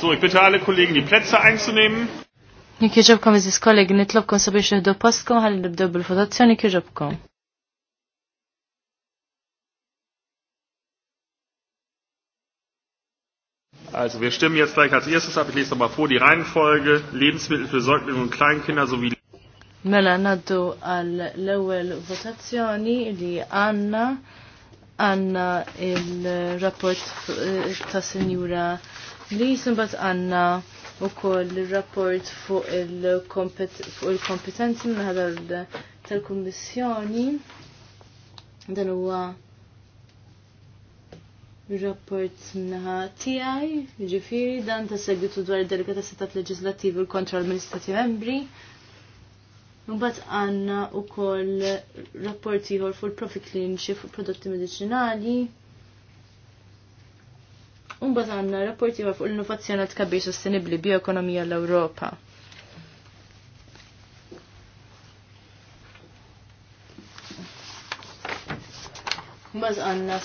So, ich bitte alle Kollegen, die Plätze einzunehmen. Jek jġobkom iżis kollegi nitlobkom sabiex nħdu postkom ħalli nibdew bil-votazzjoni jġobkom. Also wir stimmen jetzt gleich als erstes ab. Ich lese nochmal vor die Reihenfolge. Lebensmittel für Säuglinge und Kleinkinder sowie... Mela naddu għal l-ewel votazzjoni li għanna għanna il-rapport eh, ta' senjura li jisimbat għanna u koll il-rapport fuq il-kompetenzi ħadar tal-kommissjoni. Dan huwa Rapport ħa tijaj, ġifiri, dan ta' segwitu dwar il-delegata setat leġislativi u kontra l-Ministrati membri. Mbatt għanna u koll rapport għor fuq il-profit klinċi fuq prodotti medicinali. Unbat għanna rapporti fuq l-innovazzjoni tkabbir sostenibli bioekonomija l-Ewropa. Mbaz għanna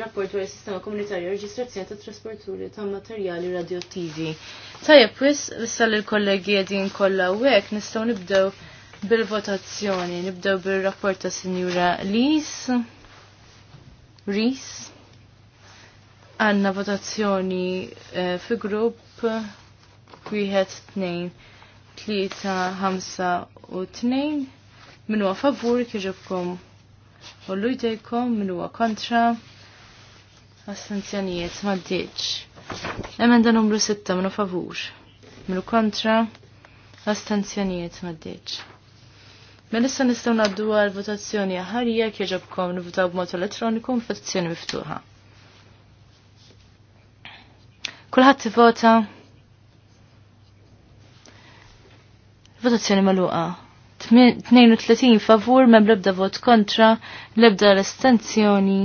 rapport dwar sistema komunitarju reġistrazzjoni ta' trasporturi ta' materjali radioattivi. Tajab, wis issa l-kollegi għedin kolla u għek nistaw nibdew bil-votazzjoni, nibdew bil-rapport ta' Sinjura Lis. Rees għanna votazzjoni uh, fi grupp wieħed tnejn tlieta ħamsa u tnejn min huwa favur kieġobkom u jdejkom min huwa kontra astenzjonijiet ma ddiċ. Emenda numru 6 minu favur, minu kontra astenzjonijiet ma ddiċ. Melissa nistaw naddu għal votazzjoni ħarija kieġobkom nivutaw b'mod elettroniku votazzjoni miftuħa. Kulħadd ivota. Votazzjoni magħluqa. 32 favur ma ebda vot kontra, blebda l-estenzjoni.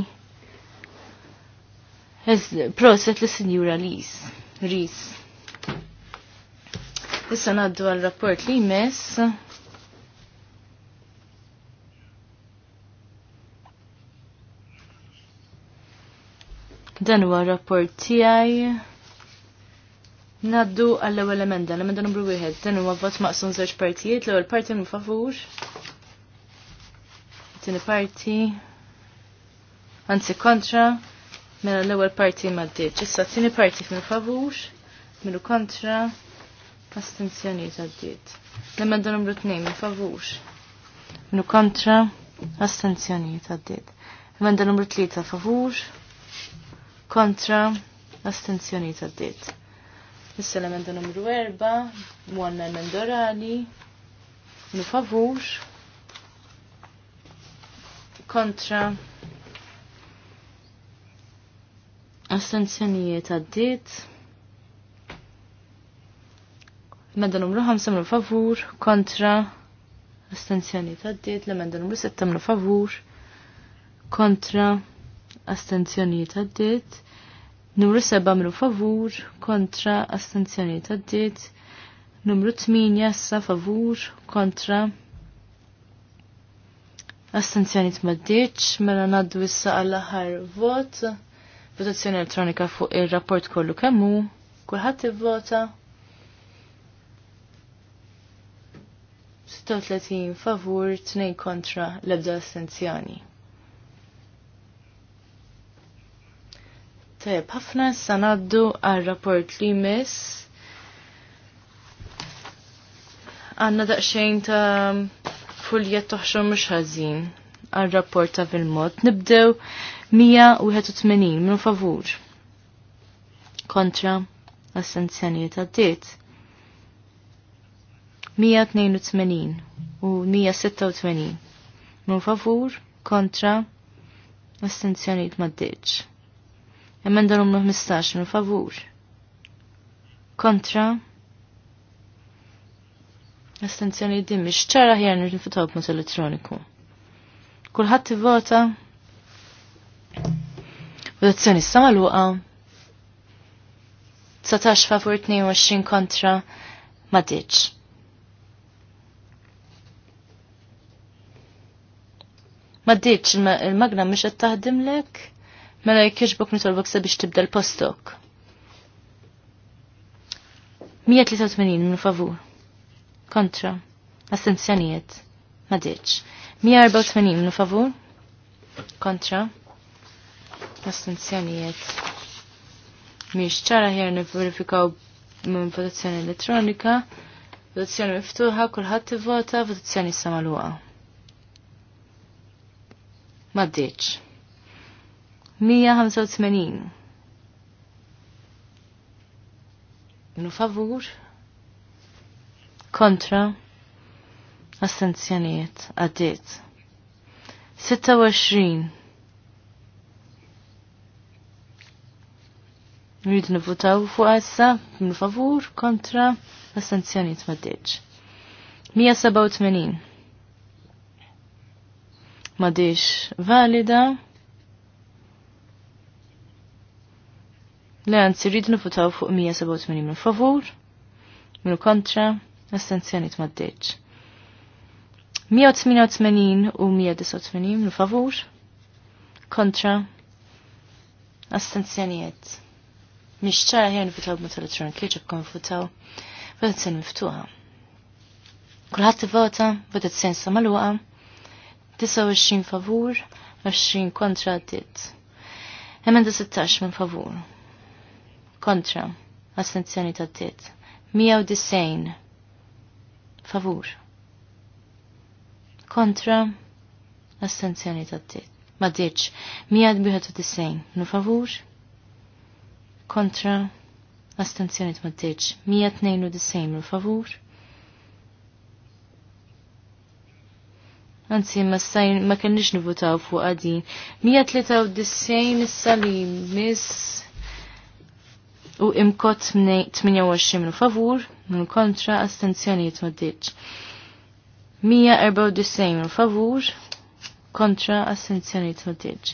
Proset li sinjura Lis. Ris. Issa naddu għal rapport li jmess. Dan huwa rapport tiegħi. Naddu għall-ewwel emenda, l-emenda numru wieħed, dan huwa vot maqsum żewġ partijiet, l-ewwel parti minn favur. Tieni parti anzi kontra, mela l-ewwel parti ddiġ. Issa tieni parti minn favur, minnu kontra, astenzjonijiet għaddiet. L-emenda numru tnejn minn favur, minnu kontra, astenzjonijiet għaddiet. L-emenda numru tlieta favur, kontra, astenzjonijiet għaddiet. Issa l-emenda numru 4, muanna emenda orali, favur kontra astenzjonijiet għaddit. Emenda numru 5 mlu favur kontra astenzjonijiet għaddit. L-emenda numru 7 mlu favur kontra astenzjonijiet għaddit. Numru 7 mru favur kontra astenzjoni d-diet. Numru 8 jassa favur kontra astenzjoni d-diet. Mela naddu issa għall-aħar vot. Votazzjoni elettronika fuq il-rapport kollu kemmu. Kulħadd ivvota. 36 favur, 2 kontra l-ebda astenzjoni. Tajab, ħafna sanaddu għal rapport li mis. Għanna daqxejn ta' fulja toħxom mux ħazin għal rapport ta' fil-mod. Nibdew 181 minu favur. Kontra assenzjoniet għaddit. 182 u 186 minu favur kontra assenzjoniet maddiċ. Emenda numru 15 minn favur. Kontra. Astenzjoni din mhix ċara ħjar nirrifutaw b'mod elettroniku. Kulħadd ivvota. Votazzjoni issa magħluqa. 19 favur 22 kontra ma ditx. Ma ditx il-magna mhix qed taħdimlek? Mela jkieġbok nitolbok sabiex tibdel postok. 183 minn favur. Kontra. Astenzjonijiet. Madiċ. 184 minn favur. Kontra. Astenzjonijiet. Miex ċara ħjar nifverifikaw minn votazzjoni elettronika. Votazzjoni miftuħa, kulħadd ivvota, votazzjoni samaluqa. Madiċ. 185. Minu favur? Kontra? Astenzjoniet, għaddit. 26. Rridu nivutaw fuq għassa, minu favur, kontra, astenzjoniet maddiċ. 187. Maddiċ valida. Le għanzi rridu nifutaw fuq 187 minn favur, minn kontra, astenzjoni t-maddeċ. 188 u 189 minn favur, kontra, astenzjonijiet. Mix ċara ħjar nifutaw b-mot elektronik li ġabkom nifutaw, t-sen miftuħa. Kulħat t vota, t-sen samaluqa, 29 favur, 20 kontra t għaddit. Emenda 16 minn favur, kontra, ta' astenzjoni taddit. 190 favur kontra, ta' tit. Ma ditx, 191 nu favur kontra, ta' astenzjoni taddit. 192 nu favur Anzi, ma stajn, ma kenniġ nivutaw fuq għadin. 193 issa salim, miss u imkot 28 minu favur, minu kontra, astenzjonijiet maddiċ. 194 minu favur, kontra, astenzjoni maddiċ.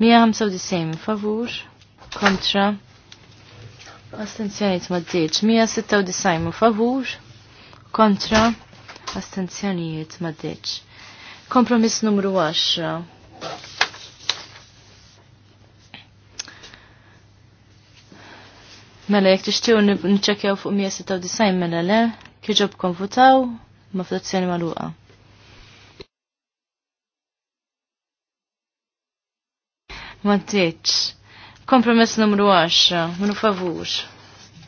195 minu favur, kontra, astenzjonijiet maddiċ. 196 minu favur, kontra, astenzjonijiet maddiċ. Kompromiss numru 10 Mela jek n-ċekjaw fuq 196 mela le, kħiġob konfutaw ma votazzjoni maluqa. Ma tiċ. Kompromess numru 10, minu favur,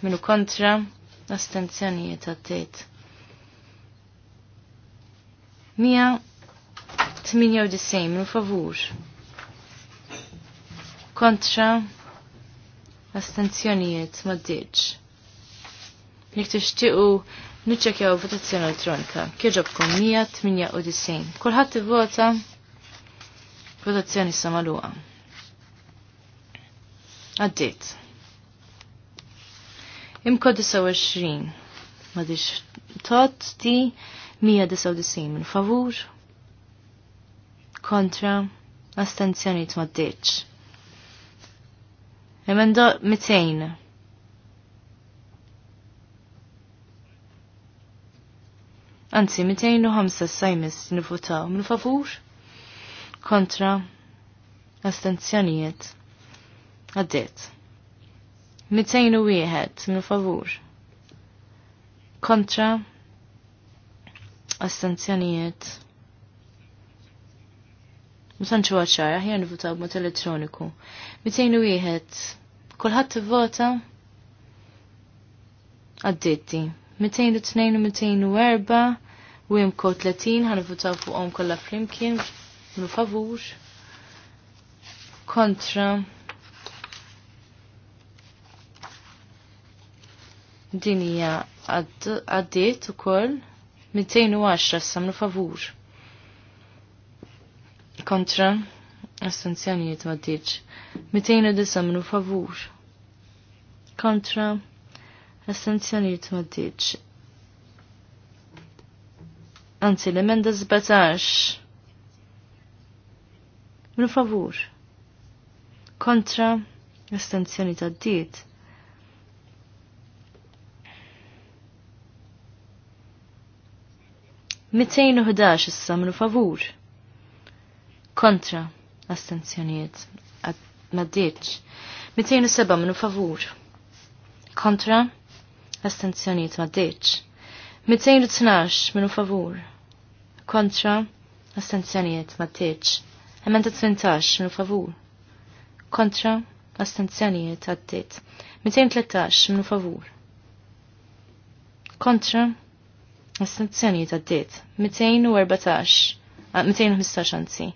minu kontra, astenzjonijiet għattejt. 198 minu favur, kontra, astenzjonijiet maddiċ. Jek tixtiqu niċċekjaw votazzjoni elettronika. Kieġobkom 198. Kulħadd vota votazzjoni samaluqa. Għaddiet. Imkod 29. Madix tot di 199 Min favur. Kontra astenzjonijiet maddiċ. Emendo 200. Anzi, 205 sajmis nifutaw. Min favur? Kontra astenzjonijiet. Għaddit. 201 min favur. Kontra astenzjonijiet Musanċu għacċar, aħjar nivota b-mot elektroniku. Mitejn u jħed, kolħat t-vota għaddetti. Mitejn u t-nejn u mitejn u erba, u jim kot latin, għan nivota fuq għom kolla flimkien, nu favur, kontra. Dinija għaddet u koll, mitejn u għaxra, samnu favur. samnu favur kontra astenzjonijiet ma tiġ disa minu favur kontra astenzjonijiet ma tiġ anzi l-emenda zbatax. minu favur kontra astenzjoni ta' d-diet. Mitejn uħdax issa minu favur kontra astenzjoniet maddiċ. 207 minu favur kontra astenzjoniet maddiċ. 212 minu favur kontra astenzjoniet maddiċ. Emenda 18 minu favur kontra astenzjoniet għaddit. 213 minu favur kontra astenzjoniet għaddit. 214 215 anzi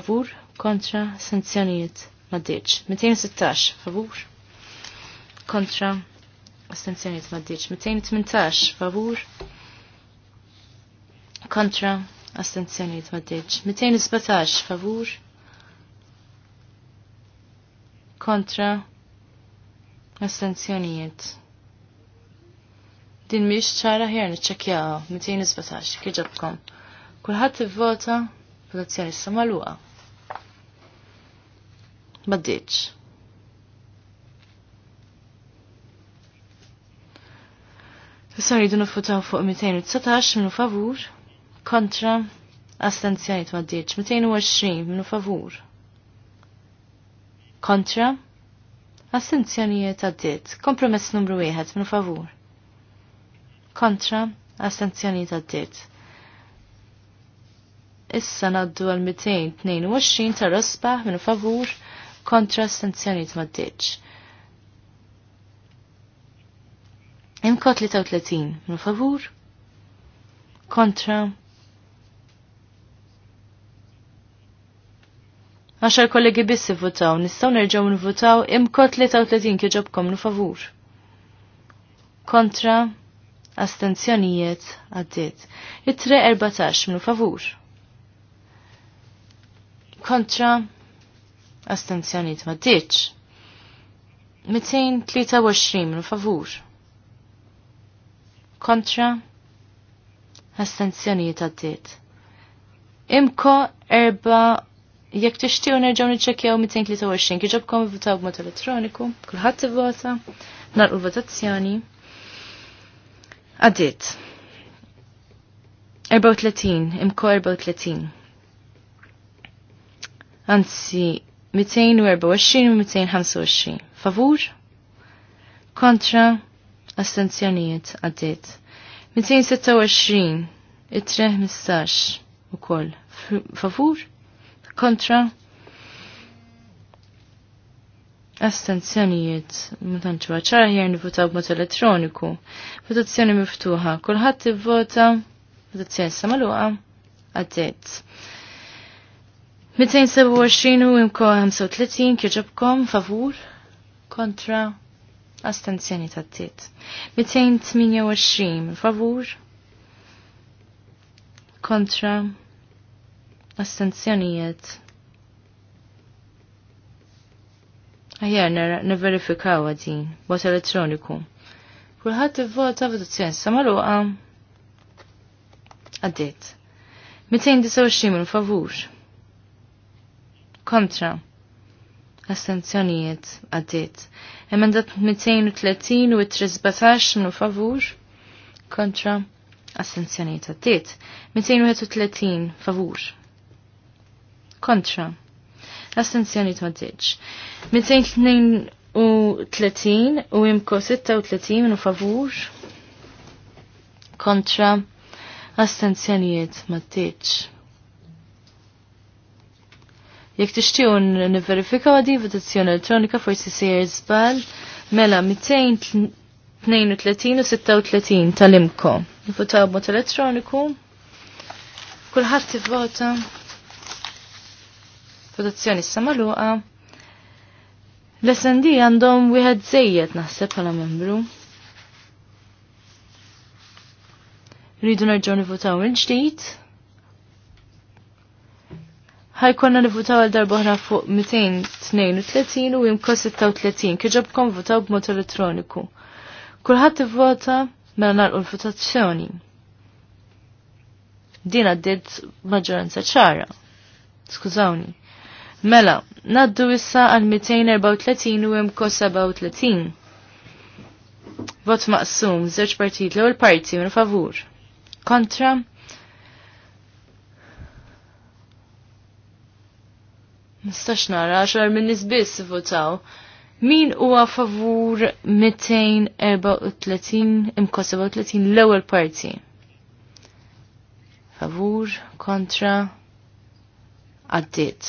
favur kontra sanzjonijiet maddiċ. 216 favur kontra sanzjonijiet maddiċ. 218 favur kontra astenzjoniet maddiċ. 217 favur kontra astenzjoniet. Din miex ċara ħjer niċċekjaw 217 kħiġabkom. kieġabkom. Kulħadd ivvota votazzjoni samaluqa. Ma ditx. Issa rridu nifutaw fuq 219 minu favur kontra astanzjajt ma ditx. 220 minu favur kontra ma għaddit. Kompromess numru 1 minu favur kontra ma għaddit issa naddu għal 222 ta' rosba minn favur kontra sanzjoniet ma ddiċ. Imko 33 minn favur kontra Għaxar kollegi biss votaw, nistaw nerġaw nivvotaw imko 33 kieġobkom n-favur. Kontra astenzjonijiet għaddit. It-3 14 minn favur. Kontra astenzjoniet ma ditx. 223 minn favur. Kontra astenzjoniet għaddit. Imko erba jekk tixtiju nerġgħu niċċekkjaw 223 kieġobkom votaw b'mod elettroniku, kulħadd ivvota, u votazzjoni. Għaddit. 34, imko 34. Anzi, 224 u 225. Favur? Kontra? Astenzjonijiet għaddit. 226, it-3 mistax u koll. Favur? Kontra? Astenzjonijiet, mutanċu ċar ħjar nivutaw b'mod elettroniku. Votazzjoni miftuħa. Kulħadd vota votazzjoni samaluqa, għaddit. 227 u imko 35 kieġobkom favur kontra astenzjoni ta' t-tiet. 228 favur kontra astenzjonijiet. Aħjar neverifikaw għadin, bot elettroniku. Kulħat il-vota vot votazzjoni samaluqa għaddit. 229 favur kontra astenzjonijiet għaddit. Emendat 230 u 317 minu favur kontra astenzjonijiet għaddit. 231 favur kontra astenzjonijiet għaddit. 232 u imko 36 minu favur kontra astenzjonijiet ma Jek tixtiju verifika għadi votazzjoni elettronika forsi sejr żball mela 232 u 36 tal-imko. Nifutaw b'mod elettroniku. Kulħadd ivvota. Votazzjoni issa magħluqa. L-SND għandhom wieħed żejjed naħseb bħala membru. Rridu nerġgħu nivutaw il-ġdid ħajkonna nivutaw għal darbohra fuq 232 u jimko 36 kħiġabkom votaw b'mod elettroniku. Kulħadd ivvota mela nagħlqu l-votazzjoni. Din għaddiet maġġoranza ċara. Skużawni. Mela, naddu issa għal 234 u jimko 37. Vot maqsum, żewġ partijt l ewel partij, minn favur. Kontra, Nistax nara, xar minn nisbis votaw. Min huwa favur 234 imkoseba 30 l-ewwel parti? Favur, kontra, għaddit.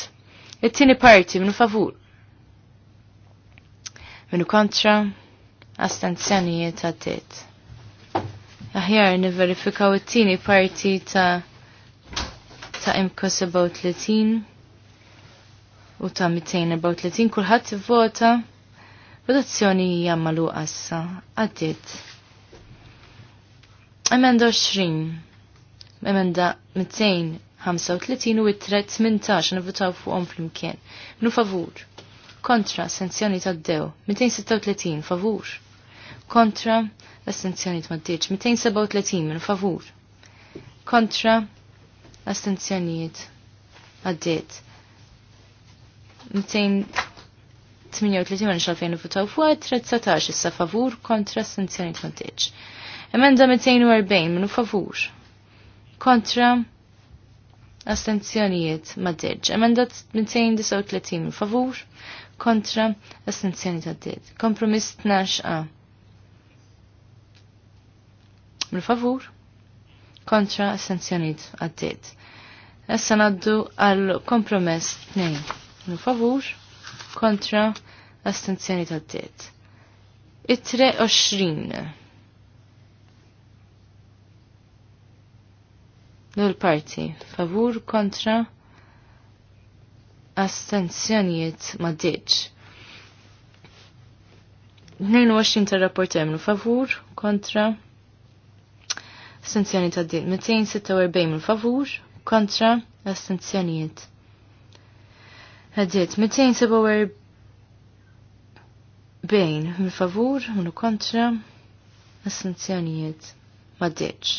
It-tieni parti minnu favur. Minnu kontra, astenzjonijiet għaddiet. Aħjar niverifikaw it-tieni parti ta' ta' imkoseba 30 u ta' 234 kulħadd vota votazzjoni hija magħluqa issa għaddiet. Emenda 20 emenda 235 u 318 nivvotaw fuqhom flimkien. Nu favur. Kontra sanzjoni ta' dew 236 favur. Kontra l-astenzjoni tmaddiċ 237 minn favur. Kontra astenzjonijiet għaddiet 238 minn xalfejn votaw fuq, 13 issa favur kontra sanzjoni tmantiċ. Emenda 240 minnu favur kontra astenzjonijiet maddeġ. Emenda 239 minn favur kontra astenzjoni taddeġ. Kompromiss 12a. Minn favur kontra astenzjonijiet għaddeġ. Essa naddu għal kompromess 2 minn favur kontra astenzjoni tad-diet. Itre 20. l parti favur kontra astenzjonijiet ma ditx. 22 ta' rapport jemlu favur kontra astenzjoni ta' din 246 favur kontra astenzjonijiet Għaddit, 247 bejn, minn favur, minn kontra, assenzjonijiet, maddeċ.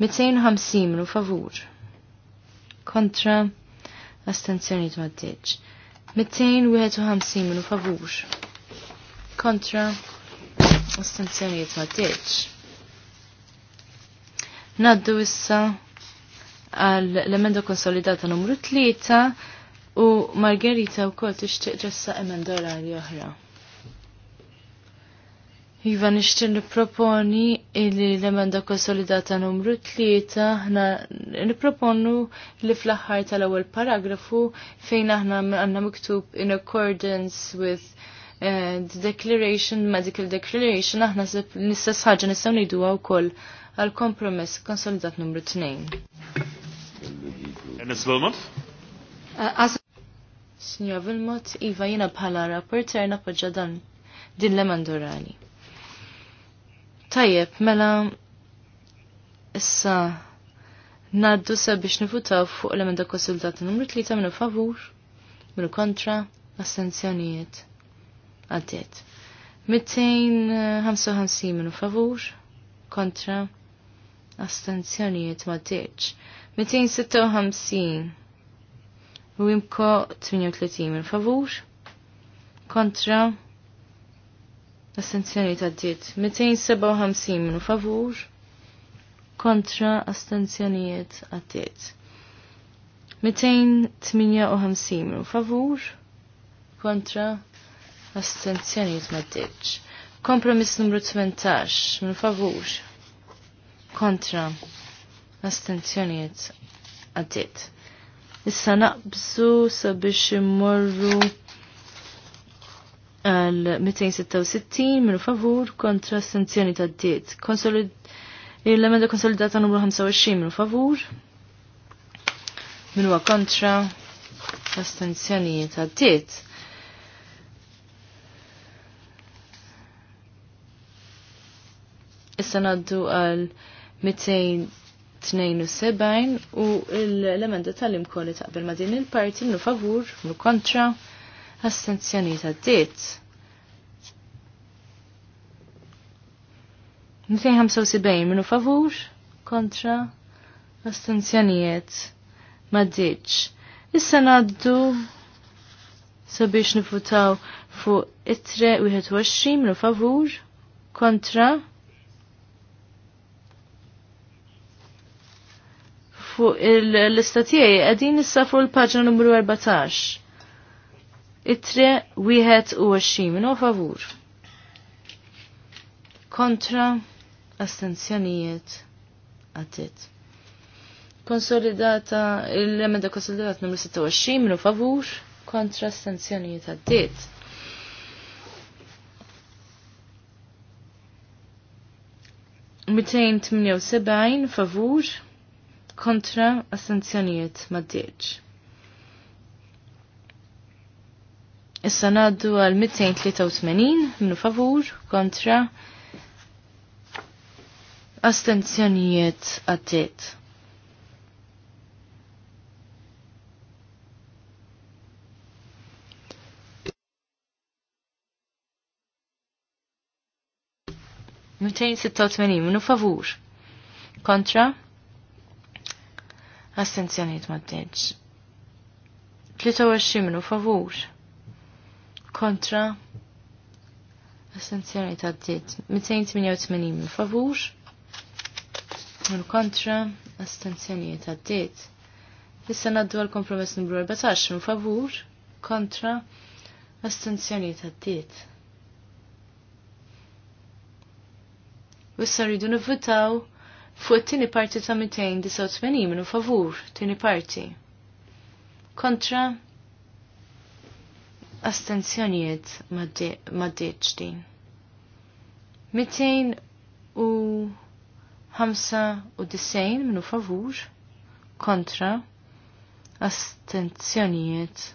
250 minn favur, kontra, astenzjonijiet maddeċ. 251 minn favur, kontra, astenzjonijiet maddeċ. Naddu issa għall l-emenda konsolidata numru 3 U Margherita wkoll tixtieq emen emenda li oħra. Iva nixtieq nipproponi li l-emenda konsolidata numru tlieta aħna nipproponu li fl-aħħar tal-ewwel paragrafu fejn aħna għandna miktub in accordance with eh, the declaration, medical declaration, aħna l ħaġa nistgħu ngħiduha wkoll għal kompromess konsolidat numru 2. Enes Wilmot? Eh, Signor Vilmot, Iva jina bħala rapporter napoġġa dan din l emandurani Tajjeb, mela issa naddu sabiex nifutaw fuq l-emenda konsultata numru 3 minu favur, minu kontra, astenzjonijiet. Għaddiet. 255 minu favur, kontra, astenzjonijiet ma' 256 u jimko 38 minn favur kontra astenzjoni ta' ditt 257 minn favur kontra astenzjonijiet għaddiet. 258 minn favur kontra astenzjonijiet maddiċ. Kompromiss numru 18 minn favur kontra astenzjonijiet għaddiet issa naqbżu sabiex immorru għal 266 minn favur kontra sanzjoni ta' diet. Il-lemenda konsolidata numru 25 minn favur minn huwa kontra astenzjoni ta' diet. Issa naddu għal 200 72 u l-emenda tal kolli taqbel ma din il-parti nu favur, nu kontra, astenzjoni ta' ditt. 275 minnu favur, kontra, astenzjonijiet ma' d-diet. Issa naddu sabiex nifutaw fuq itre 21 minu favur, kontra, fuq l istatijaj tiegħi qegħdin issa fuq paġna numru 14. Itre wieħed u no favur. Kontra astenzjonijiet għatit. Konsolidata l-emenda konsolidat numru 26 minu favur kontra astenzjonijiet għatit. Mitejn 78 favur kontra assenzjonijiet maddieċ. Issa naddu għal 283 minu favur kontra astenzjonijiet għaddiet. Mitejn 86 minu favur kontra l Astenzjoniet ma d-deċ. 23 minu favur. Kontra. l-assenzjoniet Astenzjoniet għaddit. 288 minu favur. Minu kontra. l-assenzjoniet Astenzjoniet għaddit. Issa naddu għal kompromess numru 14 minu favur. Kontra. l-assenzjoniet Astenzjoniet għaddit. Issa rridu nivvitaw Fuq it-tieni parti ta' 289 minu favur, tieni parti. Kontra astenzjonijiet maddeċ din. 295 minu favur, kontra astenzjonijiet.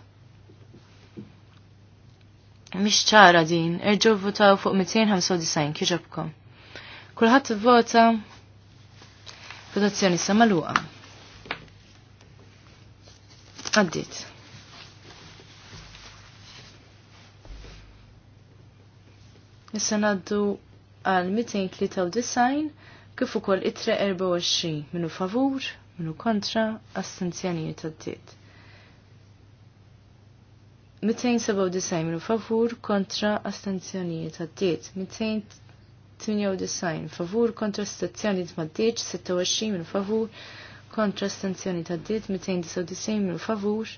Mish ċara din, erġu votaw fuq 295 kieġabkom. Kulħadd vota Votazzjoni issa maluqa. Għaddit. Issa naddu għal 293 kif ukoll itra 24 minu favur, minu kontra, astenzjonijiet għaddit. 297 minu favur kontra astenzjonijiet għaddiet, 200 98 favur kontra stazzjoni ta' maddiċ 26 minn favur kontra stazzjoni ta' addit 299 minn favur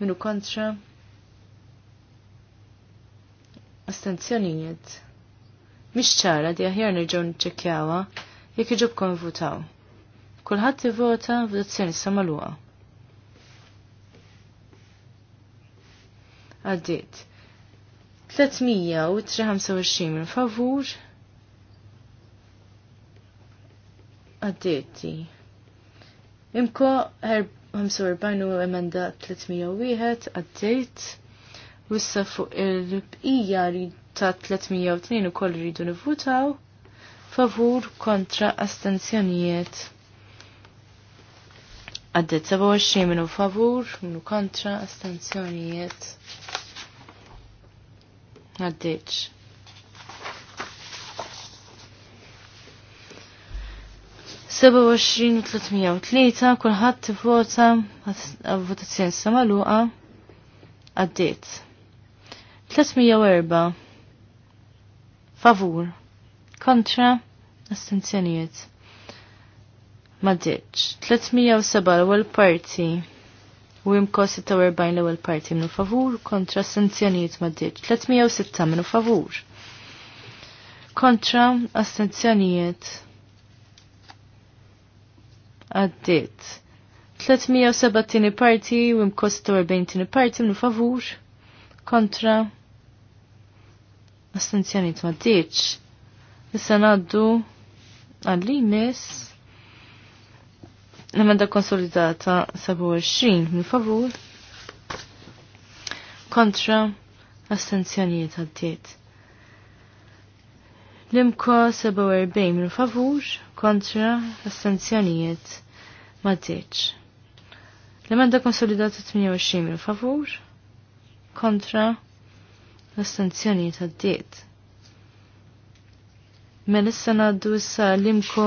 minn kontra astanzjonijiet. Mish ċara di aħjar nerġaw nċekjawa jek iġobkom votaw. Kulħadd ivota votazzjoni samaluqa. Għaddiet. 325 minn favur, għaddeti. Imko 45 u emenda 301 għaddejt, issa fuq il-bqija ta' 302 u koll rridu nivvutaw, favur kontra astenzjonijiet. Għaddit 27 minu favur, minu kontra astenzjonijiet. Għaddit. 27.303 kulħadd vota votazzjoni samaluqa għaddiet. 304 favur kontra astenzjonijiet. Maddiċ. 307 l ewel parti u imkos 46 l-ewwel parti minn favur kontra astenzjonijiet maddiċ. 306 minu favur kontra astenzjonijiet għaddit. 307 tini parti u imkostu 40 tini parti minn favur kontra astenzjoni ma ddiċ. Issa naddu għall-imis l-emenda konsolidata 27 minn favur kontra astenzjonijiet għaddiet. L-imko 47 minn favur kontra astenzjonijiet ma teċ. L-emenda konsolidata 28 minn favur kontra l-astenzjonijiet għaddiet. Melissa issa ngħaddu issa l-imko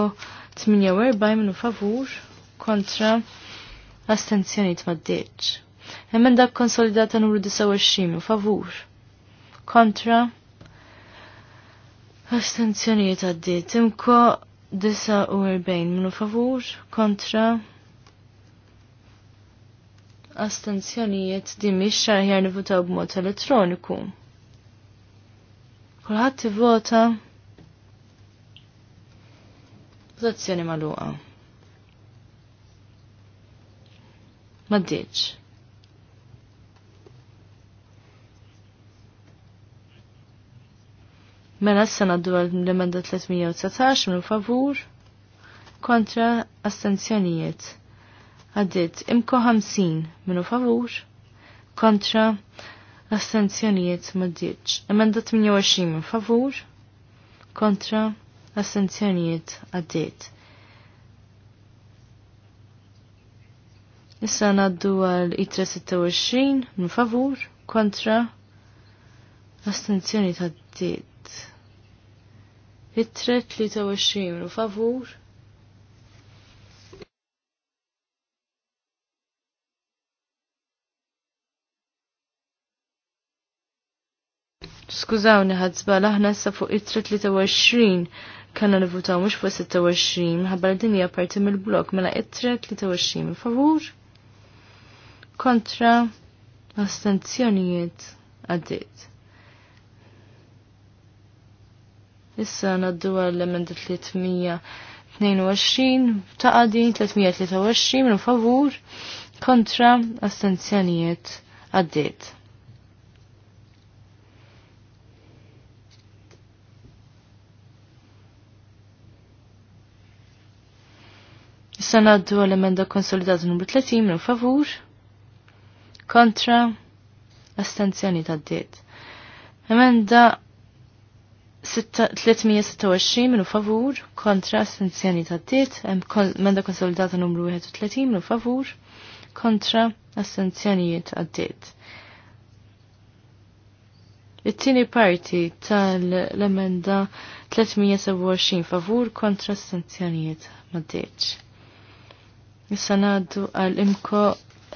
48 minn favur kontra astenzjonijiet ma l Emenda konsolidata numru 29 minn favur kontra Astenzjonijiet għaddit. Imko 49 minu favur kontra astenzjonijiet di miex xaħjar nivutaw b'mod elettroniku. Kulħadd vota votazzjoni magħluqa. Ma ddiċ. Mela s-sena d-dwar l-emenda 319 minn favur kontra astenzjonijiet. Għaddit imko 50 minn favur kontra astenzjonijiet maddiċ. Emenda 28 minn favur kontra astenzjonijiet għaddit. Issa naddu għal itra 26 minn favur kontra astenzjonijiet għaddit it-tret li taw u favur. Skużawni ħadżba aħna issa fuq it-tret li taw kanna nivutaw mux fuq 26 minħabba li dinja parti mill-blok mela it-tret li taw favur. Kontra astenzjonijiet għaddit. Issa naddu għall-emendi 322 ta' għadi 323 minn favur kontra astenzjonijiet għaddiet Issa naddu għal-emenda konsolidata numru 30 minn favur kontra astenzjonijiet għaddiet. Emenda 326 minu favur kontra astenzjoni ta' ditt, menda konsolidata numru 31 minu favur kontra astenzjonijiet għaddit. It-tieni parti tal-emenda 327 favur kontra astenzjonijiet maddeċ. Issa ngħaddu għal imko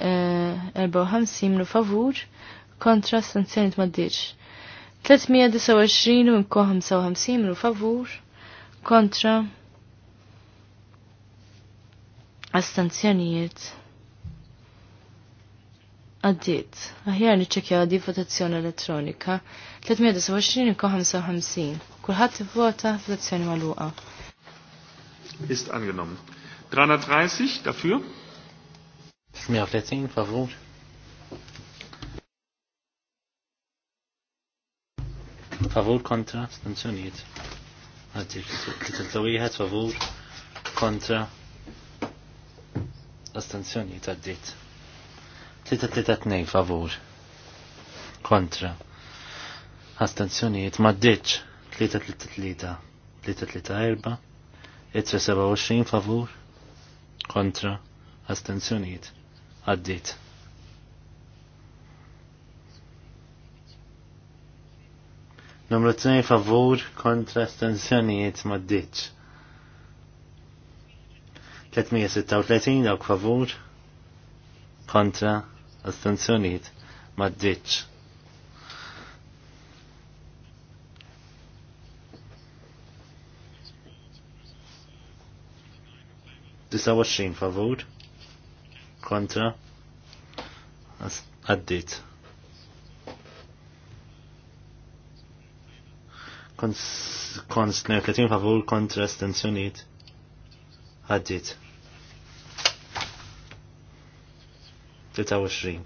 54 eh, minu favur kontra astenzjonijiet maddeċ. 329 u nko 55 minu favur kontra astanzjonijiet għaddit. Aħjar niċċekja għaddi votazzjoni elettronika 329 nko 55. Kulħadd vota votazzjoni maluqa. Ist angenommen. 330 dafür? 330 favur. favur kontra astenzjonijiet għaddit. 301 favur kontra astenzjonijiet għaddit. 332 favur kontra astenzjonijiet maddiċ 333 erba itra 27 favur kontra astenzjonijiet għaddit. Numru 2 favur kontra astensjonijiet ditx 336 dawk favur kontra astensjonijiet maddiċ. Disa favur kontra għaddit. kont 32 favur kontra astenzjoniet għaddit. 23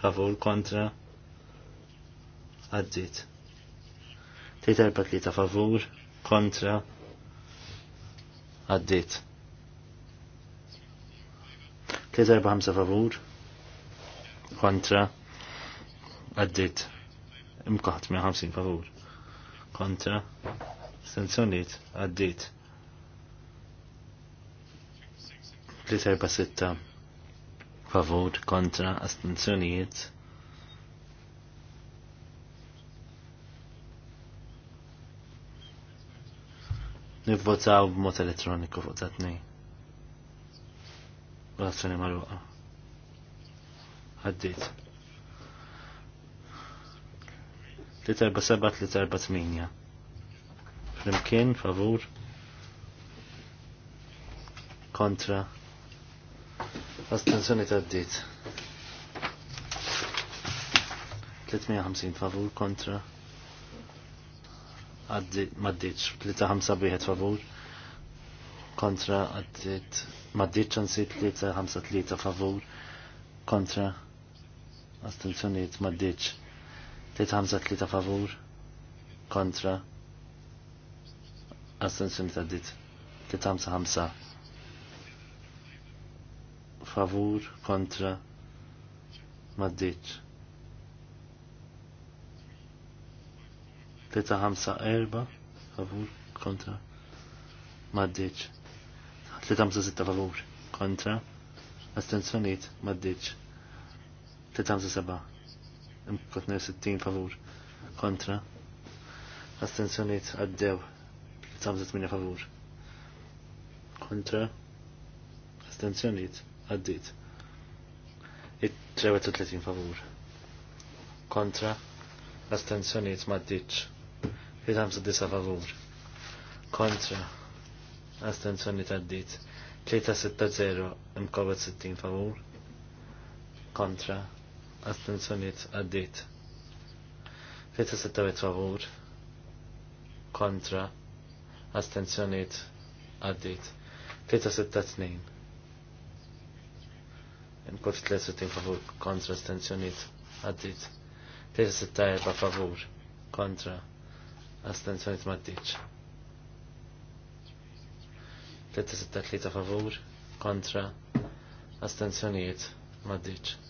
favur kontra għaddit. 343 favur kontra għaddit. 345 favur kontra għaddit. Imkaħt 150 favur kontra sanzjoniet għaddit. 346 favur kontra astenzjonijiet nivvotaw b'mod elettroniku fuq ta' tnej. Votazzjoni marruqa Għaddit. 347-348. Flimkien, favur. Kontra. Astenzjoni ta' d-dit. 350 favur kontra. Għaddit, maddiċ, 351 e favur kontra għaddit, maddiċ ċansi 353 e favur kontra astenzjoniet maddiċ ta' favur kontra astensjoni taddit 355 favur kontra maddit erba, favur kontra maddit sitta favur kontra astensjoniet maddit 357 62 favur kontra astenzjoniet għaddew 58 favur kontra astenzjoniet għaddit 33 favur kontra astenzjoniet maddiċ 59 favur kontra astenzjoniet għaddit 3 6 360 imkowet 60 favur kontra astenzjoniet għaddit. 36 favur kontra astenzjoniet għaddit. 362 Inkort 63 favur kontra astenzjoniet għaddit. 364 favur kontra astenzjoniet setta 363 favur kontra astenzjoniet maddiċ.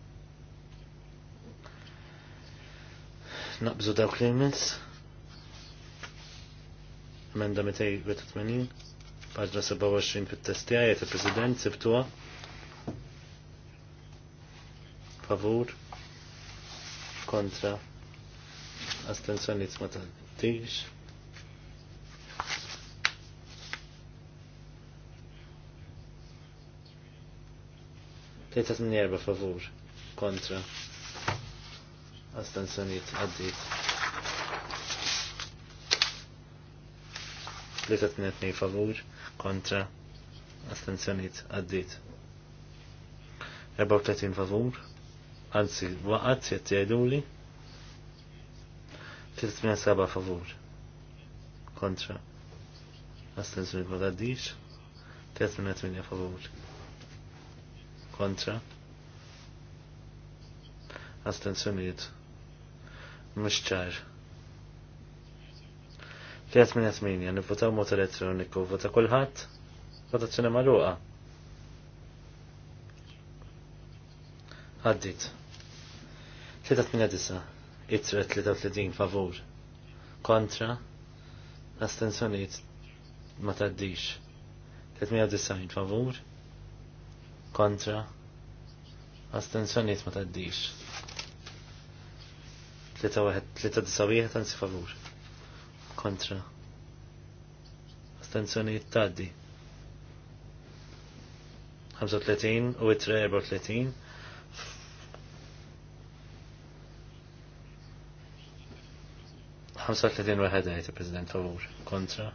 Naqbżu dawk li jmiss. Emenda 280. Paġna 27 fit-testi għajet il-President sibtuha. Favur. Kontra. Astenzjoniet ma tantix. Tejta t favur. Kontra astensjoniet għaddit. Li tatnetni favur kontra astensjoniet għaddit. 34 favur għanzi waqat jett jgħiduli 307 favur kontra astenzjoni ma taddix 308 favur kontra astenzjoniet Mux ċar. Fiat minn jasmin, jan u mot elettroniku, vota kullħat, votazzjoni maluqa. Għaddit. 389, itra 33 favur. Kontra, astensjoniet ma taddix. 390 favur. Kontra, astensjoniet ma taddix. 391 tansi favur. Kontra. Astenzjoni taddi. 35 u 34 35 waħed għajt il-President favur, kontra,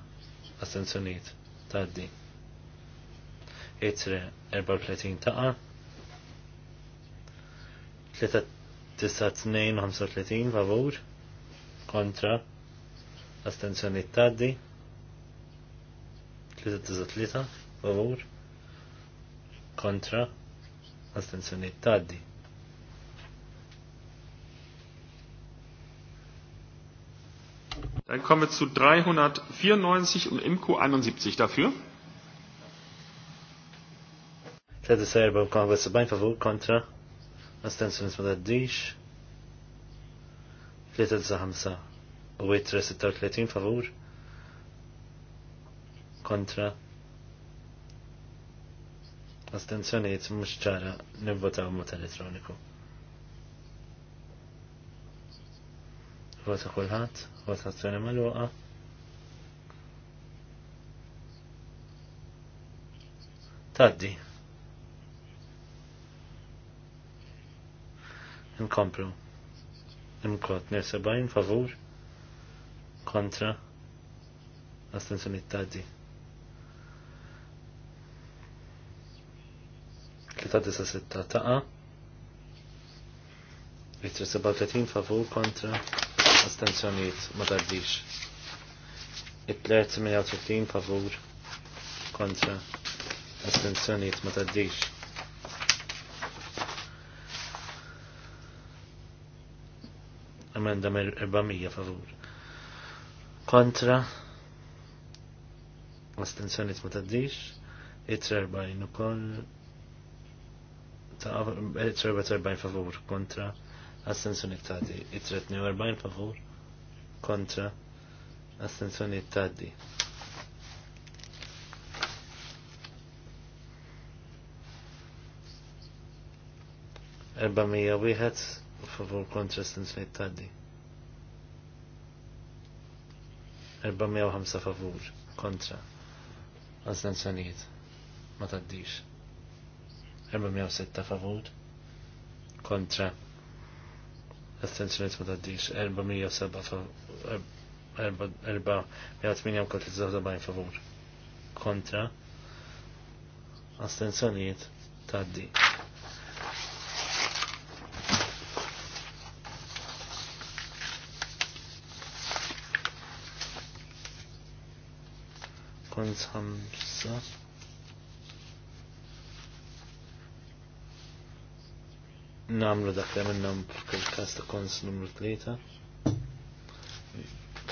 astenzjoniet, taddi. Itre 34 taqa, Tista' 235 favur kontra astenzjoni taddi 393 favur kontra astenzjoni taddi. Dann kommen wir zu 394 und MQ 71 dafür. 74 favur kontra astensjoniet ma taddix zaħamsa. u 36 favur kontra jitt mhux ċara nivvotaw mod elettroniku. Vota kulħadd, votazzjoni magħluqa. Taddi. Nkomplu. Imkot, nesebajn, favur, kontra, astensjoni t-taddi. Kita disa sitta taqa. Vitri 37 favur kontra, astensjoniet ma taddix. it 38 favur kontra, astensjoniet ma taddix. Emenda 400 favur. Kontra. Astenzjoniet ma taddix. It-40 ukoll. It-40 favur. Kontra. t taddi. It-42 favur. Kontra. Astenzjoniet taddi. Erba' Mija wieħed favur kontra astensjoniet taddi. 405 favur kontra astensjoniet ma taddix. 406 favur kontra astensjoniet ma taddix. 407 favur 478 favur kontra astensjoniet taddi. kont ħamsa. Namlu dak li minnhom f'kull każ ta' kons numru tlieta.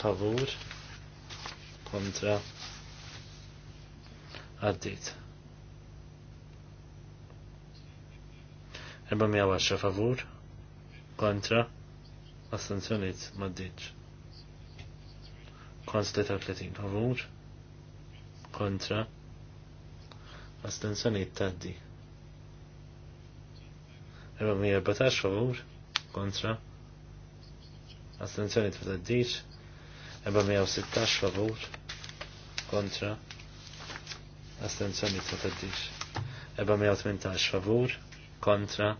Favur kontra għaddit. 410 favur kontra astenzjoniet maddiċ. Kons 30 favur kontra astensjoniet taddi 414 favur kontra astensjoniet f'taddiċ 416 favur kontra astensjoniet f'taddiċ 418 favur kontra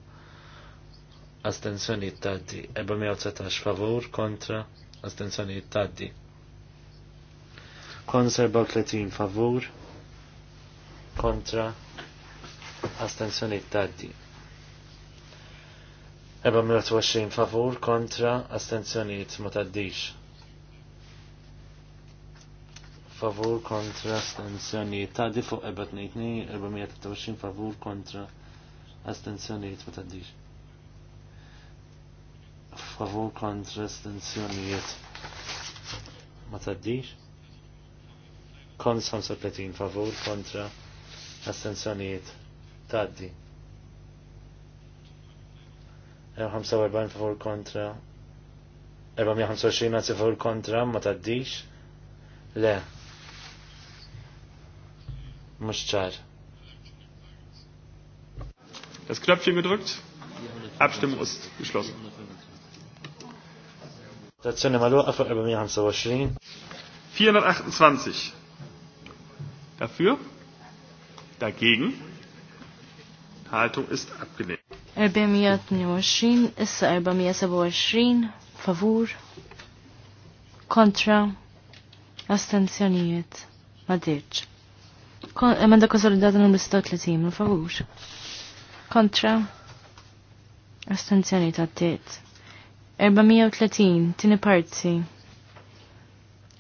astensjoniet taddi 417 favur kontra astensjoniet taddi Kon 34 favur kontra astensjoni taddi. 420 favur kontra astenzjoniet ma taddix. Favur kontra astenzjoniet taddi fuq 422, 423 favur kontra astenzjoniet ma taddix. Favur kontra astenzjoniet ma taddix. Kon 35 favur kontra astensjoniet taddi. 45 favur kontra 425 nazzi favur kontra ma taddix le mux ċar Das Knöpfchen gedrückt Abstimmung ist geschlossen Tazzjoni maluqa fuq 425 428 Dafür? Dagegen? Haltung ist abgelehnt. 428, issa 427, favur, kontra, astenzjonijiet, madirċ. Emenda konsolidata numru 36, favur, kontra, astenzjonijiet għattiet. 430, tini parti,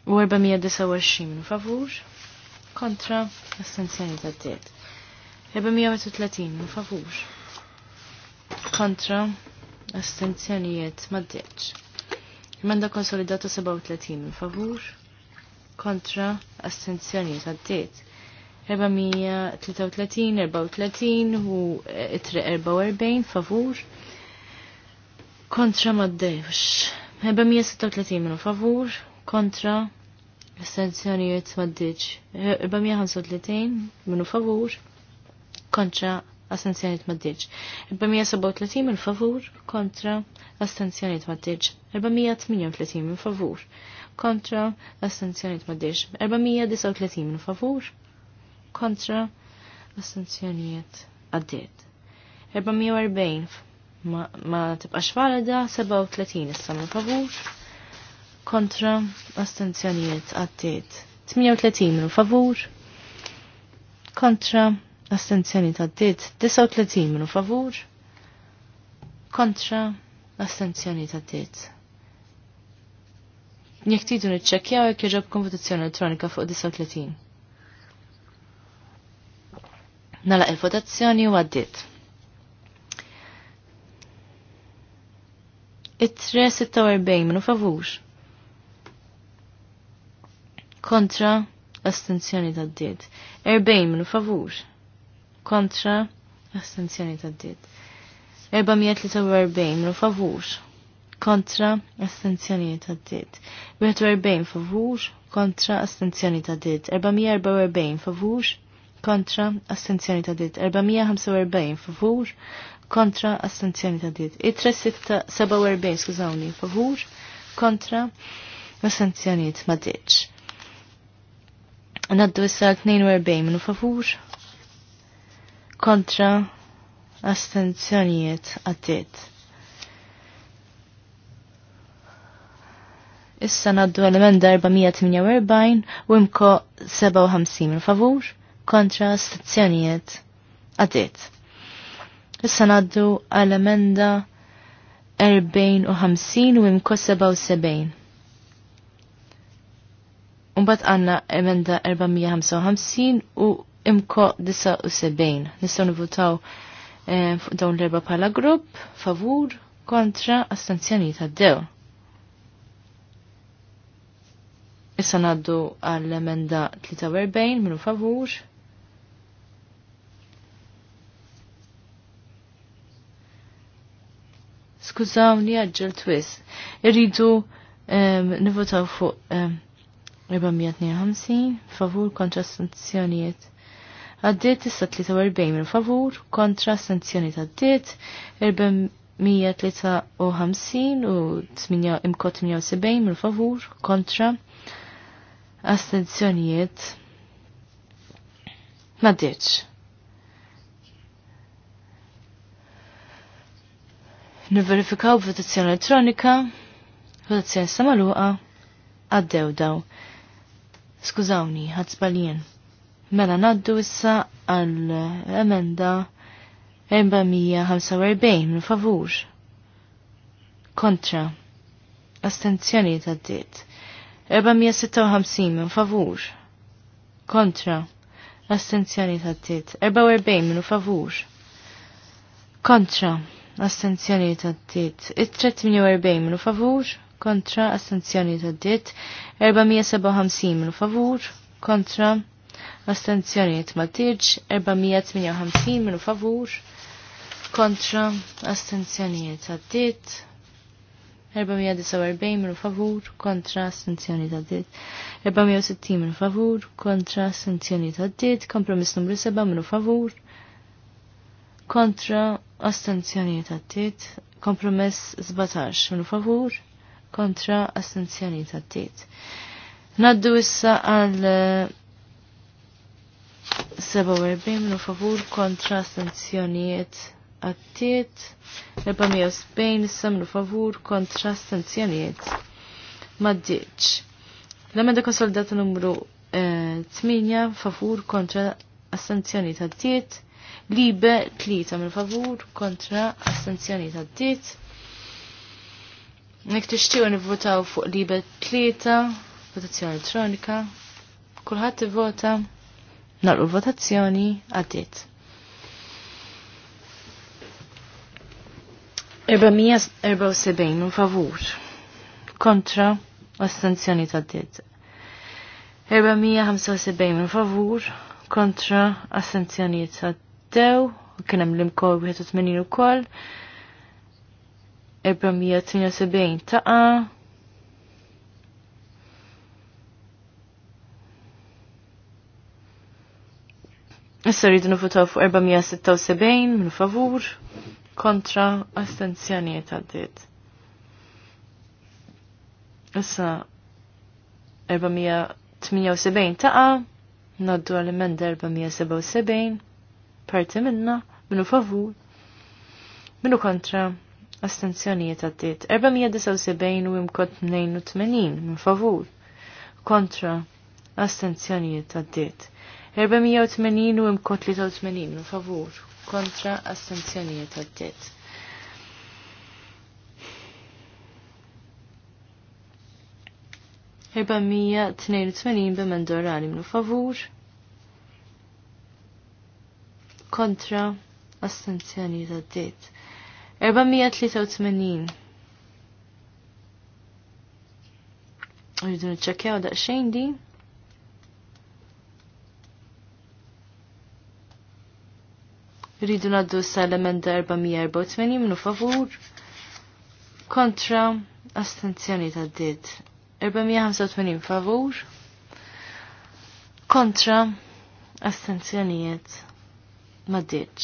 u 429, favur, kontra, kontra astenzjoni ta' d-diet. 430 minn favur kontra astenzjonijiet ma' d-diet. Manda konsolidata 37 min favur kontra astenzjonijiet ta' d-diet. 433, 34 u 44 favur kontra ma' d-diet. 436 min favur kontra Astenzjonijiet maddiċ. 435 minu favur kontra astenzjonijiet maddiċ. 437 minu favur kontra astenzjonijiet maddiċ. 438 minu favur kontra astenzjonijiet maddiċ. 439 minu favur kontra astenzjonijiet maddiċ. 440 ma, ma tibqax valida 37 issa minn favur kontra astenzjonijiet għaddiet. 38 minu favur kontra astenzjonijiet għaddiet. 39 minu favur kontra astenzjonijiet għaddiet. Jek tidu nitċekjaw jekk jġob konvotazzjoni elettronika fuq 39. Nala il-votazzjoni u għaddiet. It-3 46 minu favur kontra astenzjoni ta' d-diet. 40 minu favur kontra astenzjoni ta' d-diet. erbejn minu favur kontra astenzjoni ta' d-diet. erbejn favur kontra astenzjoni ta' d-diet. erbejn favur kontra astenzjoni ta' d-diet. erbejn favur kontra astenzjoni ta' d-diet. i erbejn skużawni favur kontra astenzjoni ta' d-diet Naddu issa 42 minu favur. Kontra astenzjonijiet għattiet. Issa naddu element 448 u imko 57 minu favur. Kontra astenzjonijiet għattiet. Issa naddu għal emenda 54 u imko 77 Umbat għanna emenda 455 u imko 79. Nistaw nivutaw eh, fuq dawn l-erba pala grupp, favur, kontra, astanzjani ta' dew. Issa naddu għall-emenda 43 minu favur. Skużawni għagġel twis. Irridu eh, nivutaw nivotaw fuq eh, 452 favur kontra sanzjonijiet għaddiet issa 43 minn favur kontra sanzjonijiet għaddiet 453 u 8 imkot 78 minn favur kontra astenzjonijiet ma Nivverifikaw votazzjoni elettronika, votazzjoni samaluqa, għaddew daw. Skużawni, ħadd żbaljen. Mela naddu issa għal emenda 445 minn favur. Kontra. Astenzjoni ta' d-diet. 456 minn favur. Kontra. Astenzjoni ta' d-diet. 44 minn favur. Kontra. Astenzjoni ta' d-diet. 348 minn favur kontra astenzjoni taddit, 457 minu favur kontra astenzjoni tmatiġ, 458 minu favur kontra astenzjoni taddit, 449 minu favur kontra astenzjoni taddit, 460 minu favur kontra astenzjoni taddit, kompromiss numru 7 minu favur kontra astenzjoni taddit, kompromess 17 minu favur kontra assenzjoni tad-diet. Naddu issa għal 47 eh, minu favur kontra sanzjonijiet għattiet, 470 issa minu favur kontra assenzjonijiet maddiċ. L-emenda soldata numru 8 eh, favur kontra sanzjonijiet għattiet, libe 3 minu favur kontra sanzjonijiet għattiet, Nek tixtiju nivvotaw fuq libet tlieta, votazzjoni elettronika, kulħadd ivvota, nagħlqu votazzjoni għaddiet. u favur kontra astenzjoni ta' diet. u favur kontra astenzjoni ta' dew, kienem l-imkow 81 u koll, 478 taqa. Issa rridu nifutaw fuq 476 minn favur kontra astenzjonijiet għaddiet. Issa 478 taqa naddu għal-emenda 477 parti minna minnu favur minnu kontra Astenzjonijiet għaddit. 479 u imkot 82 minn favur. Kontra. Astenzjonijiet għaddit. 480 u imkot 83 minn favur. Kontra. Astenzjonijiet għaddit. Erba' 482 b'mendorali minu favur. Kontra. Astenzjonijiet għaddit. 483. Rridu da daqsxejn di. Rridu naddu s da 484 minu favur kontra astenzjoni ta' did. 485 favur kontra astenzjonijiet ma' ditx.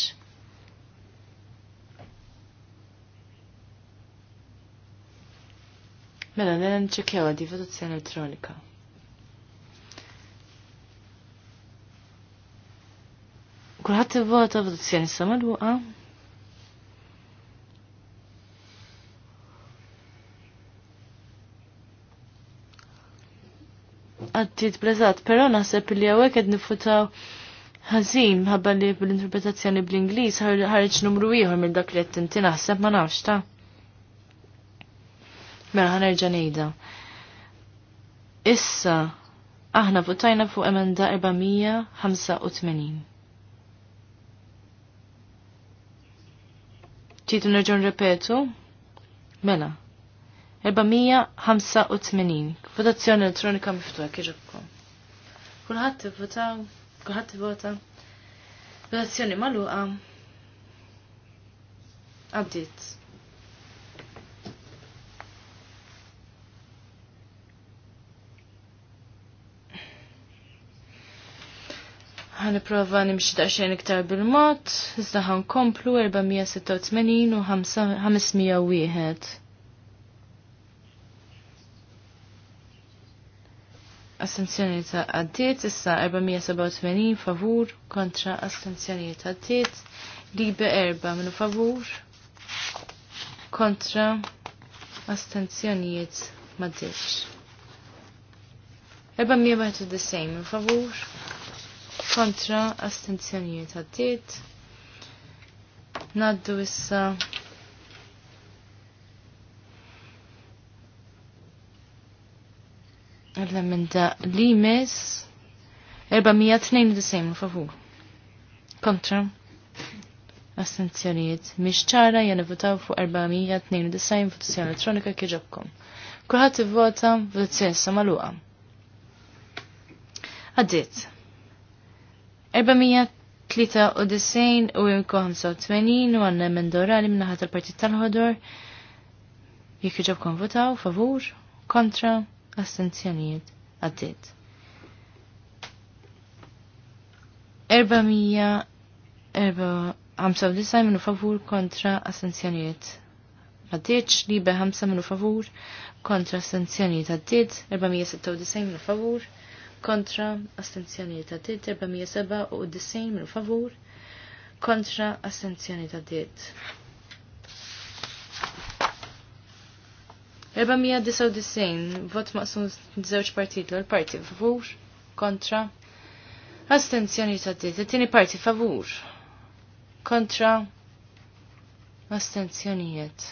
Mela, mela, nċekjaw għaddi votazzjoni elettronika. Kulħadd ivvota votazzjoni sa Għaddi t blazat, pero naħseb li għawek għed nifutaw ħazin ħabba li bl-interpretazzjoni bl-Inglis ħarġ numru ieħor minn dak li qed naħseb ma nafx ta' Mela ħanerġa' ngħidha. Issa aħna votajna fuq emenda 485. Ġitu nerġun repetu Mela. 485. Votazzjoni elettronika miftuħa kieġakku. Kulħadd vota, kulħadd vota. Votazzjoni magħluqa. Għaddiet. ħaniprofa nimxi daqsxejn iktar bil-mod, iżda ħankomplu 486 u 501. Astenzjoni ta' għaddiet, issa 487 favur kontra astenzjoni ta' għaddiet, libe erba minu favur kontra astenzjonijiet ma' ditx. 491 minu favur kontra astenzjonijiet għaddiet. Naddu issa l-emenda li mes 492 favur. Kontra astenzjonijiet miex ċara jena votaw fuq 492 votazzjoni elettronika kieġobkom. i ivvota votazzjoni samaluqa. għaddit 493 u 85 u għanna mendora li ħat tal-partit tal-ħodor jek jġob konvotaw favur kontra astenzjonijiet għaddit. 495 minu favur kontra astenzjonijiet għaddit li be 5 minu favur kontra astenzjonijiet għaddit 496 minu favur kontra astenzjoniet għaddit 407 u 90 minn favur kontra astenzjoniet għaddit. 499 vot maqsum żewġ partit l parti favur kontra astenzjoni ta' dit tieni parti favur kontra astenzjonijiet.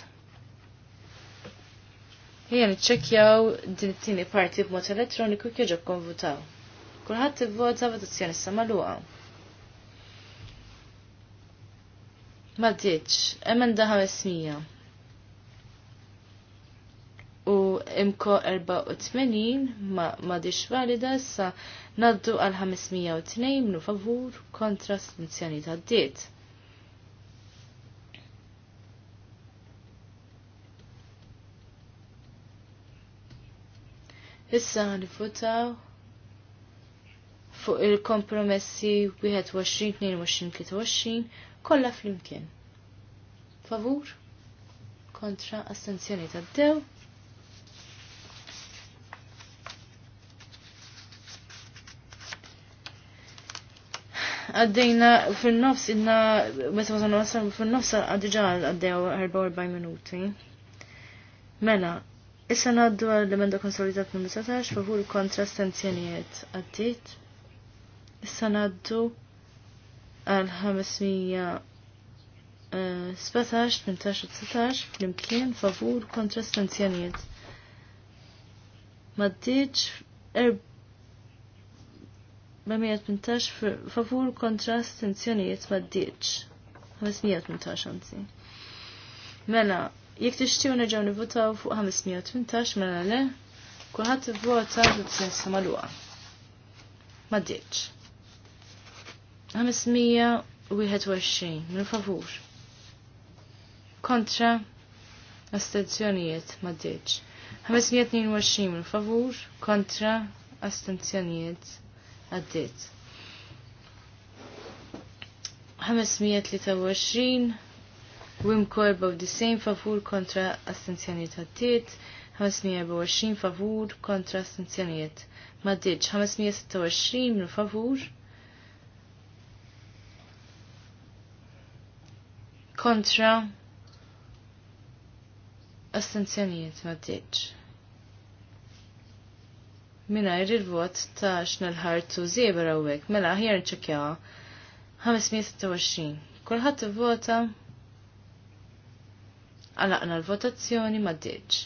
Jien iċċekkjaw din it-tieni parti b'mod elettroniku jiġu konvutaw. Kulħadd ivvota votazzjoni issa magħluqa. Ma għandha emenda 500. U imko 84 ma, ma ditx valida issa naddu għal 502 minu favur kontra sanzjoni ta' d-diet. Issa nifutaw fuq il-kompromessi 21-22-23 kollha flimkien. Favur kontra astenzjoni taddew? dew Għaddejna fil-nofs idna, meta għazan sanna fil-nofs għaddeġa għaddew 44 minuti. Mela, Issa naddu għall-emenda konsolidat numru 19 favur kontra stanzjonijiet għaddit. Issa naddu għal 517, 18 eh, u 19 flimkien favur kontra stanzjonijiet. Maddiċ 418 favur kontra stanzjonijiet maddiċ. 518 għanzi. Mela, Jek tixtiju nerġaw nivvotaw fuq 518 mela le, kulħadd ivvota b'sensa magħluqa. Ma ddiċ. 521 minn favur. Kontra astenzjonijiet ma ditx. 522 minn favur kontra astenzjonijiet għaddiet. 523 Wim Korba u disejn favur kontra astenzjoniet għaddit, 524 favur kontra astenzjoniet. Maddiċ, 526 favur kontra astenzjoniet maddiċ. Minajr il-vot ta' xnal-ħartu zebra u mela ħjar nċekjawa 526. Kulħadd ivvota vota Għalaqna l-votazzjoni ma deċ.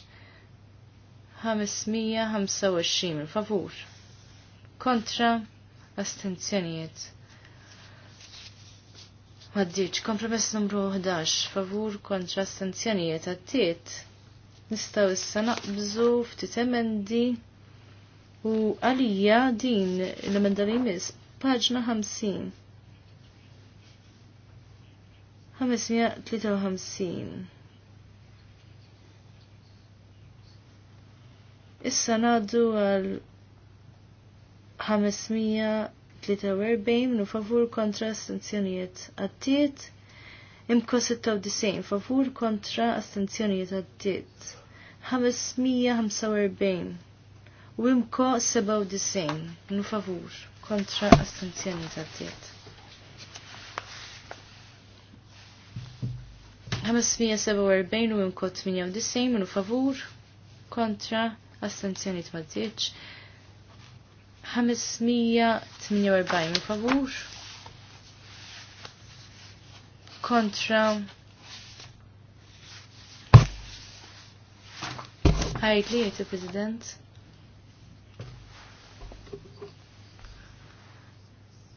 525 favur. Kontra astenzjonijiet. Ma deċ, Kompromess numru 11 favur kontra astenzjonijiet għattiet. Nistaw issa naqbżu ftit emendi u għalija din l-emenda li jmiss paġna 50. 553 Issa naddu għal 543 minu favur kontra astenzjonijiet għaddiet. Imko 96 favur kontra astenzjonijiet għattiet, 545 u imko 97 minu favur kontra astenzjonijiet għattiet. 547 u imko 98 minu favur kontra astenzjoniet t ddiċ. 548 minn favur kontra ħajt li jgħid il-President.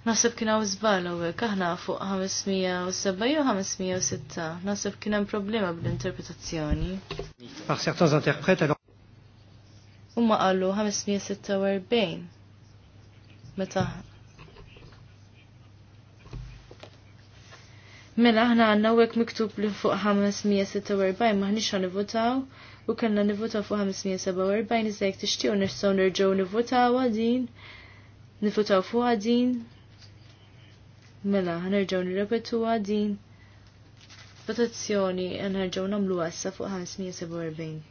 Nasib kien hawn żball hawnhekk aħna fuq 570 jew 506. Nasib kien hemm problema bl-interpretazzjoni. Par certains interprètes Umma qalu 546 meta Mela aħna għanna u miktub li fuq 546 maħnix għan votaw u kanna nivotaw fuq 547 iżda t-ixtiju nirsaw nirġaw nivotaw għadin nivotaw fuq għadin mela nirġaw nirrepetu għadin votazzjoni nirġaw namlu għassa fuq 547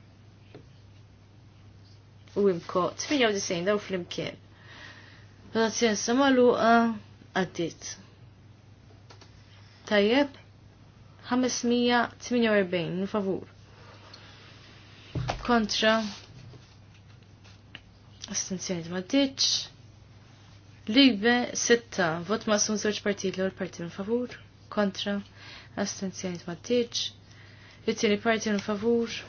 u imko 98 daw fl-imkien. Votazzjoni samaluqa għaddit. Tajjeb 548 favur. Kontra astenzjoni ma ddiċ. Libe 6 vot ma' sun żewġ partit l-ewwel partit favur. Kontra astenzjoni ma ddiċ. It-tieni n favur.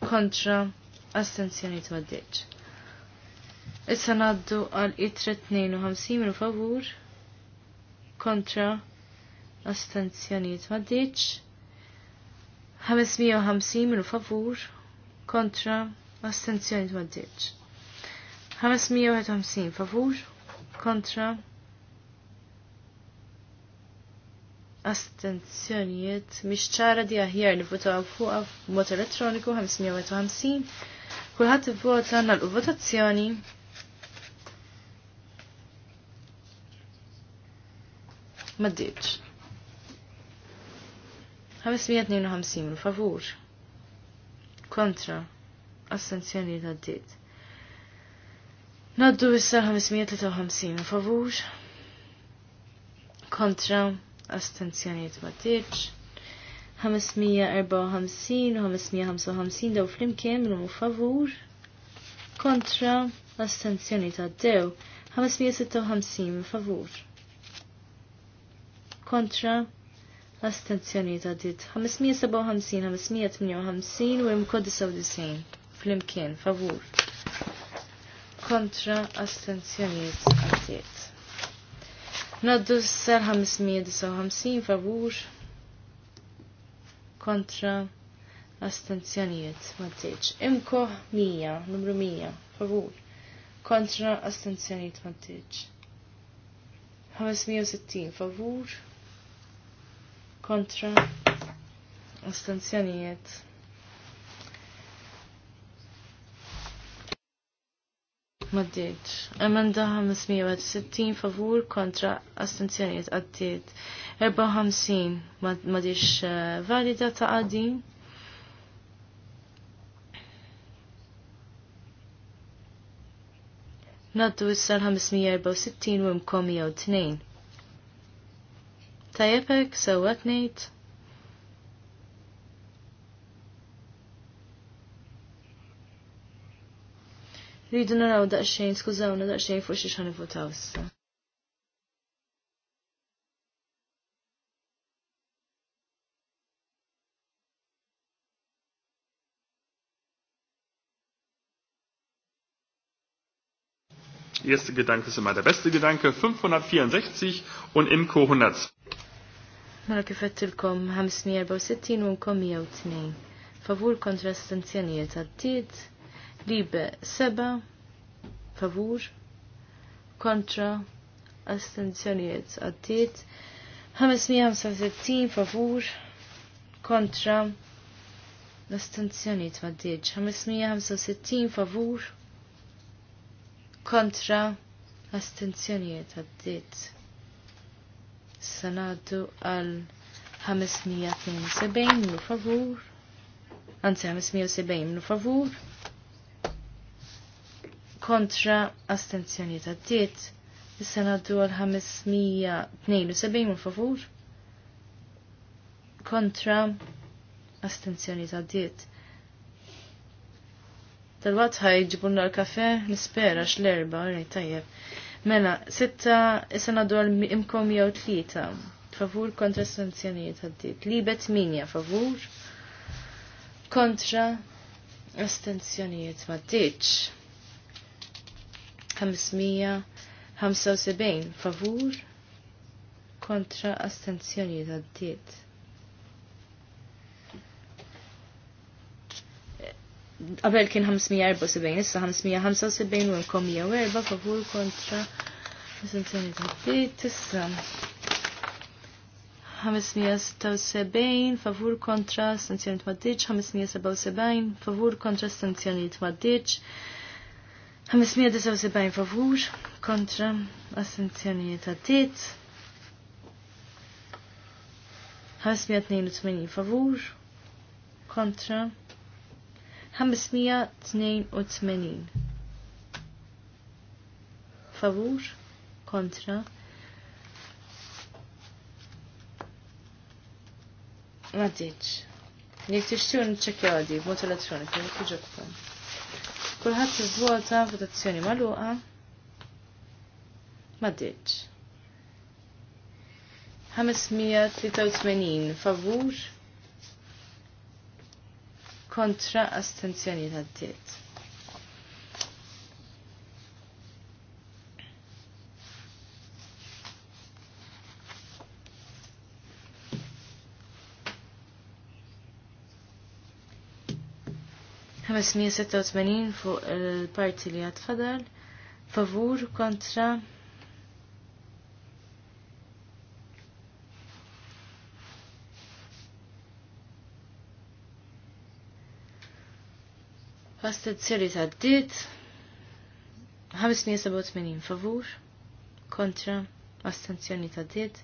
Kontra astenzjoniet maddeċ. Issa naddu għal itra 52 minu favur kontra astenzjoniet maddeċ. 550 minu favur kontra astenzjoniet maddeċ. 551 favur kontra astenzjonijiet mhix ċara di aħjar li votaw fuqha b'mod elettroniku 550 Kulħadd ivvota għandna l-votazzjoni. Ma 552, l favur. Kontra. Assenzjoni ta' ddiet. Naddu issa 553 favur. Kontra. Astenzjoniet ma' ddiċ. 554 u 555 daw flimkien minnu favur kontra astenzjoni ta' dew 556 favur kontra astenzjoni ta' dit 557, 558 u imkod 99 flimkien favur kontra astenzjoni ta' dit. Naddu s-sar 559 favur kontra astenzjonijiet ma tiġ. Imko mija, numru mija, favur, kontra astenzjonijiet ma tiġ. 560 favur, kontra astenzjonijiet. Maddiet. Emenda 560 favur kontra astenzjoniet għaddiet. 54 madix eh, valida ta' għadin. Naddu issa l-564 u mkom jew tnejn. Tajjeb hekk sewwa tnejt. Rridu naraw daqsxejn, skużawna daqsxejn fuq xi ħanifutaw issa. erste Gedanke ist immer der beste Gedanke. 564 und Imco 100. Mela kif għettilkom 564 u nkom 102. Favur kontra stanzjonijiet għaddit. Libe 7. Favur kontra astenzjonijiet għaddit. 565 favur kontra favur kontra astenzjonijiet għaddit. sanadu għal 572 minu favur, anzi 570 minu favur, kontra astenzjonijiet għaddit. sanadu għal 572 minu favur kontra astenzjonijiet għaddit Tal-wat ħajġibunna l-kafe, nispera x-lerba, rej tajjeb. Mela, sitta isana għal imkom jew tlieta. Favur kontra sanzjoniet għaddit. Libet minja favur kontra astenzjonijiet ma ddiċ. 575 favur kontra astenzjonijiet għaddit. qabel kien 574, issa 575 u nkom 104 favur kontra l-sanzjoni issa 576 favur kontra sanzjoni maddiċ, 577 favur kontra sanzjoni maddiċ, 579 favur kontra sanzjoni ta' 582 favur kontra 582. Favur kontra Matic. tiċ. Jek tixtiju nċekjaw di, vot elettroniku, jek iġobkom. Kulħadd vota votazzjoni maluqa. Ma 583 favur kontra astenzjoni għaddiet. Ħames fuq il-parti li għadfadal, favur kontra Astenzjoni dit 587 favur. Kontra. Astenzjoni d-dit,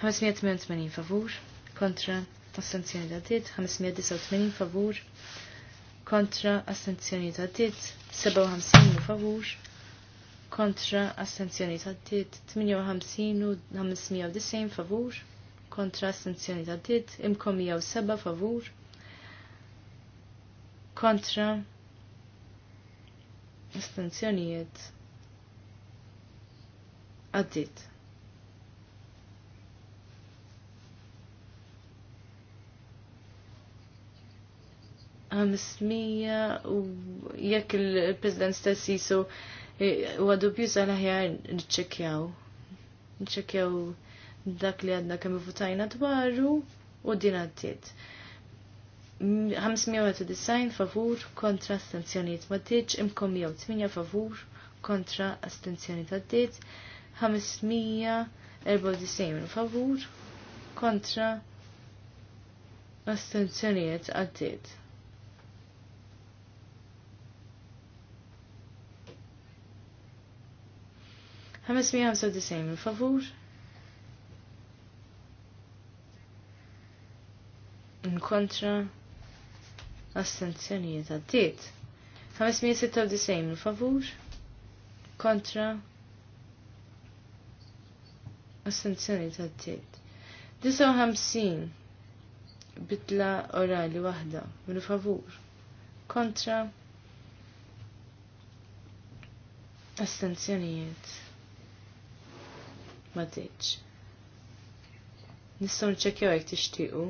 588 favur. Kontra. Astenzjoni d-dit, 589 favur. Kontra. Astenzjoni d-dit, 57 favur. Kontra. Astenzjoni taddit. 58 u 590 favur. Kontra. Astenzjoni taddit. Imkom 7 favur kontra astenzjonijiet għaddit. Għamismija u jekk il-President stess jisu eh, u għaddu bjuża l-ħjar nċekjaw. Nċekjaw dak li għadna kemm votajna dwaru u din għaddiet. 590 favur kontra astenzjoniet ma tiġ imkom 108 favur kontra astenzjoniet għaddit 594 favur kontra astenzjoniet għaddit. Ħames mi ħamsa disajn favur. Kontra astenzjonijiet għaddiet. 596 favur kontra astenzjonijiet għaddiet. 59 bitla orali waħda minu favur kontra astenzjonijiet ma tiġ. Nistgħu nċekkjaw jekk tixtiequ.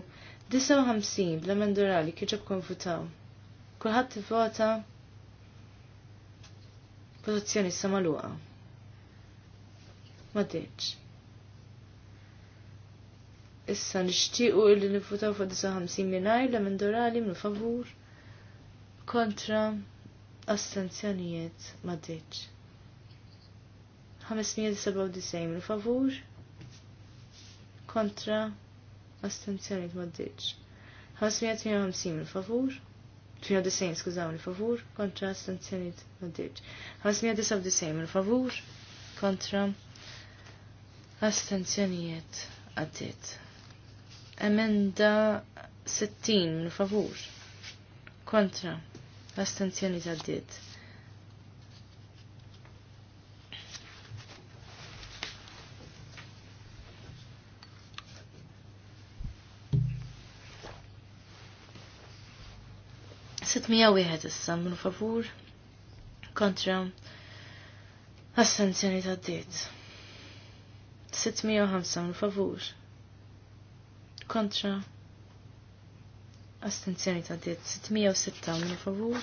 59 l-emendorali kieġab konfutaw. Kulħadd vota pozizjoni samaluqa. Ma deċ. Issa nixtiequ illi nifutaw fuq 59 mingħajr l-emendorali minn favur kontra astenzjonijiet ma deċ. 597 minn favur kontra astenzjoni t-maddiċ. 558 il-favur, 98 skużaw il-favur, kontra astenzjoni t-maddiċ. 599 il-favur, kontra astenzjonijiet għaddit. Emenda 60 il-favur, kontra astenzjoni t-għaddit. 301 issa minu favur kontra assenzjoni ta' d-diet. 605 minu favur kontra assenzjoni ta' d-diet. 606 minu favur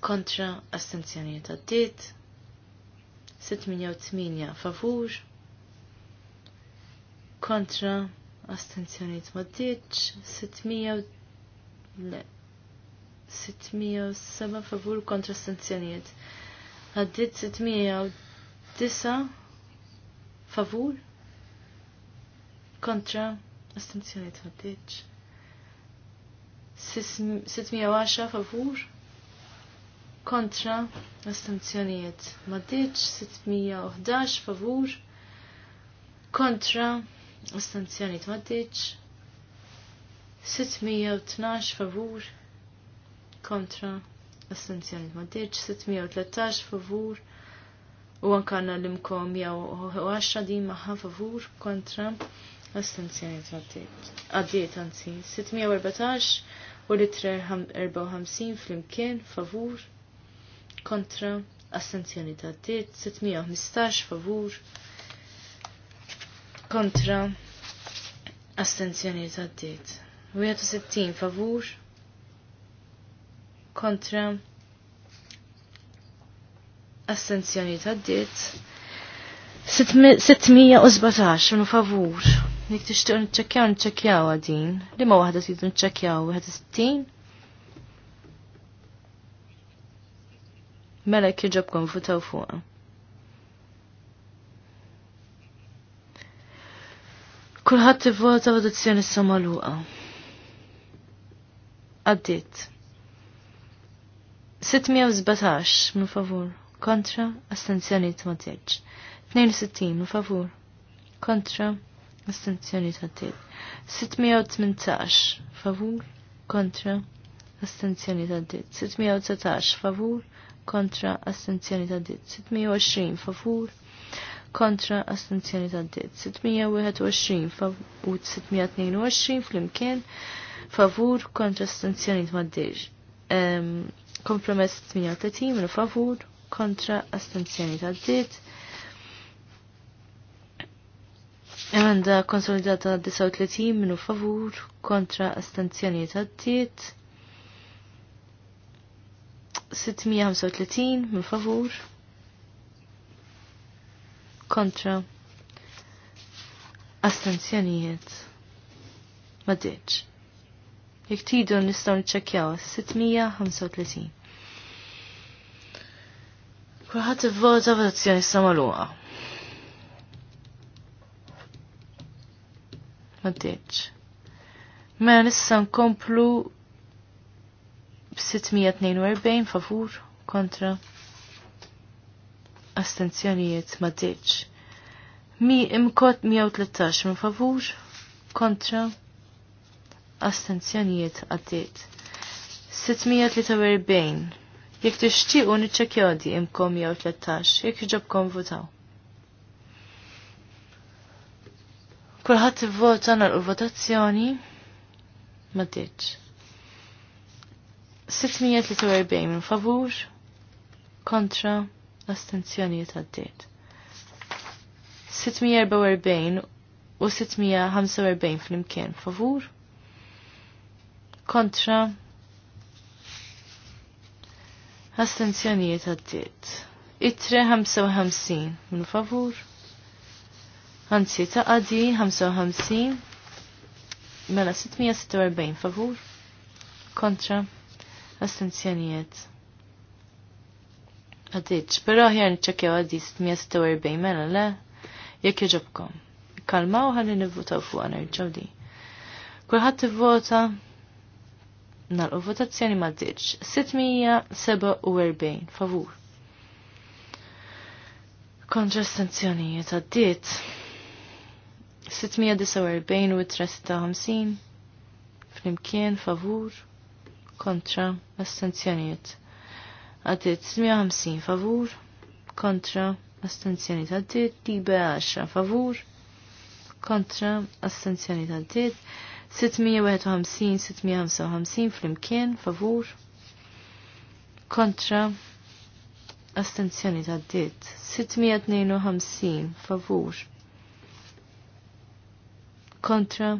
kontra assenzjoni ta' d-diet. 688 favur kontra astenzjoniet ma ddiċ, 600 607 favur kontra astenzjoniet. Għaddit 609 favur kontra astenzjoniet ma ddiċ. 610 favur kontra astenzjoniet ma ddiċ, 611 favur kontra t-maddiċ. 612 favur kontra t-maddiċ. 613 favur u għankanna l-imkom jew 10 din maħħa favur kontra t-maddiċ. Għaddiet għanzi. 614 u litre 354 fl-imkien favur kontra t-maddiċ. 615 favur kontra kontra astenzjoniet għaddit. 61 favur kontra astenzjoniet għaddit. 617 minn favur. Nik tixtiq nċekjaw nċekjaw għadin. Li wahda waħda tidu nċekjaw 61? Mela kieġob konfutaw fuqa. Kulħadd ivvota votazzjoni issa magħluqa. Għaddiet. 617 minn favur kontra astenzjoni ta' matieġ. 62 minn favur kontra astenzjoni ta' matieġ. 618 favur kontra astenzjoni ta' dit. 619 favur kontra astenzjoni ta' dit. 620 favur kontra astenzjoni taddit. 621 u 622 flimkien favur kontra astenzjoni ta' Um, kompromess 38 minu favur kontra astenzjoni taddit. Emenda konsolidata 39 minu favur kontra astenzjoni ta' taddit. 635 minu favur kontra astenzjonijiet ma ditx. Jek tidu nistaw nċekjaw 635. Kulħat vota votazzjoni samaluqa. Ma ditx. Mela nissa nkomplu 642 favur kontra astenzjonijiet ma ditx. Mi imkot 113 minn favur kontra astenzjonijiet għaddit. 643 jek tixtiequ niċċekjaw di imkom 113 jek ġobkom votaw. Kulħadd ivvota nagħlqu votazzjoni ma ditx. 643 minn favur kontra astenzjonijiet għaddiet. 644 u 645 fl-imkien favur kontra astenzjonijiet għaddiet. Itre 55 minn favur Għanzi ta' għadi 55, mela 646 favur, kontra, astenzjonijiet Għadiċ, pero ħjar nċekjaw għadis 146 mela le, jekk jġobkom. Kalmaw ħalli nivvotaw fuq Kulħat t Kulħadd nal nalqu votazzjoni ma ddiċ. 647 favur. Kontra sanzjonijiet għaddiet. 649 u 350 flimkien favur kontra astenzjonijiet għaddit 150 favur kontra astenzjoni tal-tiet, libe 10 favur kontra astenzjoni tal-tiet, 651-655 flimkien, favur kontra astenzjoni tal-tiet, 652 favur kontra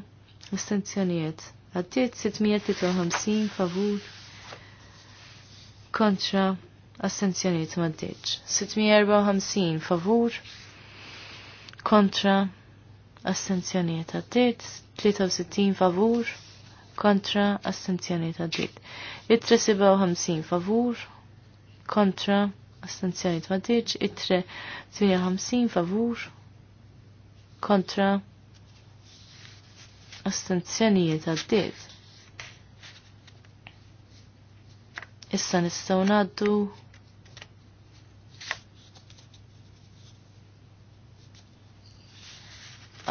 astenzjonijiet għaddiet 653 favur kontra ta' maddeċ. 654 favur kontra ta' għaddit, 63 favur kontra assenzjoni ta' dit. 357 favur kontra assenzjoni ta' maddeċ, 58 favur kontra ta' għaddiet. Issa nistgħu ngħaddu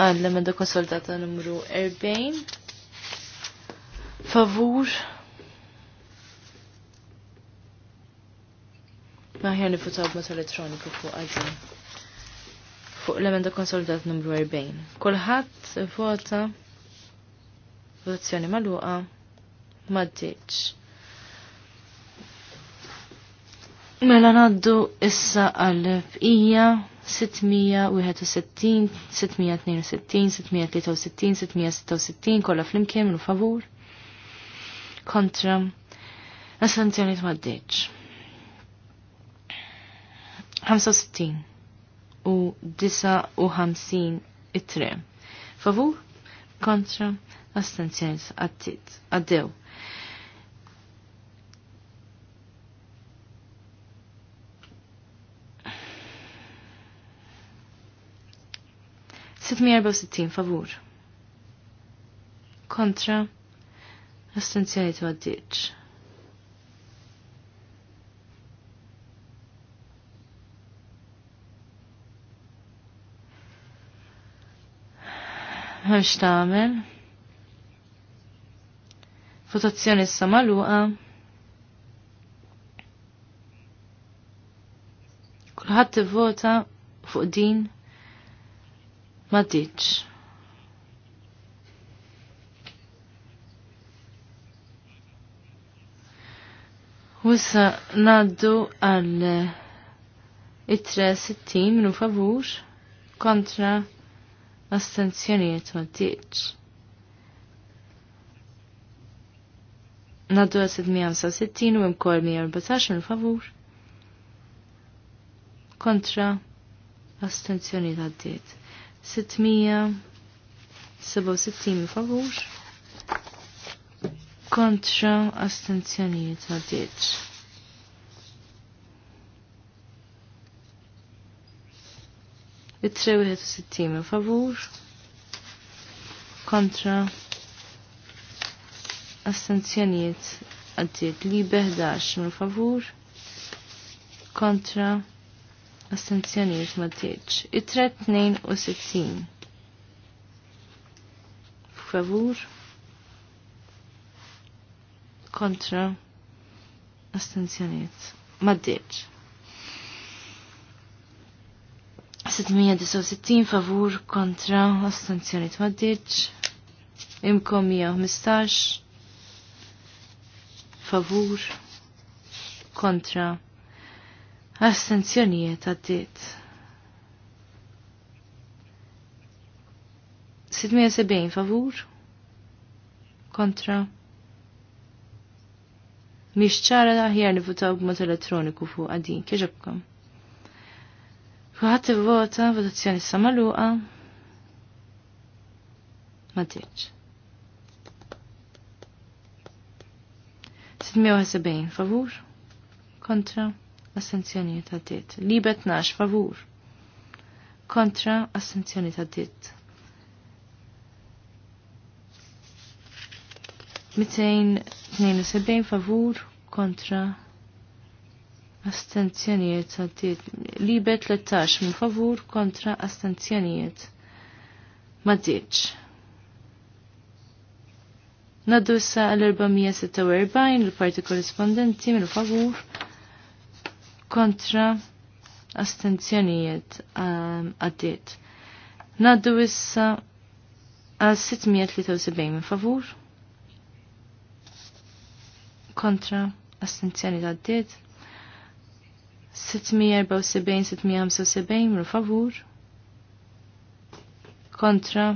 għall emenda konsultata numru 40. Favur. Maħjar nifutaw b-mas elettroniku fuq għadżin. Fuq l-emenda konsultata numru 40. Kulħadd vota votazzjoni magħluqa ma' Mela naddu issa għal fqija 661, 662, 663, 666, kolla fl minu favur. Kontra, assenzjoni t-maddeċ. 65 u 59 it-tre. Favur, kontra, assenzjoni għaddit, għaddew. 664 favur. Kontra. Astenzjoni t-għaddiċ. Għamx tamen. Votazzjoni s-samaluqa. Kulħat t-vota fuq din ma ditx. Wissa naddu għal itra 60 minu favur kontra astenzjoniet ma ditx. Naddu għal sittin u imkol 114 minu favur kontra astenzjoniet għaddiet. 667 favur kontra astenzjonijiet għaddiet. it-63 favur kontra astenzjonijiet għaddiet li mil favur kontra Astenzjoniet ma tiċ. Itret 62. Favur. Kontra. Astenzjoniet. Ma tiċ. favur kontra astenzjoniet ma tiċ. Imkom mistax. Favur kontra Astenzjonijiet għaddit. 670 favur kontra Miex ċara laħjar li votaw b'mod elettroniku fuq għadin, kieġobkom. Fuħat vota votazzjoni samaluqa, ma tiċ. 670 favur kontra assenzjoni ta' dit. Libet nax, favur kontra assenzjoni ta' dit. 272 favur kontra astenzjonijiet għaddit. Libet 13 minn favur kontra ma Maddiċ. Naddu issa l-446 l-parti korrispondenti minn favur kontra astenzjonijiet um, għaddit. Naddu issa għal 673 minn favur kontra astenzjoni għaddit. 674-675 minn favur kontra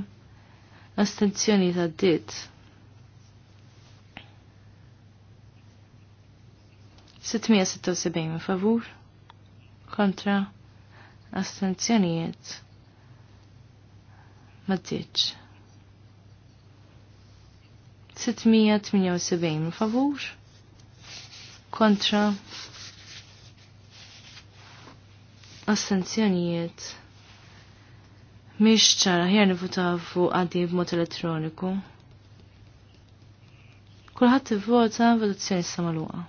astenzjonijiet għaddit. 676 favur kontra astenzjonijiet maddiċ. 678 favur kontra astenzjonijiet Mish ċara ħjar nivutaw fuq għaddi b'mod elettroniku. Kulħadd ivvota votazzjoni samaluqa.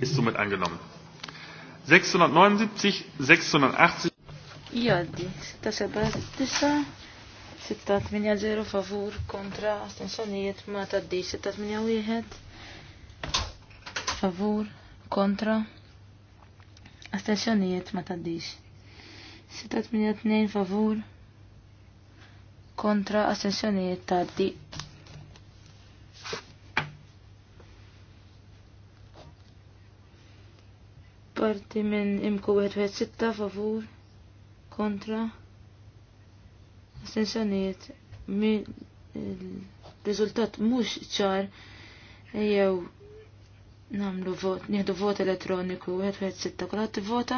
ist somit angenommen. 679, 680. Jaddi, 679, 680 favur kontra astensjonijiet ma taddi 681 favur kontra astensjonijiet ma taddix. 682 favur kontra astensjonijiet taddi parti minn imku sitta favur kontra astensjonijiet il-riżultat mhux ċar jew namlu vot, nieħdu vot elettroniku sitta kolat tivvota.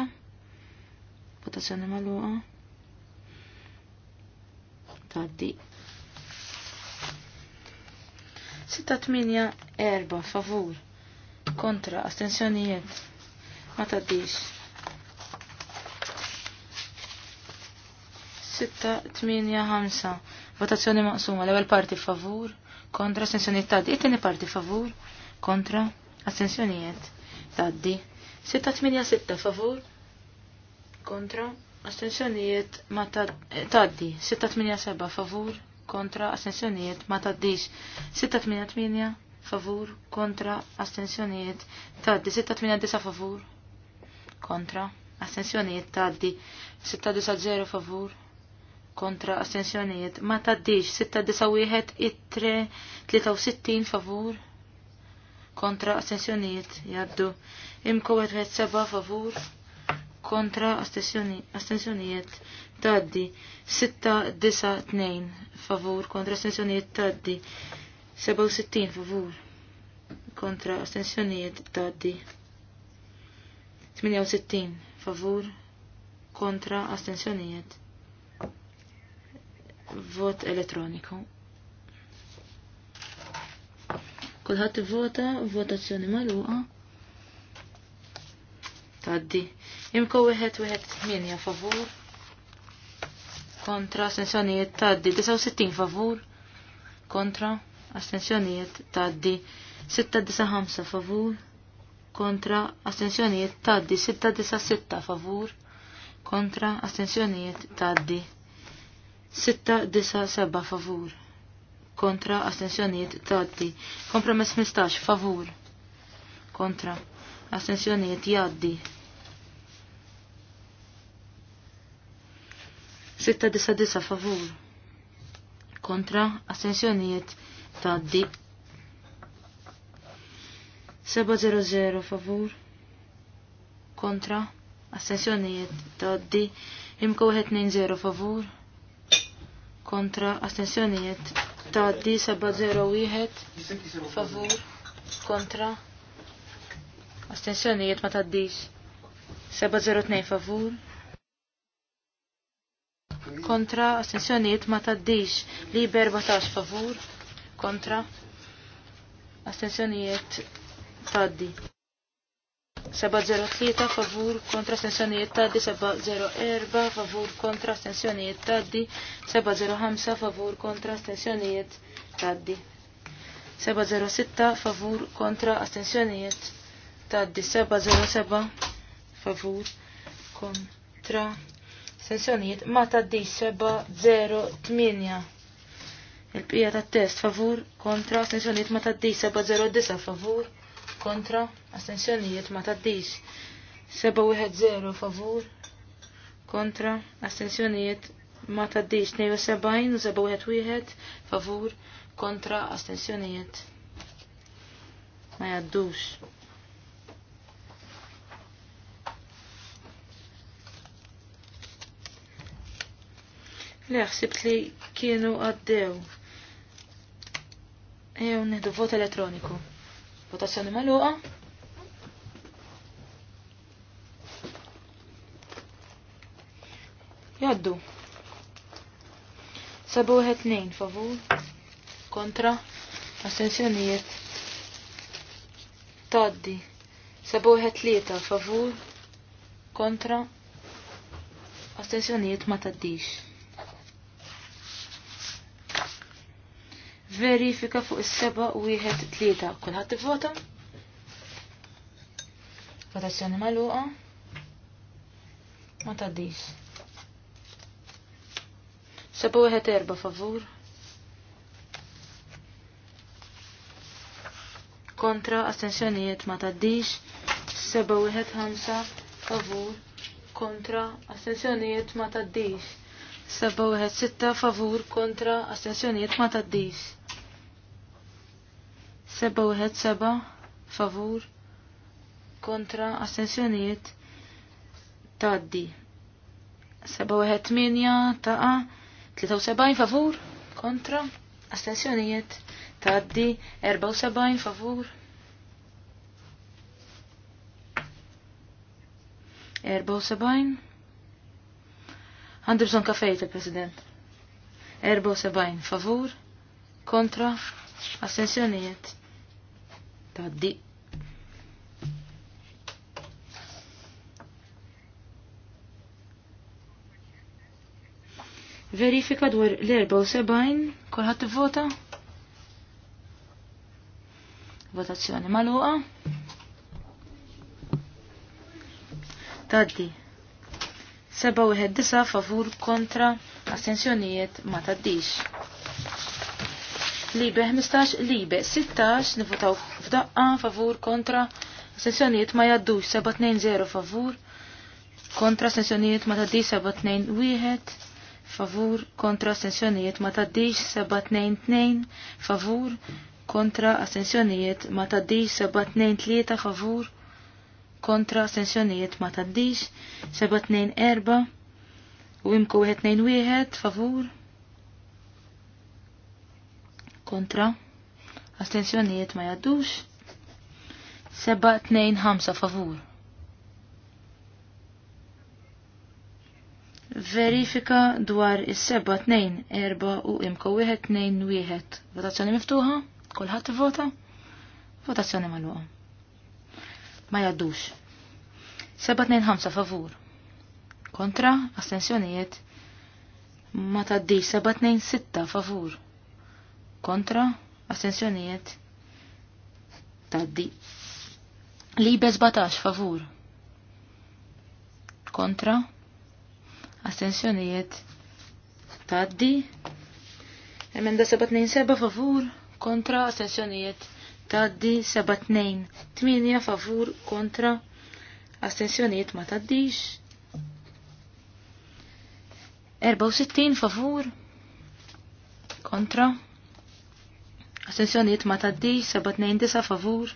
Votazzjoni magħluqa. Taddi. 6-8-4 favur kontra astensjonijiet ma taddix. Sitta, tminja, ħamsa. Votazzjoni maqsuma. L-ewwel parti favur, kontra, assenzjoni taddi. It'tini parti favur, kontra, astensjonijiet taddi. Sitta, tminja, sitta, favur, kontra, astensjonijiet ma eh, taddi. Sitta, tminja, seba, favur, kontra, astensjonijiet ma taddix. Sitta, tminja, tminja, favur, kontra, astensjonijiet taddi. Sitta, tminja, disa, favur, kontra, astensjonijiet taddi, 0 favur, kontra, astensjonijiet ma taddix, 691 it-3, 63 favur, kontra, astensjonijiet jaddu, imko 7 favur, kontra, astensjonijiet taddi, 692 favur, kontra, astensjonijiet taddi, 67 favur, kontra, astensjonijiet taddi. 68 favur kontra astensjonijiet vot elettroniku. Kulħadd ivvota votazzjoni magħluqa. Taddi. Imko wieħed wieħed minja favur. Kontra astensjonijiet taddi 69 favur. Kontra astensjonijiet taddi 5 favur kontra astensjonijiet taddi 696 favur kontra astensjonijiet taddi 697 favur kontra astensjonijiet taddi kompromess 15 favur kontra astensjonijiet jaddi 699 favur kontra astensjonijiet taddi 0 0 favur kontra astensjonijiet toddi imko 1-2-0, favur kontra astensjonijiet 0-1, favur kontra astensjonijiet ma taddix 0-2, favur kontra astensjonijiet ma taddix Liber 14 favur kontra astensjonijiet taddi. 703 favur kontra stensjonijiet taddi, 704 favur kontra stensjonijiet taddi, 705 favur kontra stensjonijiet taddi. 706 favur kontra astensjonijiet taddi, 707 favur kontra astensjonijiet ma taddi 708. Il-pija tat-test favur kontra astensjonijiet ma taddi 709 favur kontra, astensjonijiet ma taddix. 0 favur, kontra, astensjonijiet ma taddix. 72 1 1 favur, kontra, astensjonijiet ma jaddux. Le ħsibt li kienu għaddew. Ew neħdu vot elettroniku. Votazzjoni maluqa. Joddu. Sabu għet nejn, favur. Kontra. Astensjonijiet. Toddi. Sabu għet lieta, favur. Kontra. Astensjonijiet ma taddix. verifika fuq is-seba' wieħed tlieta. Kulħadd ivvota? Votazzjoni magħluqa. Ma tgħaddix. Seba' wieħed erba' favur. Kontra astensjonijiet ma tgħaddix. Seba' wieħed ħamsa favur. Kontra astensjonijiet ma tgħaddix. Seba' wieħed sitta favur kontra astensjonijiet ma tgħaddix. Seba wieħed seba favur kontra astensjonijiet taddi. Seba wieħed tminja taqa 73 favur kontra astensjonijiet taddi 74 favur 74 Għandu bżon kafejt il-President. 74 favur kontra astensjonijiet Taddi. Verifika dwar l-74, kolħat vota. Votazzjoni maluqa. Taddi. 7 u 9 favur kontra astensjonijiet ma taddix libe 15, libe 16, nifutaw f'daqqa favur kontra sessjonijiet ma jaddux 720 favur, kontra sessjonijiet ma taddi 721, favur kontra sessjonijiet ma taddi 722, favur kontra assenzjonijiet ma taddi 723 favur, kontra assenzjonijiet ma taddix 724 u imku 121 favur kontra astensjonijiet ma jaddux 7-2-5 favur Verifika dwar is 7-2-4 u imko 1-2-1. Votazzjoni miftuħa? Kulħadd ivota? Votazzjoni magħluqa. Ma jaddux. 7-2-5 favur. Kontra, astensjonijiet, ma taddi 7-2-6 favur kontra astensjonijiet taddi. Libe batax favur kontra astensjonijiet taddi. Emenda 727 favur kontra astensjonijiet taddi 7 8 favur kontra astensjonijiet ma taddix. 64 favur kontra Astensjonijiet ma taddi 729 favur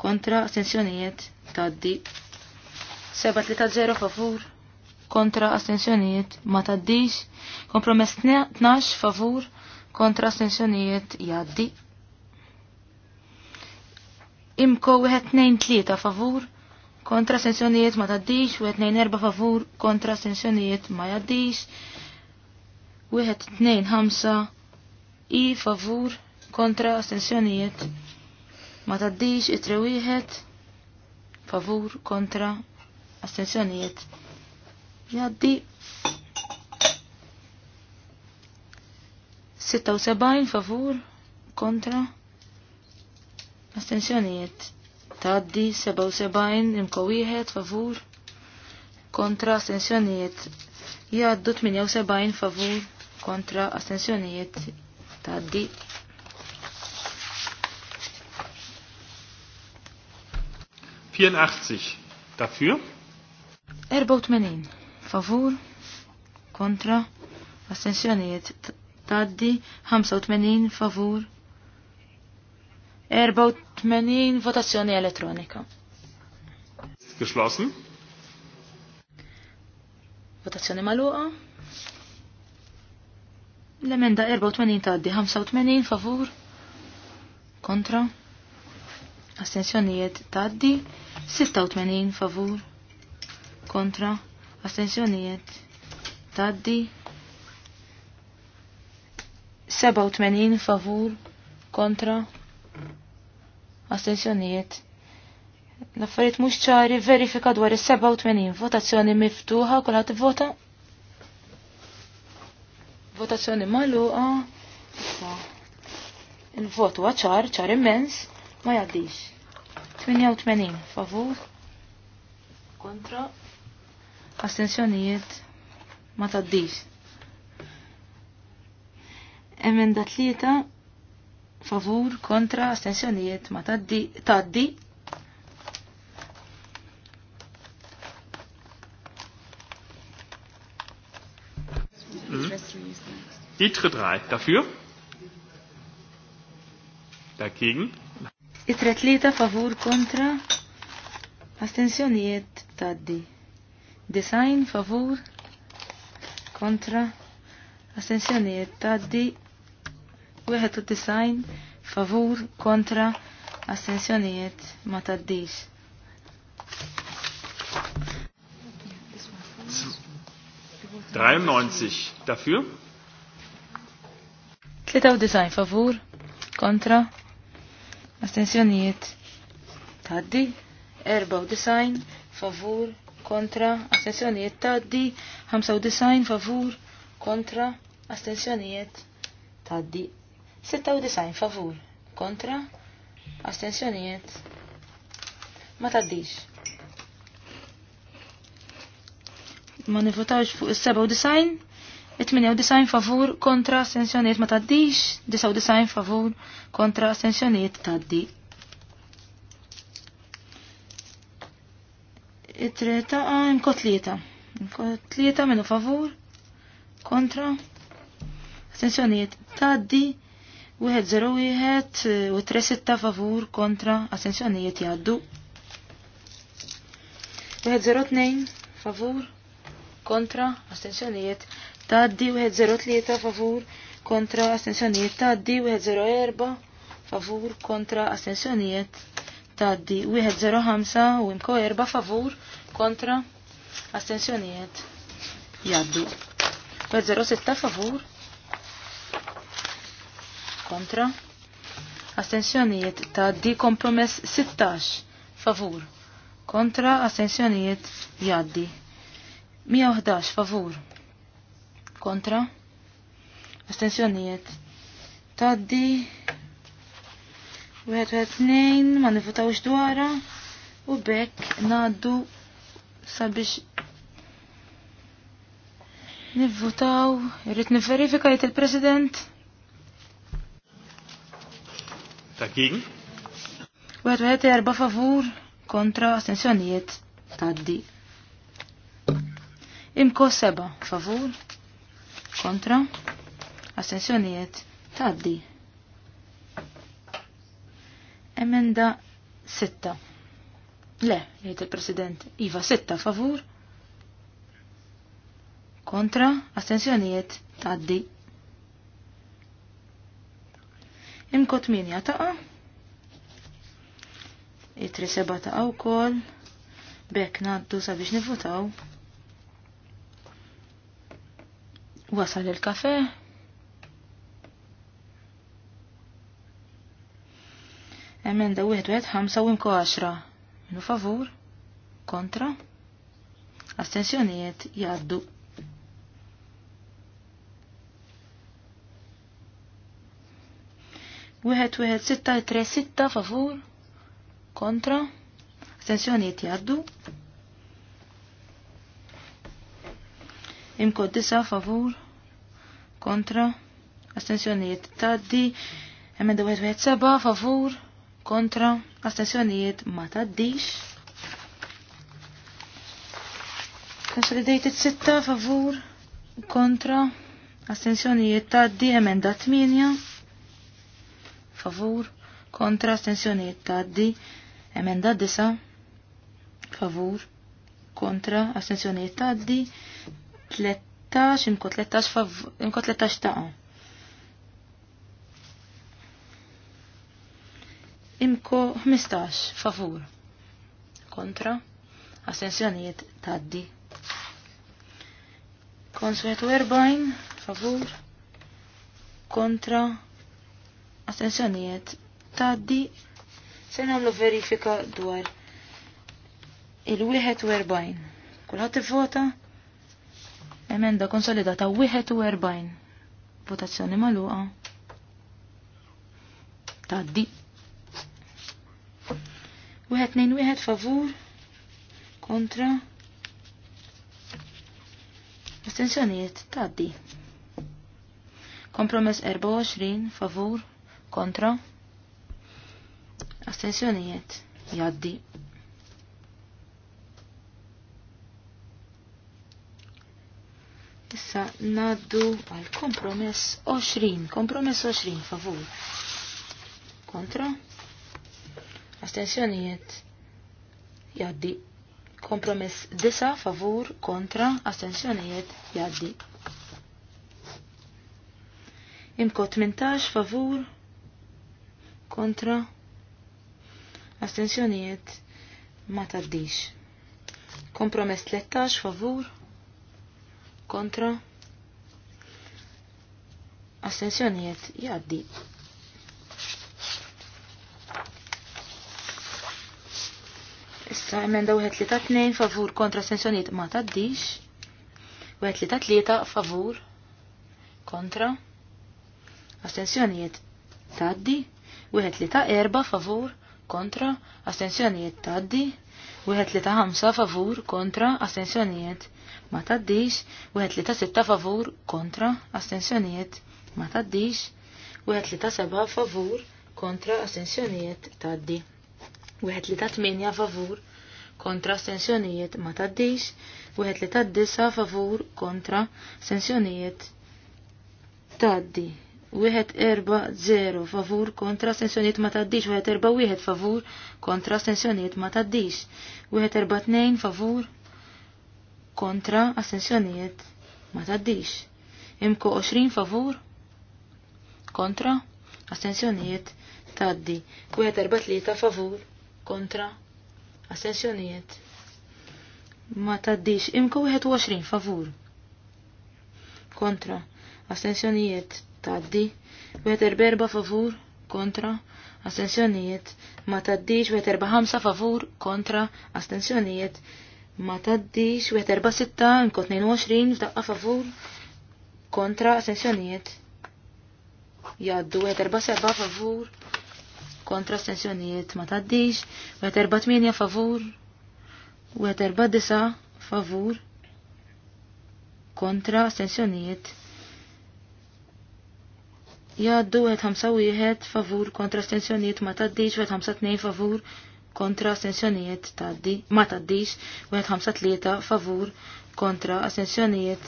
kontra astensjonijiet taddi 730 favur kontra astensjonijiet ma taddix kompromess 12 favur kontra astensjonijiet jaddi imko 1 2 favur kontra astensjonijiet ma taddix 1 2 favur kontra astensjonijiet ma jaddi 1-2-5 i favur kontra astensjonijiet ma taddix it wieħed favur kontra astensjonijiet jaddi 76 favur kontra astensjonijiet taddi 77 imko wieħed favur kontra astensjonijiet jaddu 78 favur kontra astensjonijiet taddi. Dafür? 84. Favur. Kontra. Astensjonijiet taddi. 85. Favur. 84. Votazzjoni elettronika. Geschlossen. Votazzjoni maluqa. L-emenda 84 taddi 85 favur kontra. Astensjonijiet taddi 86 favur kontra. Astensjonijiet taddi 87 favur kontra. Astensjonijiet L-affarijiet mhux ċari verifika dwar is-87 votazzjoni miftuħa kulħadd ivvota. vota Votazzjoni maluqa. Il-vot huwa ċar, ċar immens, ma jgħaddix. 88 favur. Kontra. Astensjonijiet ma taddix. Emenda tlieta favur kontra astensjonijiet ma taddi taddi ITRE 3 dafür. Dagegen. ITRE 3 favor, contra. Astensioniet taddi. Design favor contra. Astensioniet taddi. to favur kontra. Astensjonijiet ma taddix. Dreiundneunzig dafür. 93 favur kontra astensjonijiet taddi 94 favur kontra astensjonijiet taddi 95 favur kontra astensjonijiet taddi 96 favur kontra astensjonijiet ma taddix ma nivotawx fuq is-97 98 favur kontra astensjoniet ma taddix, 99 favur kontra astensjoniet taddi. It-treta inkotlieta. Inkotlieta minu favur kontra astensjoniet taddi. 1-0-1 e, u 3-6 favur kontra astensjoniet jaddu. 1-0-2 favur kontra astensjoniet jaddu taddi 103 favur kontra astensjonijiet taddi 104 favur kontra astensjonijiet taddi 105 u imko 4 favur kontra astensjoniet. jaddu 106 favur kontra astensjonijiet taddi kompromess 16 favur kontra astensjoniet. jaddi 111 favur kontra astensjonijiet taddi wieħed wieħed tnejn ma nifutawx dwara u bekk ngħaddu sabiex nivvutaw irrid nifverifika jitt il-President. Takin? Wieħed wieħed erba' favur kontra astensjonijiet taddi. Imko seba' favur kontra astensjonijiet taddi. Emenda 6. Le, jgħid il-President, Iva 6 favur kontra astensjonijiet taddi. Imkot minja taqa. Itri seba taqa u kol. Bek naddu sabiex nifutaw. Wasal il-kafe. Emenda 1-1-5 u imko 10. Minu favur. Kontra. Astensjonijiet jaddu. Wieħed wieħed sitta tre sitta favur kontra. Astensjonijiet jaddu. imko disa favur kontra astensjonijiet taddi emenda seba', favur kontra astensjonijiet ma taddix Consolidated sitta, favur kontra astensjonijiet taddi emenda 8 favur kontra astensjonijiet taddi emenda disa favur kontra astensjonijiet taddi 13, imko 13 fav, imko 13 taqa. Imko 15 favur. Kontra. Astensjonijiet taddi. Konsuetu 40 favur. Kontra. Astensjonijiet taddi. Se nagħmlu verifika dwar il-41. Kulħadd ivvota? Emenda konsolidata 41. Votazzjoni maluqa. Taddi. Wieħed 2 wieħed favur kontra. Astensjonijiet taddi. Kompromess 24 favur kontra. Astensjonijiet jaddi. Issa naddu għal kompromess 20, kompromess 20 favur. Kontra? Astensjonijiet jaddi. Kompromess 9 favur kontra astensjonijiet jaddi. Imko 18 favur kontra astensjonijiet ma taddix. Kompromess 13 favur kontra astensjonijiet jaddi. Issa emenda wieħed li ta' tnejn favur kontra astensjonijiet ma taddix. Wieħed li ta' tlieta favur kontra astensjonijiet taddi. Wieħed li ta' erba favur kontra astensjonijiet taddi. Wieħed li ta' ħamsa favur kontra astensjonijiet ma taddix, wieħed li ta' sitta favur kontra astensjonijiet ma taddix, wieħed li ta' seba favur kontra astensjonijiet taddi. Wieħed li ta' tminja favur kontra astensjonijiet ma taddix, wieħed li ta' disa favur kontra astensjonijiet taddi. Wieħed erba zero favur kontra astensjonijiet ma taddix, wieħed erba wieħed favur kontra astensjonijiet ma taddix, wieħed erba tnejn favur kontra assenzjonijiet ma taddix. Imko 20 favur kontra assenzjonijiet taddi. Kwiet ta' favur kontra assenzjonijiet ma taddix. Imko 21 favur kontra assenzjonijiet taddi. Kwiet 4 favur kontra astensjonijiet ma taddix 45 favur kontra taddi ma taddix, 146, nkot 22, f'daqqa favur, kontra astensjonijiet. Jaddu 147 favur, kontra astensjonijiet, ma taddix, 148 favur, 149 favur, kontra astensjonijiet. Jaddu 151 favur, kontra astensjonijiet, ma taddix, 152 favur, kontra astensjonijiet taddi ma taddix, wieħed ħamsa tlieta favur kontra astensjonijiet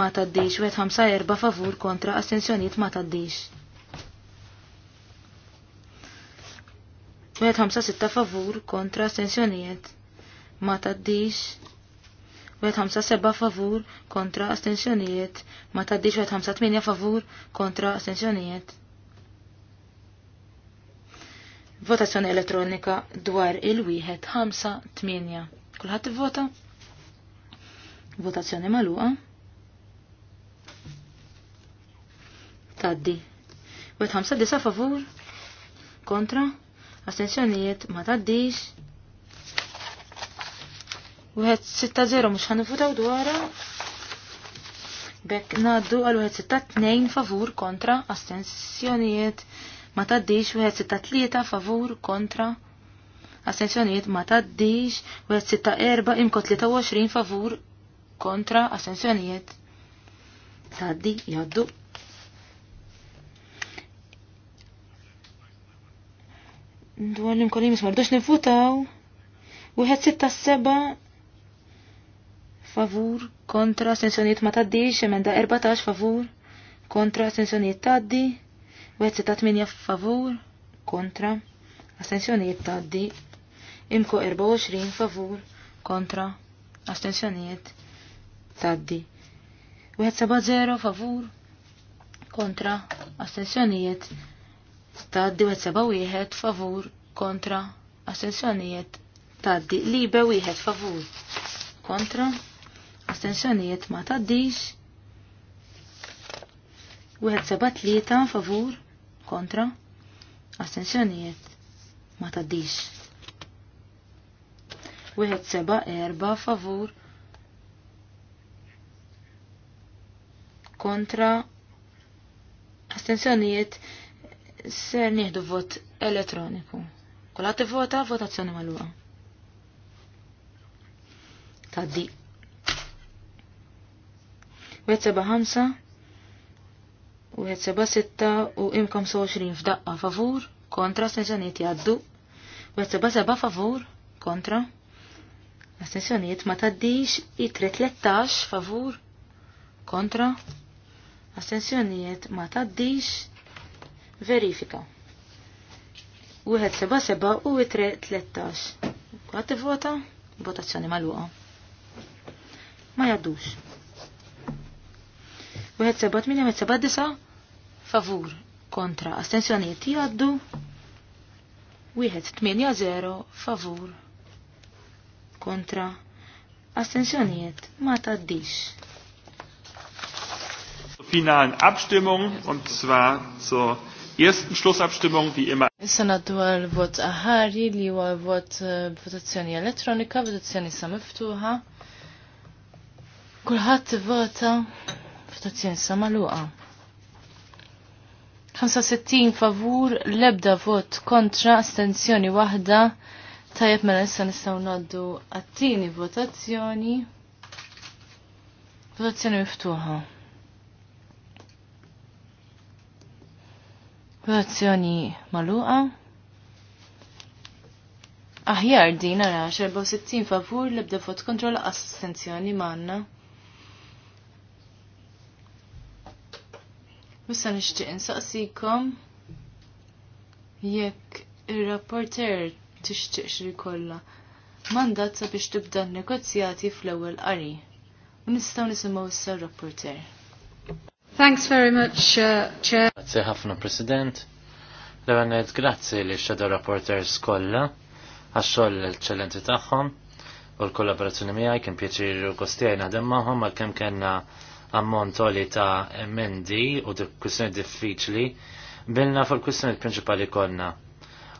ma taddix, wieħed ħamsa erba favur kontra astensjonijiet ma taddix. Wieħed ħamsa sitta favur kontra astensjonijiet ma taddix. Wieħed ħamsa seba' favur kontra astensjonijiet ma taddix wieħed ħamsa tminja favur kontra astensjonijiet Votazzjoni elettronika dwar il-wieħed 5-8. Kulħadd ivvota? Votazzjoni magħluqa. Taddi. Wieħed 5-9 favur. Kontra. Astenzjonijiet ma taddix. Wieħed 6-0 mhux ħanivvutaw dwarha. Bekk ngħaddu għal wieħed 6 2 favur kontra astensjonijiet ma taddix wieħed sitta tlieta favur kontra assenzjonijiet ma taddix wieħed sitta erba imkot 23 favur kontra assenzjonijiet taddi jaddu. Dwar l-imkolim mardux nifutaw. Wieħed sitta seba favur kontra assenzjonijiet ma taddix emenda 14 favur kontra assenzjonijiet taddi. Wet ta' tminja favur kontra astensjonijiet taddi. Imko 24 favur kontra astensjonijiet taddi. Wet 0, favur kontra astensjonijiet taddi. Wet wieħed, favur kontra astensjonijiet taddi. Libe wieħed favur kontra astensjonijiet ma taddix. Wieħed seba' tlieta favur kontra, astensjonijiet ma taddix. Wieħed seba erba favur kontra astensjonijiet ser nieħdu vot elettroniku. Kulħadd vota votazzjoni magħluqa. Taddi. Wieħed seba' ħamsa Wieħed seba' sitta u imkom soxrin f'daqqa favur kontra astensjonijiet jgħaddu. Wieħed seba' seba' favur kontra. Astensjonijiet ma taddix i tlettax favur kontra. Astensjonijiet ma taddix verifika. Wieħed seba' seba' u i tlettax. Għat vota? Votazzjoni mal-luqa. Ma jaddux. Wieħed seba' tminja, wieħed seba' disa' favur kontra astensjoniet jaddu, 1 8-0 favur kontra astensjoniet ma taddix. Finalen Abstimmung und zwar zur ersten Schlussabstimmung wie immer. Sena dual vot aħari li huwa vot eh, votazzjoni elettronika, votazzjoni sa miftuħa. Kulħadd vota votazzjoni sa maluqa. 65 favur, lebda vot kontra, astenzjoni wahda. Tajab mela issa nistgħu ngħaddu għattini votazzjoni. Votazzjoni miftuħa. Votazzjoni maluqa. Aħjar din ara 64 favur, lebda vot kontra, astenzjoni manna. Wissa nixtieq insaqsikom jekk ir-rapporter tixtieq xri kollha mandat sabiex tibda n-negozjati fl-ewwel qari. U nistgħu nisimgħu issa r-rapporter. Thanks very much, uh, Chair. Grazie ħafna, President. Levanet, grazie li Shadow Reporters kolla, għaxxol l-ċellenti tagħhom u l-kollaborazzjoni miegħi kien pjaċir u kostijaj naħdem magħhom għalkemm kellna ammont ta' emendi u di kwistjoni diffiċli, bilna fuq kwistjoni prinċipali konna.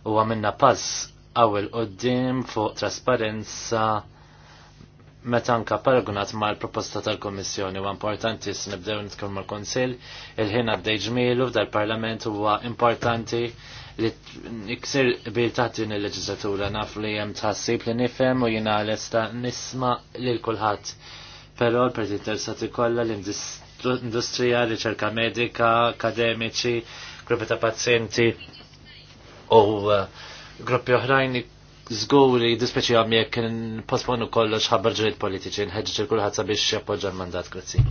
U għamilna pass għawil qoddim fuq trasparenza meta anka paragunat mal proposta tal komissjoni u importanti s nibdew nitkellmu mal-Konsil, il-ħin għaddej ġmielu f'dal-Parlament huwa importanti li iksir bil din il-leġislatura naf li jem tħassib li nifem u jina l-esta nisma li l-kulħat Pero l-parti interessati kollha l-industrija, riċerka medika, akademiċi, gruppi ta' pazjenti u eh, gruppi oħrajn zguri dispeċi għam jek posponu kollox ħabbar ġrid politiċi nħedġi kulħadd sabiex jappoġġa l-mandat grazzi.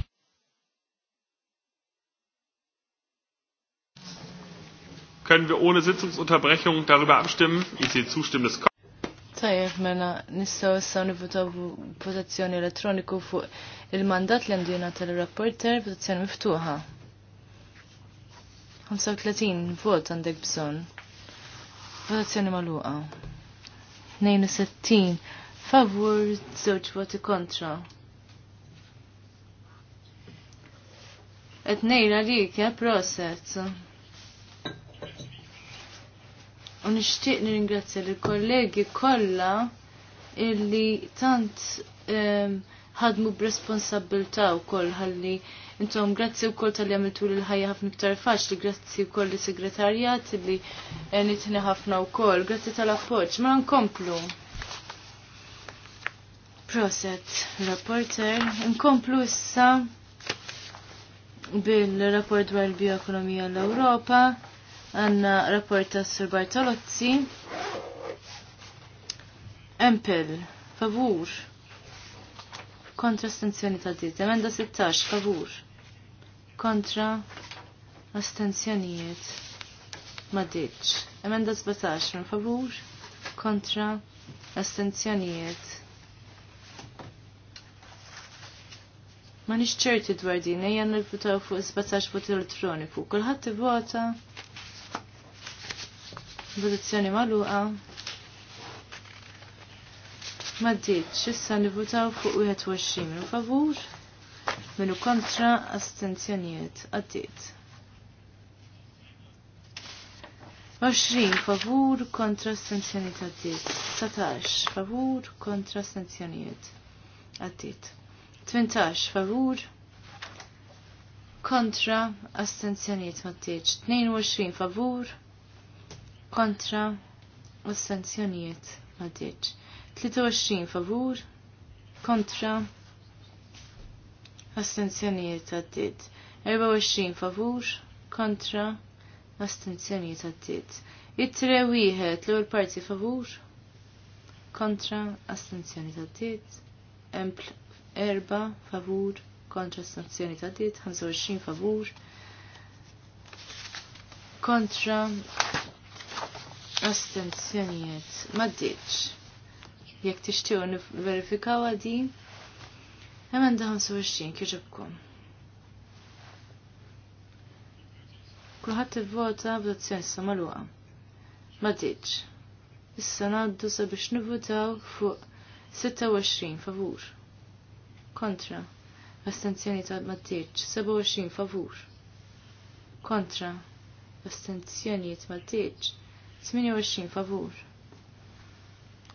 Können wir ohne Sitzungsunterbrechung darüber abstimmen? Ich sehe zustimmendes Tajjeb, mela, nistgħu issa nivutaw votazzjoni elettroniku fuq il-mandat li għandu jingħata l-rapporter votazzjoni miftuħa. 35 vot għandek bżonn. Votazzjoni magħluqa. 62 favur, żewġ voti kontra. Et nejra li, kja proset. U nixtieq nirringrazzja lill kollegi kollha illi tant ehm, ħadmu b'responsabilità wkoll ħalli intom grazzi wkoll tal-li għamiltu li l-ħajja ħafna iktar faċli, grazzi wkoll koll li segretarjat li eh, nitni ħafna wkoll, grazzi tal appoġġ ma nkomplu. Proset, rapporter, nkomplu issa bil-rapport dwar il-bioekonomija l ewropa għanna rapporta Sir Bartolozzi. Empel, favur. Kontra astenzjoni ta' dit. Emenda 16, favur. Kontra astenzjonijiet ma' ditx. Emenda 17, favur. Kontra astenzjonijiet. Ma nix ċerti dwar din, ejja nil-votaw fuq 17 voti elettroniku. Kulħadd ivota. vota Votazzjoni magħluqa. Ma ddiċ, issa nivutaw fuq 21 minu favur, minu kontra astenzjonijiet. Għaddiet. 20 favur kontra sanzjoniet għaddiet. 17 favur kontra astenzjonijiet għaddiet. 18 favur kontra astenzjoniet Tnejn 22 favur kontra astenzjonijiet maddiċ. 23 favur kontra astenzjonijiet għaddit. 24 favur kontra astenzjonijiet għaddit. Ittre wieħed l ewwel parti favur kontra astenzjonijiet għaddit. Empl erba favur kontra astenzjonijiet għaddit. 25 favur kontra astenzjonijiet maddiċ. Jek n verifikaw għadi, hemen da 25 kieġobkom. Kruħat t-vota b'dazzjoni samaluqa. Maddiċ. Issa naddu sabiex nivvotaw fuq 26 favur. Kontra. Astenzjoni ta' maddiċ. 27 favur. Kontra. Astenzjoni ta' 28 favur.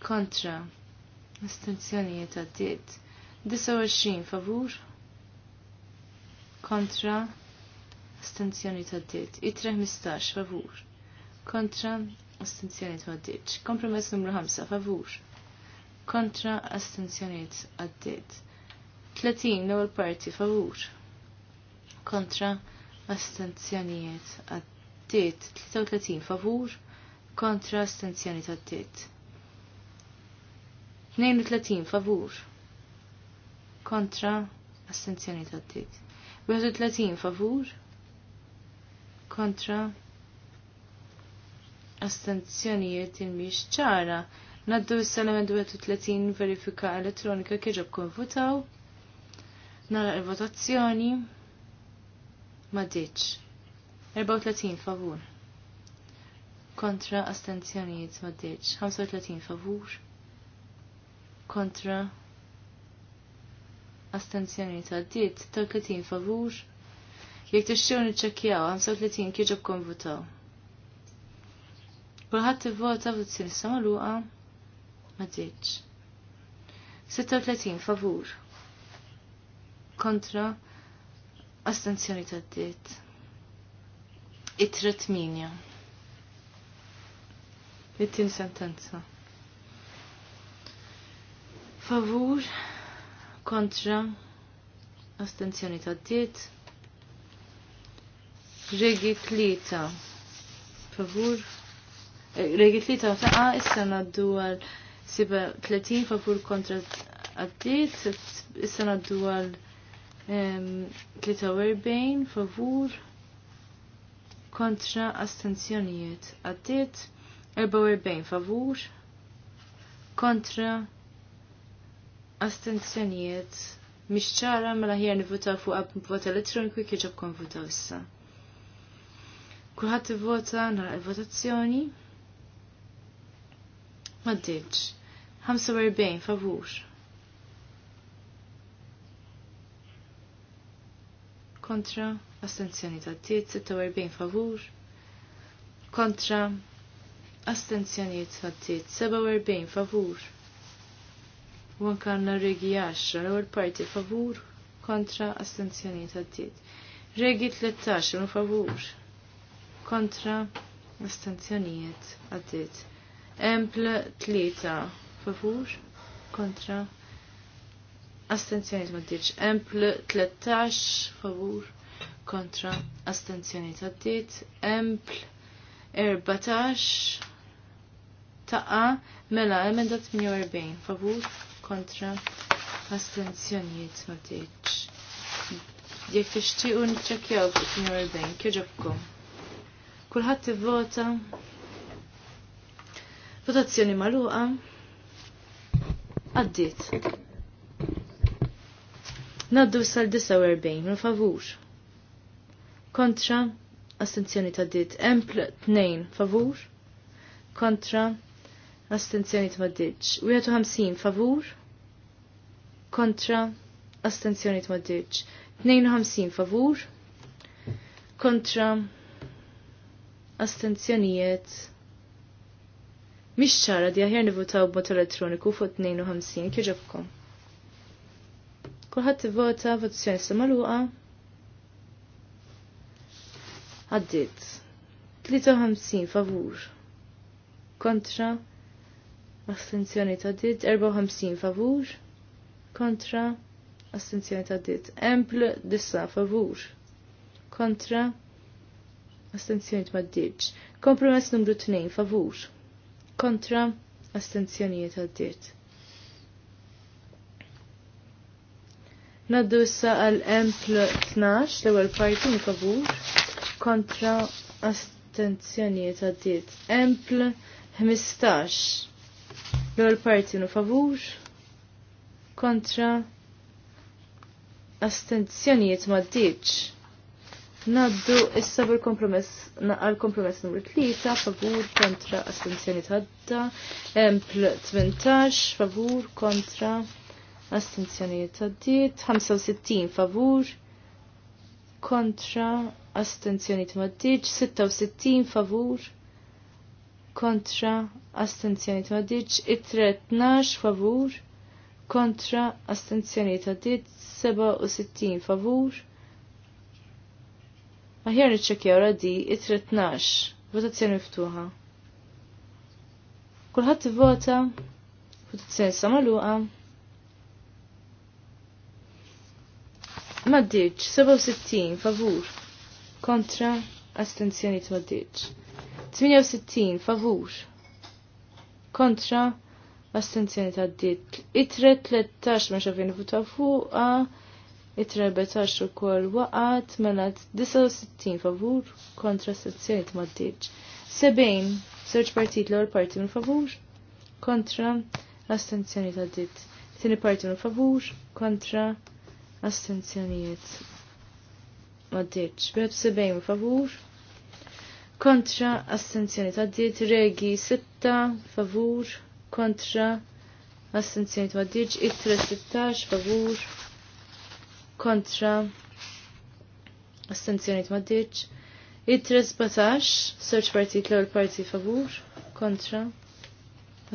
Kontra. Astenzjonijiet għaddit. 29 favur. Kontra. Astenzjonijiet għaddit. Itre 15 favur. Kontra. Astenzjonijiet għaddit. Kompromess numru 5 favur. Kontra. Astenzjonijiet għaddit. 30 l-ewwel parti favur. Kontra. Astenzjonijiet għaddit. 33 favur kontra astenzjoni tit. 32 favur kontra astenzjoni tit. 31 favur kontra astenzjonijiet il-miex ċara. Naddu s-salament 32 verifika elettronika kieġob votaw. Nara il-votazzjoni. Madiċ. 34 favur kontra astenzjonijiet deċ, 35 favur kontra astenzjonijiet għaddiet 30 favur jek tixxew niċċekkjaw 35 kieġob konvutaw. Kulħadd ivvota votazzjoni samaluqa deċ. 36 favur kontra astenzjonijiet għaddiet. It-tret minja it sentenza. Favur kontra astenzjoni ta' diet. Regi tlita. Favur. Eh, regi tlita ta' a issa naddu għal siba 30 favur kontra għaddit, Issa naddu għal 43 favur kontra astenzjonijiet għaddiet. 44 favur kontra astenzjoniet mhix ċara mela ħjar nivvotaw fuq vot elettroniku kon konvutaw issa. Kulħadd ivvota nara il votazzjoni Ma 45 favur. Kontra astenzjoni ta' 46 favur. Kontra Astenzjoniet għaddit 47 favur. U għankanna regi 10 l-ewwel parti favur kontra astenzjoniet għaddit. Regi 13 u favur kontra astenzjoniet għaddit. Empl 3 favur kontra astenzjoniet għaddit. Empl 13 favur kontra astenzjoniet għaddit. Empl 14 taqa mela emenda 48 favur kontra astenzjonijiet ma tiġ. Jek tixtiequ niċċekkjaw fuq 48 kieġobkom. Kulħadd ivvota. Votazzjoni magħluqa. Għaddit. Naddu sal-49 minn favur. Kontra astenzjoni ta' dit. Empl 2 favur. Kontra astenzjoni tmaddiċ. 51 favur kontra astenzjoni tmaddiċ. 52 favur kontra astenzjonijiet Mix ċara di nivotaw nivutaw mot elettroniku fuq 52 kieġobkom. Kulħadd ivota votazzjoni samaluqa. Għaddit. 53 favur. Kontra astenzjoni ta' dit 54 favur kontra astenzjoni ta' dit empl dissa favur kontra astenzjoni ta' dit kompromess numru 2 favur kontra astenzjoni ta' dit Naddu issa għal empl 12 l-ewwel parti mi favur kontra astenzjoni ta' dit empl 15 L-ewwel parti nu favur kontra astenzjoniet ma ddiċ. Naddu issa bil kompromess naqal kompromess numru 3 favur kontra astenzjoniet għadda, empl 18 favur kontra astenzjoniet għaddiet. 65 favur kontra astenzjoni tmaddiċ, 66 favur kontra astenzjoni ta' diċ, it-13 favur kontra astenzjoni ta' diċ, 67 favur. Aħjar niċċekjaw ra di it-13, votazzjoni miftuħa. Kulħadd vota votazzjoni samaluqa. u 67 favur kontra astenzjoni ta' diċ. 68 favur kontra astenzjoni ta' dit. Itre 13 ma xafin votaw fuqa, itre 14 u kol waqat, mela 69 favur kontra astenzjoni ta' dit. Sebejn, Serġ partit l-għor parti minn favur kontra astenzjoni ta' dit. Tini parti minn favur kontra astenzjonijiet. Ma dit. Bħed sebejn favur kontra astenzjoni diet, regi 6 favur kontra astenzjoni diet, itra 16 favur kontra astenzjoni diet, itra 17 search party clear parti favur kontra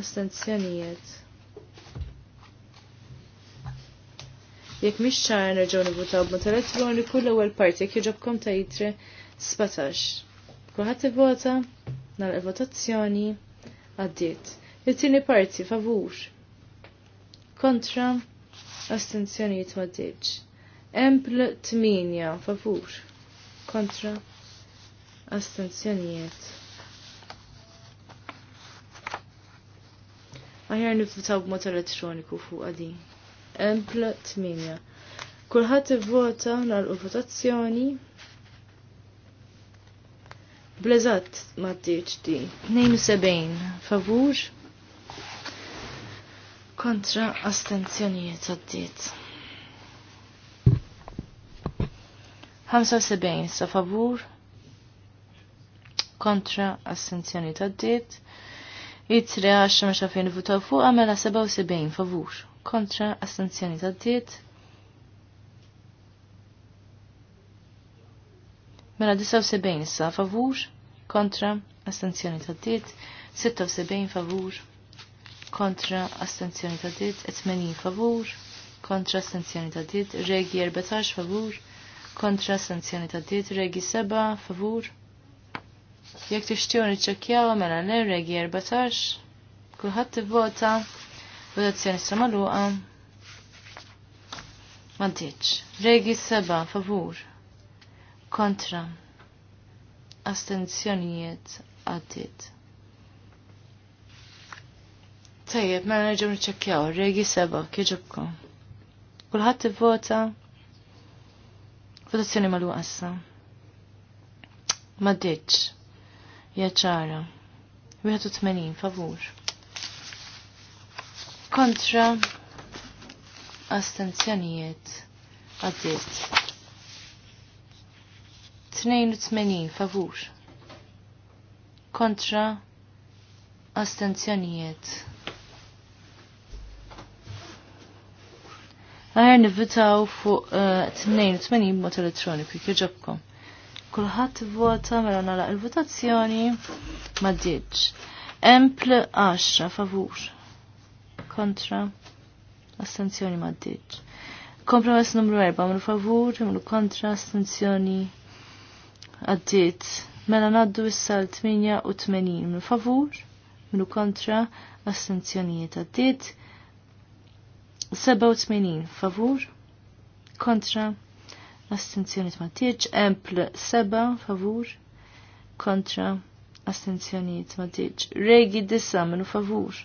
astenzjonijiet. Jekk mhix ċara nerġgħu nivvutaw b'mod elettroniku l-ewwel parti jekk jiġobkom ta' jitre spatax. Kulħadd ivota nara votazzjoni għaddiet. It-tieni parti favur kontra astenzjoni ma ddiġ. Empl 8 favur kontra astenzjonijiet. Aħjar nifutaw b'mod elettroniku fuq għadi. Empl 8. Kulħadd ivvota nagħlqu votazzjoni Blazat ma THD. Nejn di. 72 favur kontra astenzjonijiet għaddit. 75 sa favur kontra astenzjonijiet għaddit. Itri għaxa maċa fejn votaw fuq għamela 77 favur kontra astenzjonijiet għaddit. Mela 79 issa favur kontra astenzjoni ta' dit, 76 favur kontra astenzjoni ta' dit, 80 favur kontra astenzjoni ta' dit, regi 14 favur kontra astenzjoni ta' dit, regi 7 favur. Jek tixtiju niċċekjaw mela le regi 14, t-vota, votazzjoni sa maluqa. Ma Regi 7 favur kontra astenzjonijiet għaddit. Tajjeb, mela nerġgħu niċċekkjaw, regi seba, kieġobkom. Kulħadd ivvota votazzjoni mal assa. Ma ditx. jaċara, ċara. 81 favur. Kontra astenzjonijiet għaddiet. 82 favur kontra astenzjonijiet. Għajr nivvitaw fuq uh, 82 mod elettroniku kieġobkom. Kulħadd vota mela nagħlaq il-votazzjoni ma diġ. Empl 10 favur kontra astenzjoni ma diġ. Kompromess numru 4 Mlu favur, minn kontra astenzjoni għaddiet. Mela naddu s-sal 88 minn favur, minnu kontra, astenzjonijiet għaddiet. 87 favur, kontra, astenzjoniet ma tiġ, empl 7 favur, kontra, astenzjoniet ma tiġ. Regi disa minn favur,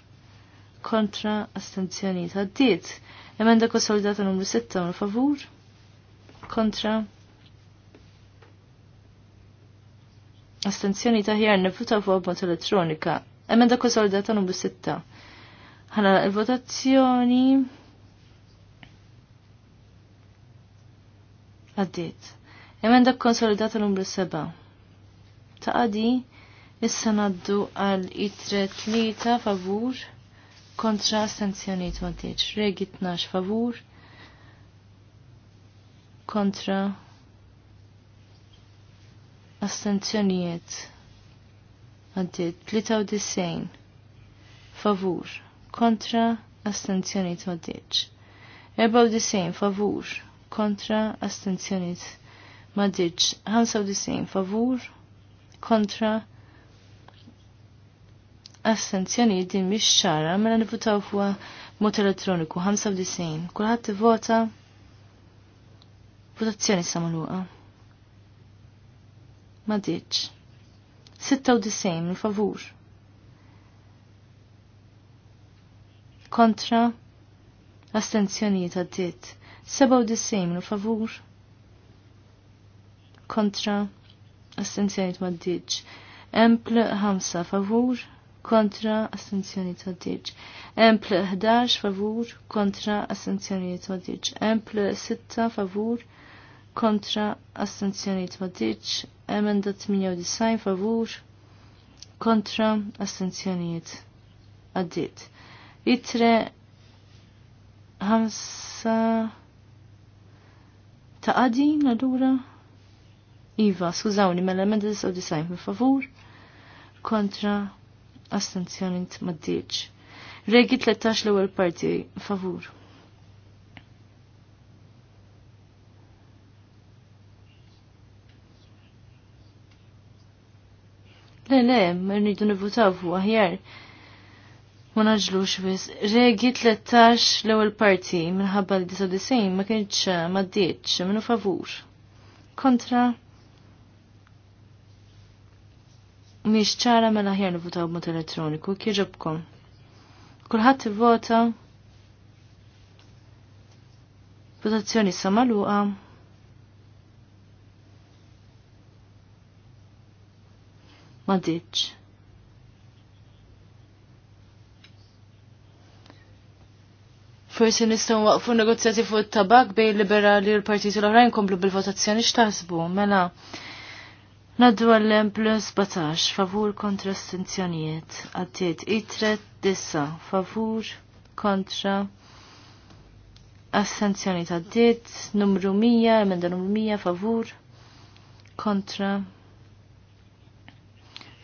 kontra, astenzjoniet għaddiet. Emenda konsolidata numru 6 minu favur, kontra, astenzjoni taħjar nifuta fuq bot elettronika. Emenda konsolidata numru 6. Ħana il-votazzjoni għaddiet. Emenda konsolidata numru 7. Ta' għadi issa naddu għal itre tlita favur kontra astenzjoniet ma' Regi 12 favur kontra astenzjonijiet għaddit 93 favur kontra astenzjonijiet maddiċ 94 favur kontra astenzjonijiet maddiċ 95 favur kontra astenzjonijiet din mhix ċara mela nivutaw fuqha mot elettroniku 95 kulħadd t-vota. votazzjoni samaluqa ma ditx. disajn, minn favur. Kontra astenzjonijiet għaddit. disajn, minn favur. Kontra astenzjoni ta' ditx. Empl 5 favur kontra astenzjoni ta' diġ. Empl 11 favur kontra astenzjoni ta' diġ. Empl sitta favur kontra kontra astenzjoni t ditx, emenda 98 favur kontra astenzjoniet għaddit. Itre ħamsa ta' għadi nadura Iva, skużawni, mela emenda 99 favur kontra astenzjoniet t ditx. Regi 13 l-ewwel parti favur Le, le, rridu nivvotaw fuq aħjar. Ma naġlux wis. Regi 13 l-ewwel parti minħabba l-99 ma kienx ma minnu favur. Kontra Mhix ċara mela aħjar nivutaw b'mod elettroniku, kieġobkom. Kulħadd ivvota. Votazzjoni sa maluqa. ma ditx. Forsi nistgħu waqfu negozjati fuq it-tabak bejn liberali u l-partiti l-oħrajn komplu bil-votazzjoni x'taħsbu, mela. Naddu għallem plus 17, favur kontra stenzjonijiet. Għaddiet itret dissa, favur kontra astenzjonijiet, ta' numru 100, emenda numru 100, favur kontra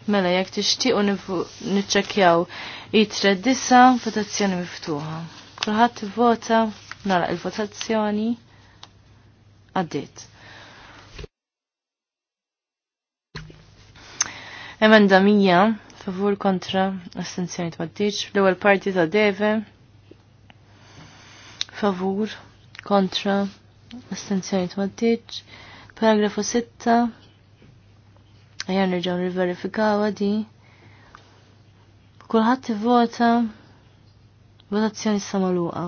Mela, jek tixtiqu niċċekkjaw itra disa votazzjoni miftuħa. Kulħadd vota nara il-votazzjoni għaddiet. Emenda mija, favur kontra astenzjoni tmaddiċ, l-ewwel parti ta' deve, favur kontra astenzjoni tmaddiċ, paragrafu 6, Għajan nirġaw nil-verifikaw għadi. Kulħat vota votazzjoni samaluqa.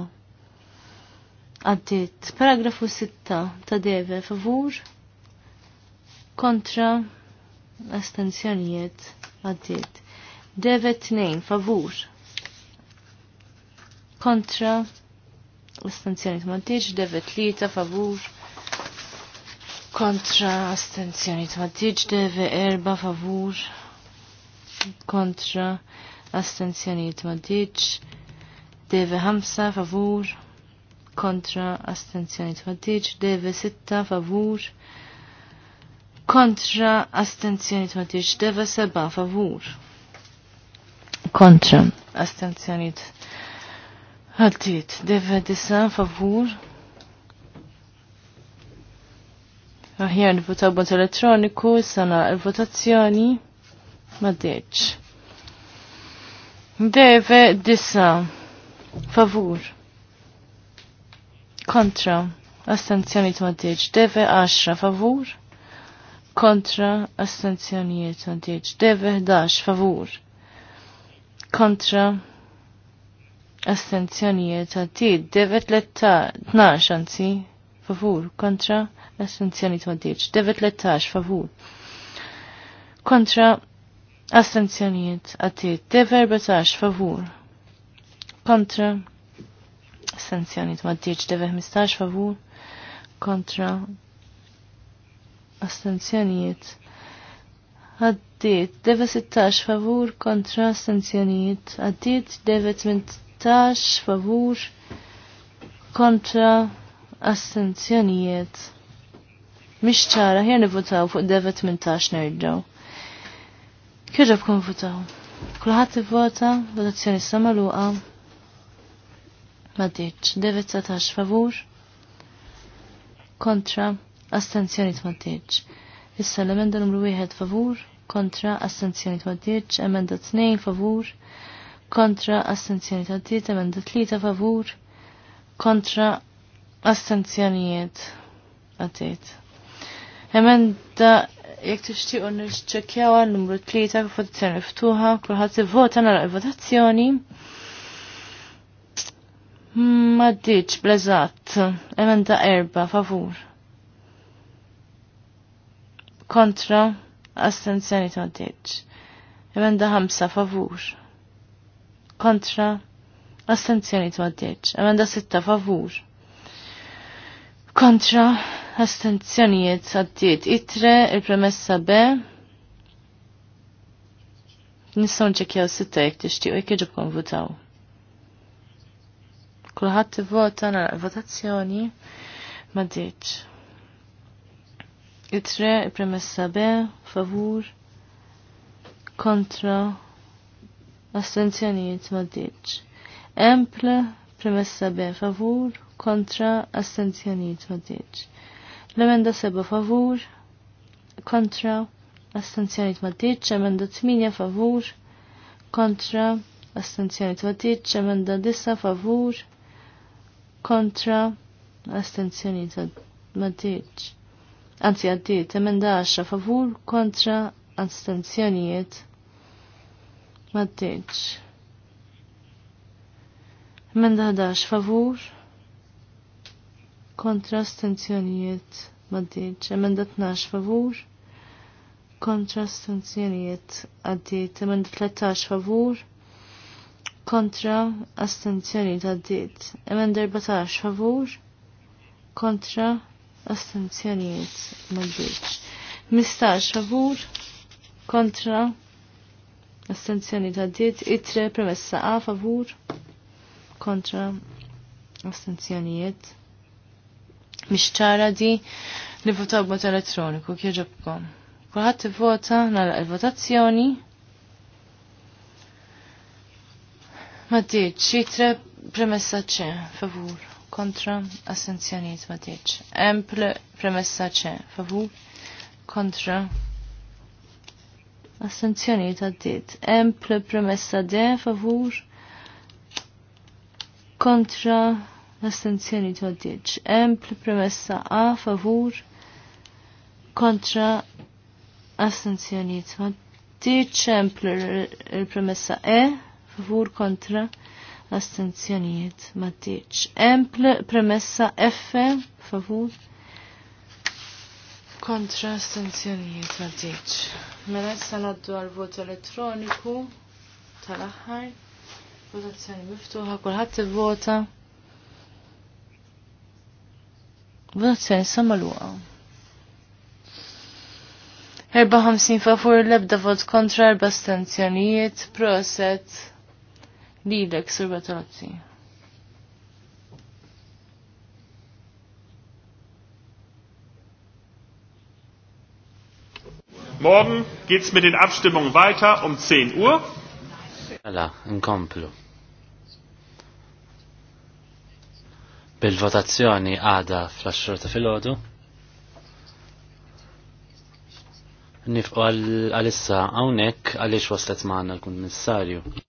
Għaddit, paragrafu 6 ta' deve, favur, kontra, astenzjonijiet, għaddit. Deve 2, favur, kontra, astenzjonijiet, ma' deve 3, favur, kontra astenzjoni tiġ deve erba favur kontra astenzjoni tiġ deve ħamsa favur kontra astenzjoni tiġ deve sitta favur kontra astenzjoni tiġ deve seba favur kontra astenzjoni tħaddiġ deve disa favur Aħjar nivvotaw bot elettroniku, sana il-votazzjoni ma deċ. Deve disa. Favur. Kontra. astanzjoni ma deċ. Deve 10. Favur. Kontra. astanzjoni ma deċ. Deve 11. Favur. Kontra. astanzjoni ma deċ. Deve tnax Anzi. Favur. Kontra Astenzjoni tmaddiċ. David lettax, favur. Kontra. Astenzjonijiet għattiet. David Lettax, favur. Kontra. Astenzjoni tmaddiċ. David mistax, favur. Kontra. Astenzjonijiet. Għaddiet. David sittax, favur. Kontra. Astenzjonijiet. Għaddiet. David mintax, favur. Kontra. Astenzjonijiet Mish ċara, ħjar votaw fuq deva taċ nerġaw. Kħirġab kun votaw. Kulħat vota, votazzjoni samaluqa. devet sa taċ favur. Kontra, astenzjoni tmaddiċ. Issa l-emenda numru 1 favur. Kontra, astenzjoni tmaddiċ. Emenda 2 favur. Kontra, astenzjoni tmaddiċ. Emenda 3 favur. Kontra, astenzjonijiet. Għaddit. Emenda jek tixtiequ nirċċekkjaw għal numru tlieta votazzjoni ftuħa, kulħadd ivvota nara votazzjoni hmm, Ma ddiċ hemen emenda erba, favur. Kontra, astenzjoni ta' Hemen Emenda ħamsa, favur. Kontra, astenzjoni ta' Hemen Emenda sitta, favur. Kontra, astenzjonijiet għaddiet. Itre il-premessa B. Nistaw nċekjaw sitta jek tixtiqu jek iġibkom votaw. Kulħadd ivvota na votazzjoni ma ddiċ. Itre il-premessa B favur kontra astenzjonijiet ma ddiċ. Emple premessa B favur kontra astenzjonijiet ma ddiċ. L-emenda seba favur, kontra, astenzjoniet ma tiċ, emenda t-minja favur, kontra, astenzjoniet ma tiċ, emenda disa favur, kontra, astenzjoniet ma tiċ. Anzi għaddiet, emenda għaxa favur, kontra, astanzjoni t tiċ. Emenda 11 favur, kontra stenzjonijiet maddiċ. Emenda 12 favur kontra astenzjonijiet għaddiet, Emenda 13 favur kontra astenzjonijiet għaddiet. Emenda 14 favur kontra astenzjonijiet maddiċ. 15 favur kontra astenzjoni ta' itre premessa A favur kontra astenzjonijiet Mix ċara di li votaw bot elettroniku kieġobkom. Kulħadd ivvota nagħlaq il-votazzjoni. Ma tiġ, xitre premessa ċe, favur, kontra, assenzjoniet ma tiġ. Emple premessa ċe, favur, kontra, assenzjoniet għaddit. Emple premessa de, favur, kontra, astenzjoni toddiċ. Empl premessa A favur kontra astenzjoni toddiċ. Empl premessa E favur kontra astenzjonijiet maddiċ. Empl premessa F favur kontra astenzjonijiet maddiċ. Mela issa naddu għal vot elettroniku tal-aħħar. Votazzjoni miftuħa, kulħadd ivvota. vota Votazzjoni issa Erba ħamsin fafur l-ebda vot kontra erba' stanzjonijiet, proset li lilek sur Batolozzi. Morgen geht's mit den Abstimmungen weiter um 10 Uhr. Alla, in inkomplu. bil-votazzjoni għada fl ta' ta' filgħodu. Nifqu għal-issa għawnek għaliex waslet maħna l-Kummissarju.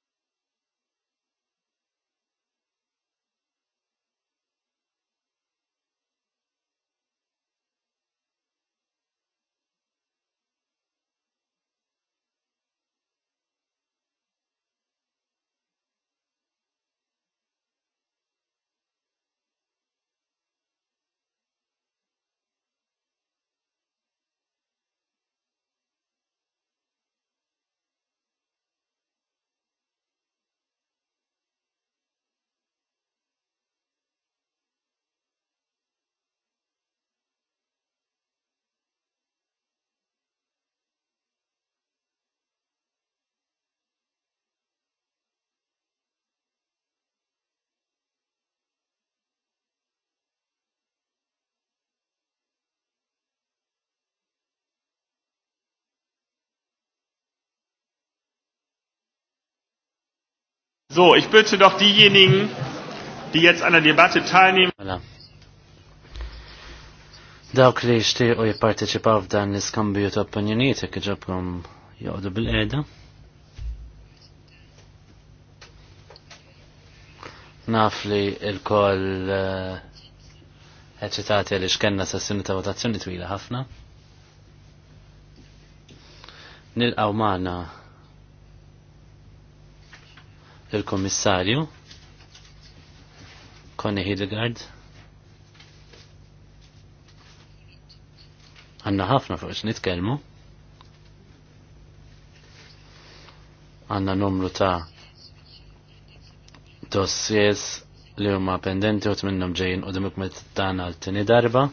So, ich bitte doch diejenigen, die jetzt an der Debatte teilnehmen. Voilà. Mela. Dawk li jishtiqu jipparteċipaw f'dan l-iskambju ta' opinjoniet jekk iġobhom joqdu bil-qiegħda. Naf li l-koll eċitati eh, li xkenna sessjoni ta' votazzjoni twila ħafna. Nilqaw magħna il-Komissarju Connie Hildegard. Għanna ħafna fuq nitkellmu. Għanna numru ta' dossiers li huma pendenti u minnhom ġejjin u dimik tagħna għal tini darba.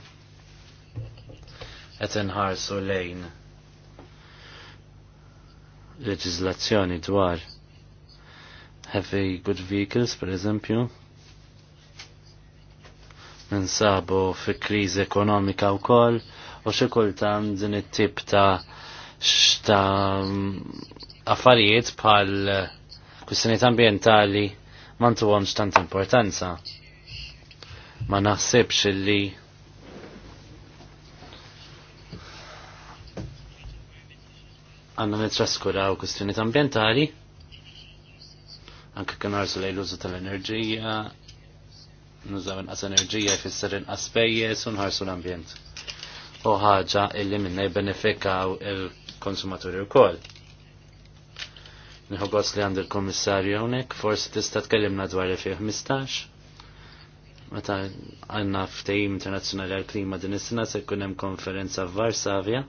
Qed inħarsu lejn leġiżlazzjoni dwar heavy good vehicles, per eżempju, ninsabu fi kriżi ekonomika wkoll u xi kultant din it-tip ta' xta affarijiet bħal kwistjonijiet ambjentali għom tant importanza. Ma naħsibx li għanna nitraskuraw kwistjonijiet ambjentali Anke kien għarżu lejn l-użu tal-enerġija, nużaw inqas enerġija jfisser inqas pejjeż u nħarsu l-ambjent. U ħaġa illi minna jbenefikaw il-konsumaturi wkoll. Nħu gost li għandu l kummissarju hawnhekk, forsi tista' tkellimna dwar li fih 15. Meta għandna ftehim internazzjonali għall-klima din is-sena se jkun hemm konferenza f'Varsavja.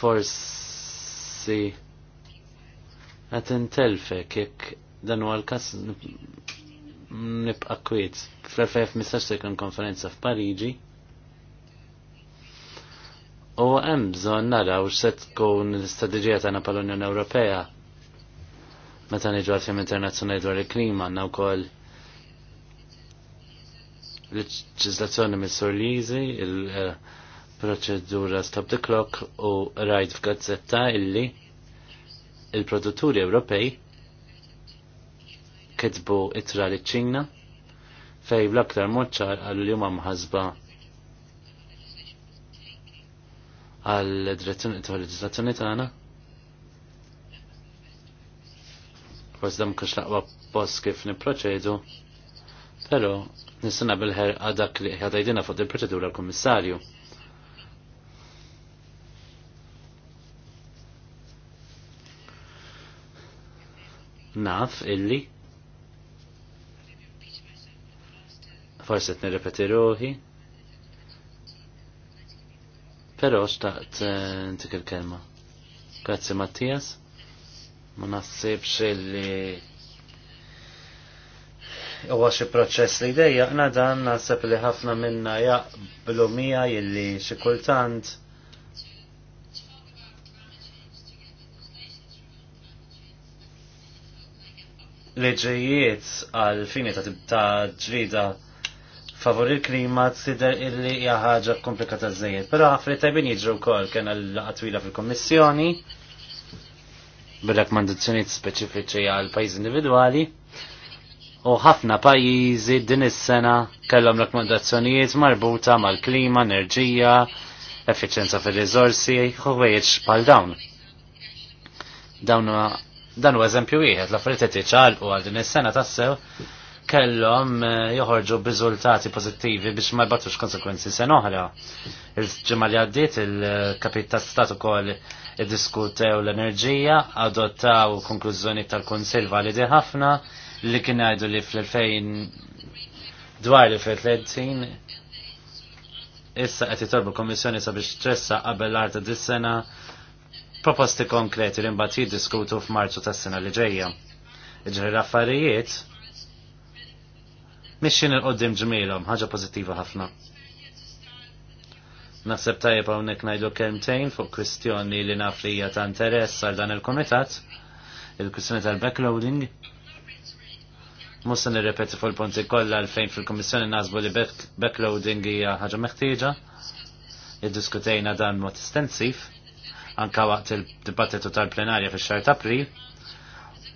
forsi għat intelfe kik dan huwa l-każ nibqa' kwiet. Fl-2015 se kien konferenza f'Pariġi. U hemm bżonn naraw x'se tkun l-istrateġija tagħna pal-Unjoni Ewropea. Meta niġu għal internazzjonali dwar il-klima għandna wkoll l ċizlazzjoni mis-Sur Liżi, il- proċedura stop the clock u rajt f'gazzetta illi il-produtturi Ewropej kitbu itra li ċina fej bl-aktar moċċar għallu li huma mħasba għall direzzjoni ta' leġislazzjoni tagħna. Forsi dam kux laqwa post kif niproċedu, però nisena bil-ħerqa dak li ħadajdina fuq il-proċedura l-Kummissarju naf illi forse qed nirrepeti ruħi però xtaqt eh, ntik il-kelma. Grazzi Mattias. Ma nasibx illi huwa xi proċess li dejjaqna dan naħseb li ħafna minna jaqblu mija illi xi kultant leġejiet għal fini ta' ġrida favori l-klima t-sider illi jaħħaġa komplikata zzejiet. Pero ta' tajbin jġru kol kena l-għatwila fil-kommissjoni, bil-rakkomandazzjoniet speċifiċi għal pajiz individuali, u ħafna pajizi din is-sena kellhom rakkomandazzjonijiet marbuta mal-klima, enerġija, effiċenza fil-rizorsi, ħwejjeġ bħal dawn. Dawn Dan u eżempju wieħed l-affarijiet qed jiċċalqu għal din is-sena tassew kellhom eh, joħorġu b'riżultati pożittivi biex ma jbattux konsekwenzi sen oħra. Il-ġimgħa li għaddiet il-kapit ta' stat ukoll iddiskutew l-enerġija, adottaw konklużjoni tal-Kunsill validi ħafna li kien għajdu li fl-2000 dwar li fl-30 issa qed jitolbu l-Kommissjoni sabiex tressa qabel l-art dis-sena proposti konkreti li mbagħad jiddiskutu f'Marzu tas-sena li ġejja. Iġri l-affarijiet mixin il-qoddim ġmielhom ħaġa pożittiva ħafna. Naħseb tajjeb hawnhekk ngħidu kemmtejn fuq kwistjoni li naf li hija ta' interess għal dan il-kumitat, il-kwistjoni tal-backloading, Musa nirrepeti fuq il-punti kollha għalfejn fil-Kummissjoni nasbu li backloading hija ħaġa meħtieġa. Iddiskutejna dan mod estensiv anka waqt il-dibattitu tal-plenarja fix xar ta' april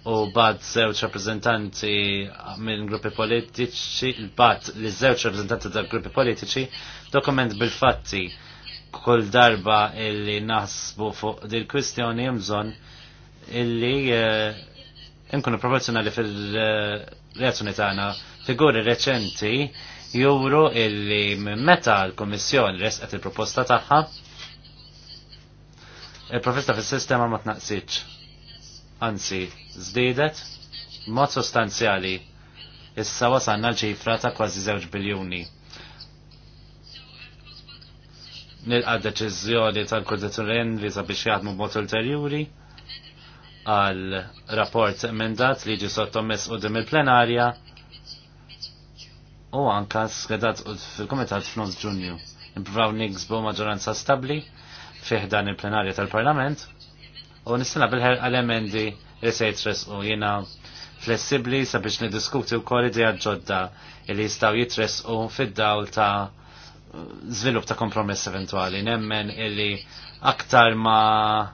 u bad żewġ rappreżentanti minn gruppi politiċi, bad li żewġ rappreżentanti tal gruppi politiċi dokument bil-fatti kull darba illi naħsbu fuq dil kwistjoni jemżon illi uh, proporzjonali fil-reazzjoni tagħna figuri reċenti juru illi meta l komissjoni resqet il-proposta tagħha Il-profesta fis sistema ma tnaqsitx. Anzi, zdidet mod sostanzjali. Issa wasanna l-ċifra ta' kważi żewġ biljuni. Nilqa' deċiżjoni tal-Kurditurien li sabiex jaħdmu b'mod ulterjuri għal rapport emendat li ġi sottomess u dim il-plenarja u anka skedat fil-komitat f'nofs ġunju. nix niksbu maġoranza stabli fiħdan il-plenarja tal-Parlament u nistana bil-ħer għal-emendi se u jina flessibli sabiex nidiskuti u koll idea ġodda li jistaw jitres u fid-dawl ta' zvilup ta' kompromess eventuali. Nemmen illi aktar ma'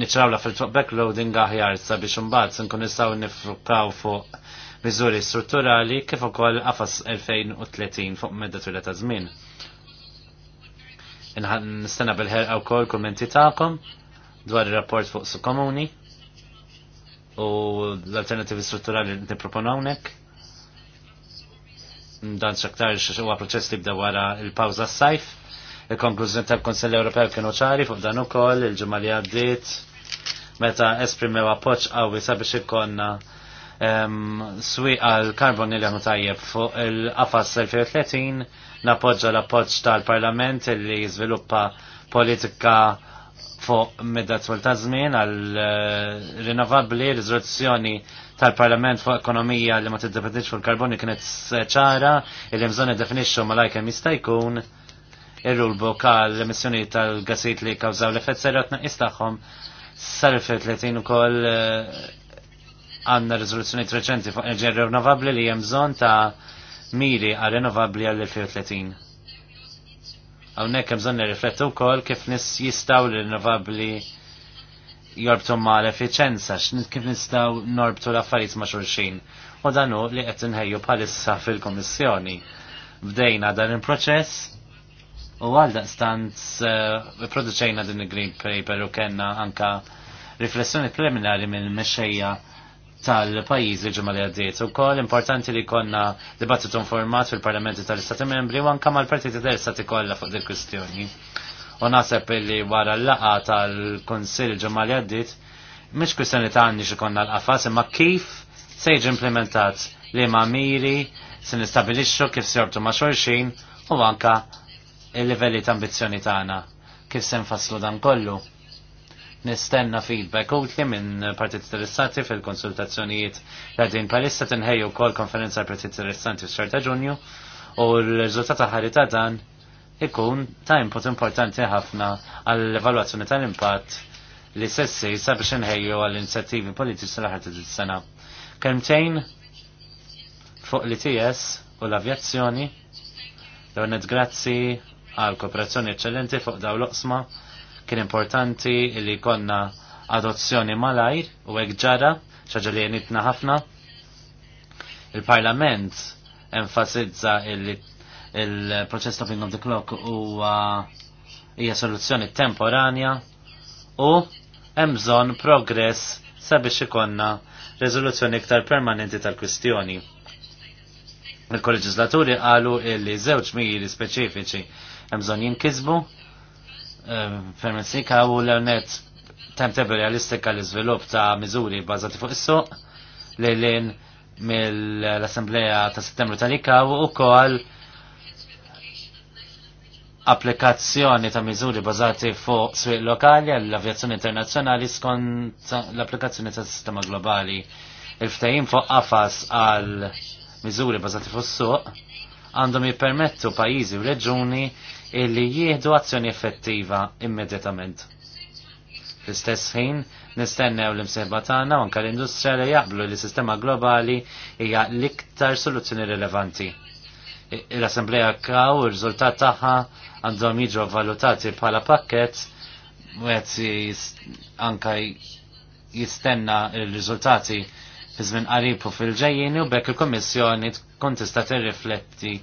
niċrawla fil-backloading aħjar sabiex imbagħad se kun nistgħu nifrukaw fuq miżuri strutturali kif ukoll qafas 2030 fuq medda twila ta' żmien. Nistana bil-ħerqa u kol kommenti taqom dwar il-rapport fuq su komuni u l-alternativi strutturali li niproponawnek. Dan xaktar huwa proċess li bda wara il-pawza s-sajf. Il-konklużjoni tal-Konsell Ewropew kienu ċari fuq dan ukoll il-ġimgħa li għaddiet meta esprimew appoġġ qawwi sabiex ikonna swieqa l-karbon li tajjeb fuq il-qafas 2030 napoġġa l-appoġġ tal-Parlament li jiżviluppa politika fuq medda twil ta' żmien għal eh, rinnovabbli riżoluzzjoni tal-Parlament fuq ekonomija li ma tiddependix fuq il-karboni kienet ċara il bżonn definixxu malaj kemm jista' jkun ir-rulebook għal emissjoni tal-gasit li kawżaw l-effett serra tnaqqis tagħhom sal-2030 ukoll eh, għandna riżoluzzjoni reċenti fuq enerġija rinnovabbli li hemm bżonn ta' miri għal renovabli għal 2030 Għawnek hemm bżonn nirriflettu wkoll kif nis jistaw l-renovabli jorbtu ma' l-efficienza, kif nistgħu norbtu l-affarijiet ma' xulxin. U dan li qed inħejju bħalissa fil-Kommissjoni. Bdejna dan il-proċess u għal daqstant uh, produċejna din il-Green Paper u kellna anka riflessjoni preliminari minn mexxejja tal-pajiz li ġemali li għaddiet. U kol importanti li konna dibattitu informat fil-parlamenti tal-istati membri u anka mal-partiti tal-istati kolla fuq dil kwistjoni U nasab li wara l-laqa tal-konsil il li għaddiet, miex kwistjoni ta' għanni konna l-qafas, imma kif sejġ implementat li ma' miri, se nistabilixxu kif se ma' xorxin u anka il-livelli ta' ambizzjoni tagħna. Kif se nfasslu dan kollu? nistenna feedback utli minn partit interessati fil-konsultazzjonijiet din palissa tinħejju kol konferenza partit interessanti f'xar ta' ġunju u l-riżultat ħari ta' dan ikun ta' input importanti ħafna għall-evalwazzjoni tal-impatt li sessi sabiex inħejju għall-inizjattivi politiċi l-ħarta ta' sena. Kemtejn fuq l-ITS u l-avjazzjoni, l-għonet grazzi għal kooperazzjoni eccellenti fuq daw l-oqsma Kien importanti li konna adozzjoni malajr u hekk ġara xaġa li jenitna ħafna. Il-Parlament enfasizza il-proċess ta' of the Clock huwa hija soluzzjoni temporanja u hemm progress sabiex ikonna rezoluzzjoni iktar permanenti tal-kwistjoni. Il-kolleġislaturi qalu li żewġ miri speċifiċi hemm bżonn jinkisbu fermensika u l-net timetable realistika l-izvilup ta' miżuri bazati fuq is-suq li lin mill-Assembleja ta' Settembru tal-Ikaw u kol applikazzjoni ta' miżuri bazati fuq swieq lokali għall-avjazzjoni internazzjonali skont l-applikazzjoni ta' sistema globali. Il-ftajim fuq qafas għal miżuri bazati fuq suq għandhom jippermettu pajjiżi u reġuni illi jieħdu azzjoni effettiva immedjatament. Fl-istess ħin, nistennew l-imsebba tagħna anke l-industrija li jaqblu li sistema globali hija l-iktar soluzzjoni rilevanti. L-Assembleja kaw ir-riżultat tagħha għandhom jiġu valutati bħala pakkett u anke jistenna r-riżultati fi żmien qarib u fil-ġejjin u bekk il-Kummissjoni tkun tista' tirrifletti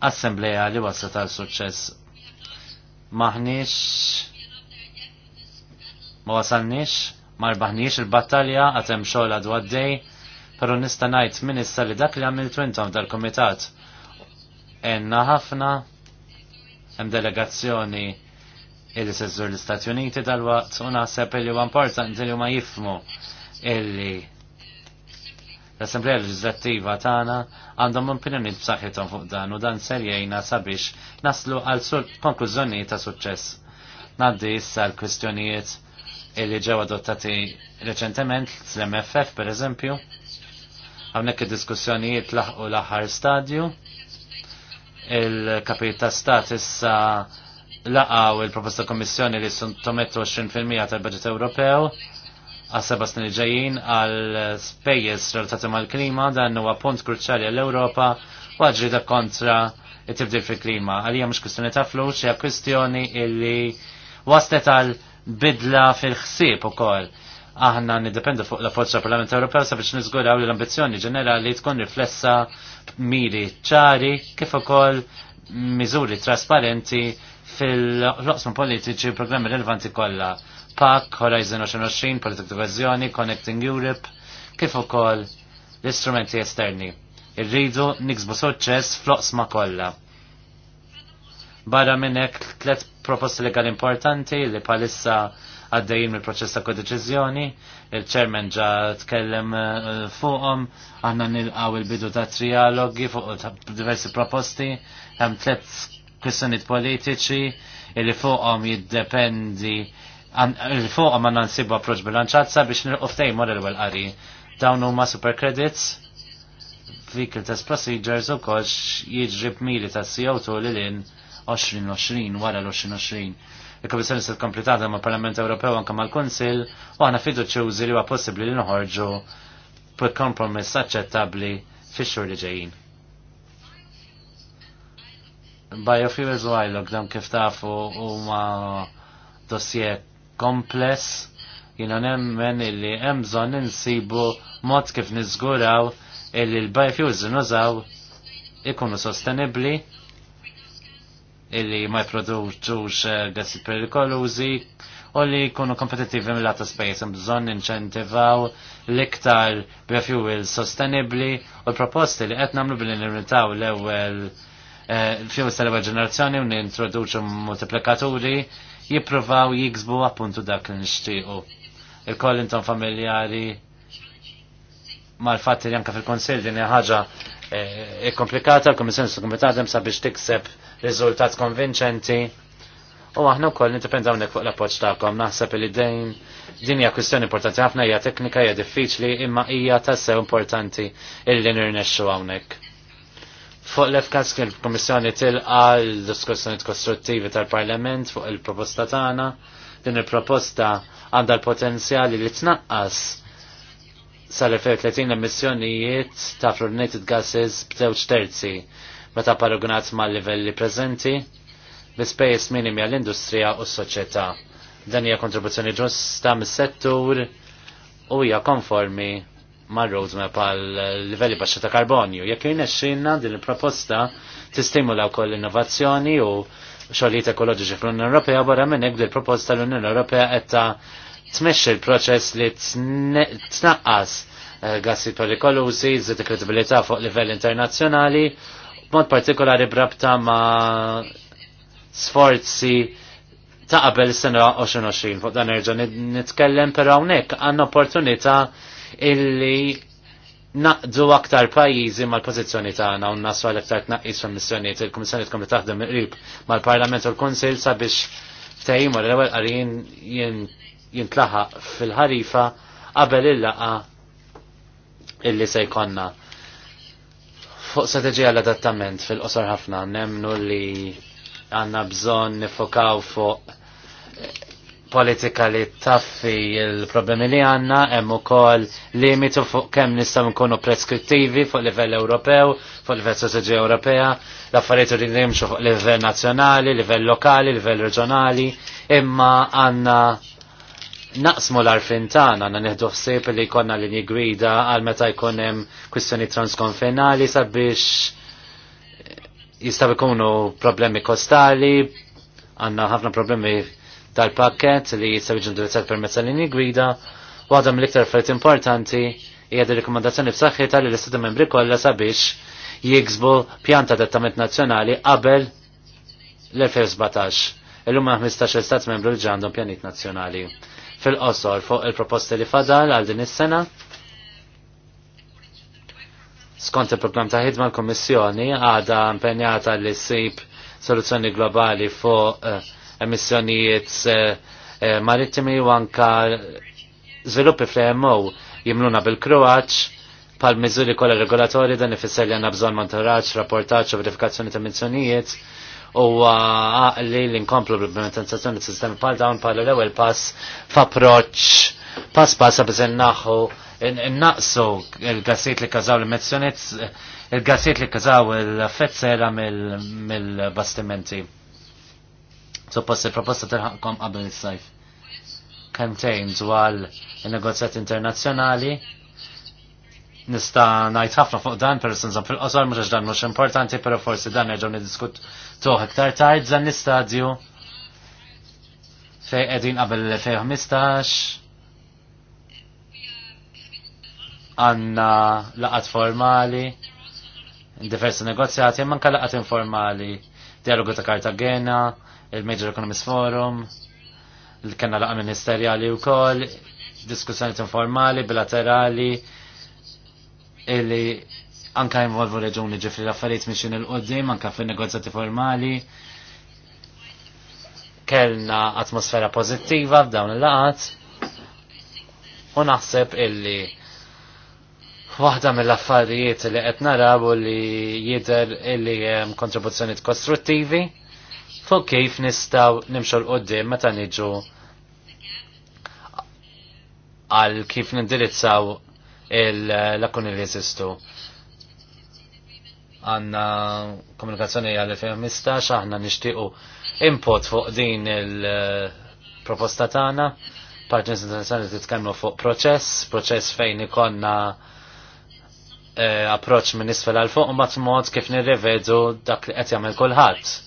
assembleja li waslet għal suċċess. Maħniex ma wasalniex, ma rbaħniex il-battalja għatem xogħol għadu għaddej, pero nista' ngħid min issa li dak li għamiltu intom dal-kumitat. Enna ħafna hemm delegazzjoni illi s-sezzur l-Istati Uniti dal-waqt u naħseb illi huwa importanti li huma jifmu illi l-Assemblea Leġislattiva tagħna għandhom opinjoni b'saħħithom fuq dan u dan ser jgħinna sabiex naslu għal konklużjonijiet ta' suċċess. Ngħaddi issa l-kwistjonijiet illi ġew adottati reċentement l-MFF pereżempju. Hawnhekk id-diskussjonijiet laħqu l-aħħar stadju. Il-kapit ta' stat issa laqgħu il-proposta Kommissjoni li suntomettu 20% tal-Baġit Ewropew għas-seba' snin li ġejjin għal spejjeż relatati mal-klima dan huwa punt kruċjali għall-Ewropa u da kontra it-tibdil fil-klima. Għalija mhux kwistjoni ta' flux, hija kwistjoni illi waslet għal bidla fil-ħsieb ukoll. Aħna niddependu fuq la forza Parlament Ewropew sabiex niżguraw li l-ambizzjoni ġenerali tkun riflessa miri ċari kif ukoll miżuri trasparenti fil-loqsma politiċi u programmi rilevanti kollha PAC, Horizon 2020, Politik Divizjoni, Connecting Europe, kif ukoll l-istrumenti esterni. Irridu niksbu suċċess ma kollha. Barra minnek tlet proposti legali importanti li palissa għaddejjin mill proċess ta' kodeċizjoni, il-ċermen ġa tkellem eh, fuqhom, għandna nilqaw il-bidu ta' trialogi fuq diversi proposti, hemm tliet kwistjonijiet politiċi li fuqhom jiddependi il-fuq ma nansibu approċ bilanċazza biex nil-qoftej l għal qari. Dawn huma super credits, vehicle test procedures u kox jiġrib miri ta' CO2 li 20 2020 wara l-2020. Il-Komissjoni se kompletata ma' Parlament Ewropew anke mal-Kunsill u għana fiduċjużi li huwa possibbli li noħorġu put kompromess aċċettabbli fix-xhur li ġejjin. Biofuels u għajlok dam kif tafu u ma' dossier kompless jina nemmen illi emżon insibu mod kif nizguraw illi l-biofuels nużaw ikunu sostenibli illi ma jproduċux eh, gassi perikolużi u li jkunu kompetitivi mill-lata space bżon inċentivaw l-iktar biofuels sostenibli u l-proposti li qed nagħmlu billi nirritaw l-ewwel eh, fuel tal-ewwel ġenerazzjoni u nintroduċu multiplikaturi jippruvaw jiksbu appuntu dak li nixtiequ. Il-koll intom familjari mal-fatti li anka fil-konsil din ħaġa e eh, komplikata, l-Komissjoni s-Komitat hemm sabiex tikseb riżultat konvinċenti. U aħna wkoll nitipendaw nek fuq l-appoġġ tagħkom, naħseb li dejn din hija kwistjoni importanti ħafna hija teknika hija diffiċli imma hija tassew importanti illi nirnexxu hawnhekk. Fuq l-efkas il-Komissjoni tilqa l-diskussjoni kostruttivi tal-Parlament fuq il-proposta tagħna. Din il-proposta għandha l-potenzjali li tnaqqas sal-2030 emissjonijiet ta' fluorinated gases b'żewġ terzi meta paragunat mal livelli preżenti l-ispejjeż minimi għall-industrija u s-soċjetà. Dan hija kontribuzzjoni ġusta mis-settur u hija konformi mar-roadmap għal livelli baxxa ta' karbonju. Jekk xinna din il-proposta tistimula wkoll innovazzjoni u xogħlijiet ekoloġiċi fl-Unjoni Ewropea barra minn hekk il proposta l-Unjoni Ewropea qed t tmexxi l-proċess li tnaqqas eh, gassi perikolużi, zid kredibilità fuq livell internazzjonali, b'mod partikolari brabta ma' sforzi ta' qabel sena 2020 fuq dan irġa nitkellem però hawnhekk għandna opportunità illi naqdu aktar pajjiżi mal-pożizzjoni tagħna u nasu għal aktar tnaqqis fil-missjonijiet. Il-Kummissjoni tkun taħdem qrib mal-Parlament u l kunsill sabiex ftehim l ewwel qarin jintlaħaq fil-ħarifa qabel il-laqa illi se jkollna. Fuq strateġija l-adattament fil-qosor ħafna nemnu li għandna bżonn nifokaw fuq politika li taffi il-problemi li għanna, hemm ukoll limitu fuq kemm nistgħu nkunu preskrittivi fuq livell Ewropew, fuq livell strateġija Ewropea, l-affarijiet li nimxu fuq livell nazzjonali, livell lokali, livell reġjonali, imma għandna naqsmu l-arfin tagħna għandna nieħdu ħsieb li jkollna li nigrida għal meta jkun hemm kwistjoni transkonfinali sabiex jistgħu jkunu problemi kostali, għandna ħafna problemi tal-pakket li jistaw jiġu per permezz tal-linji gwida u għadam mill-iktar affarijiet importanti jgħad di rikomandazzjoni b'saħħitha li l istat membri kollha sabiex jiksbu pjanta ta' dettament nazzjonali qabel l-2017. Illum ma' 15 stat membru li ġandhom pjanit nazzjonali. Fil-qosor fuq il-proposti li fadal għal din is-sena, Skont il-program ta' ħidma l-Kommissjoni għada impenjata li ssib soluzzjoni globali fuq uh, emissjonijiet eh, eh, marittimi u anka żviluppi fl-EMO jimluna bil-Kroaċ pal miżuri kollha regolatori dan ifisser li għanna bżon monitoraċ, rapportaġġ u verifikazzjoni ta' missjonijiet u għaqli li nkomplu bl-implementazzjoni t-sistemi pal dawn pal l-ewel pass f'approċċ pass pass għabżen naħu naqsu il-gassiet li kazaw l-mezzjoniet il-gassiet li kazaw il-fetzera mill-bastimenti. So il-proposta tilħaqkom qabel is-sajf. Kemtejn dwar il-negozjat internazzjonali nista najt ħafna fuq dan per sinżam fil-qosor mhux dan mhux importanti però forsi dan nerġgħu niddiskut toħ iktar tard dan l-istadju fejn qegħdin qabel l-fej 2015 għandna laqat formali diversi negozjati, manka laqat informali, dialogu ta' Kartagena, il-Major Economist Forum, il kanna laqa ministerjali u kol, diskussjoni informali, bilaterali, illi anka involvu reġuni ġifri l-affarijiet miexin il-qoddim, anka fin negozjati formali, kellna atmosfera pozittiva f'dawn il-laqat, u naħseb illi Waħda mill-affarijiet li qed naraw li jidher illi hemm kontribuzzjonijiet kostruttivi fuq kif nistaw nimxu l-qoddim meta niġu għal kif nindirizzaw l akun il jesistu. Għanna komunikazzjoni għal-2015, aħna nishtiqu input fuq din il-proposta tagħna, partners internazzjonali titkellmu fuq proċess, proċess fejn ikonna eh, approċ minn isfel għal fuq u mat mod kif nirrevedu dak li qed jagħmel kulħadd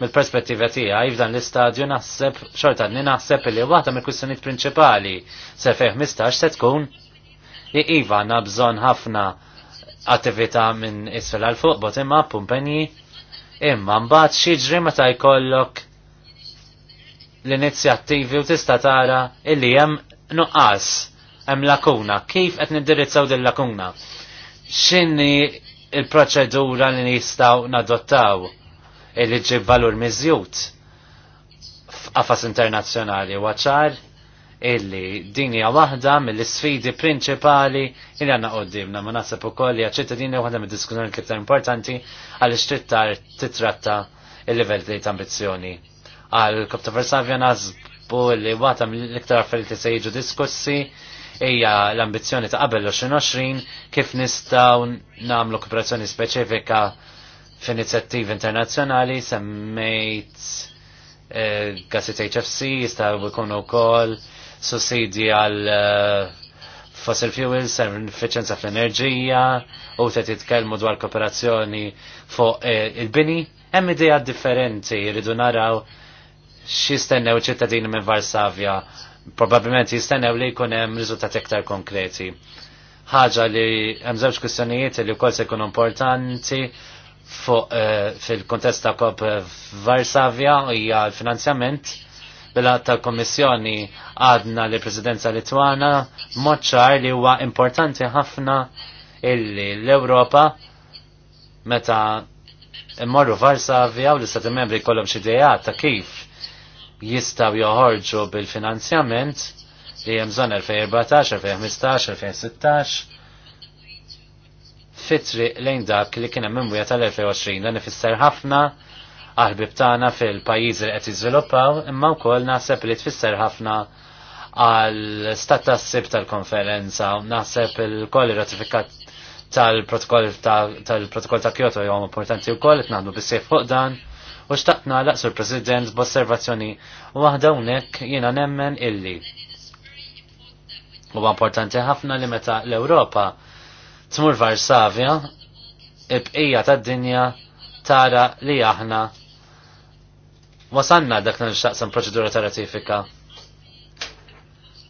mill-perspettiva tiegħi f'dan l-istadju naħseb xorta li naħseb li waħda mill-kwistjonijiet prinċipali se fejn 15 se tkun li iva għandna bżonn ħafna attività minn isfel għal fuq bot imma pumpenji imma mbagħad xiġri meta jkollok l-inizjattivi u tista' tara illi hemm nuqqas hemm lakuna. Kif qed nindirizzaw din lakuna? X'inhi il-proċedura li nistgħu nadottaw? li ġib valur miżjut f'qafas internazzjonali waċar ċar illi din hija waħda mill-isfidi prinċipali li għandna qoddimna ma naħseb ukoll li ċittadini waħda mid-diskussjoni l importanti għaliex tittar titratta il-livell dejt ambizzjoni. Għal Kopta ta' Varsavja nażbu li waħda mill-iktar affarijiet se jiġu diskussi hija l-ambizzjoni ta' qabel 2020 kif nistgħu namlu kooperazzjoni speċifika f'inizjattiv internazzjonali semmejt eh, gasit HFC jistaw ikunu wkoll sussidi għal eh, fossil fuels, efficienza fl-enerġija, u t titkellmu dwar kooperazzjoni fuq eh, il-bini, hemm idea differenti jridu naraw x'istennew ċittadini minn Varsavja. Probabilment jistennew li jkun hemm riżultati aktar konkreti. Ħaġa li hemm żewġ kwistjonijiet li wkoll se jkunu importanti Eh, fil-kontest ta' COP Varsavia hija l-finanzjament bila ta' kommissjoni għadna li presidenza Litwana moċċar li huwa importanti ħafna illi l-Ewropa meta immorru Varsavia u l-Istati membri kollhom xi ta' kif jistaw joħorġu bil-finanzjament li hemm bżonn 2014, 2015, 2016 fitri lejn dak li kien hemm imwija tal-2020 dan ifisser ħafna aħbib bib tagħna fil-pajjiżi li qed jiżviluppaw imma wkoll naħseb li tfisser ħafna għal stat tassib tal-konferenza naħseb il-koll ratifikat tal-protokoll tal-protokoll ta' Kyoto jom importanti wkoll qed naħdu bissejf fuq dan u xtaqt nagħlaq sur President b'osservazzjoni waħda hawnhekk jiena nemmen illi. Huwa importanti ħafna li meta l-Ewropa tmur Varsavja, ibqija tad-dinja tara li aħna wasanna dak nil xaqsan proċedura ta' ratifika.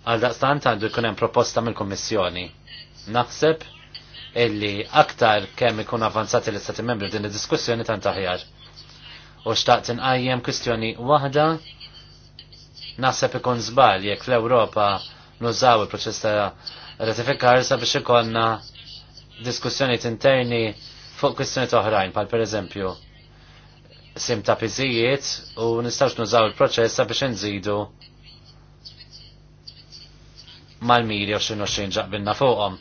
Għal daqstant għandu jkun hemm proposta mill-Kummissjoni. Naħseb illi aktar kemm ikun avanzati l-Istati Membri din id-diskussjoni tant aħjar. U xtaqt inqajjem kwistjoni waħda naħseb ikun żball jekk l-Ewropa nużaw il-proċess ta' ratifikar biex ikonna diskussjoniet interni fuq kwistjoniet oħrajn, pal per eżempju sim ta' piżijiet u nistax nużaw il-proċess sabiex nżidu mal-miri u xinu xin ġaqbilna fuqhom.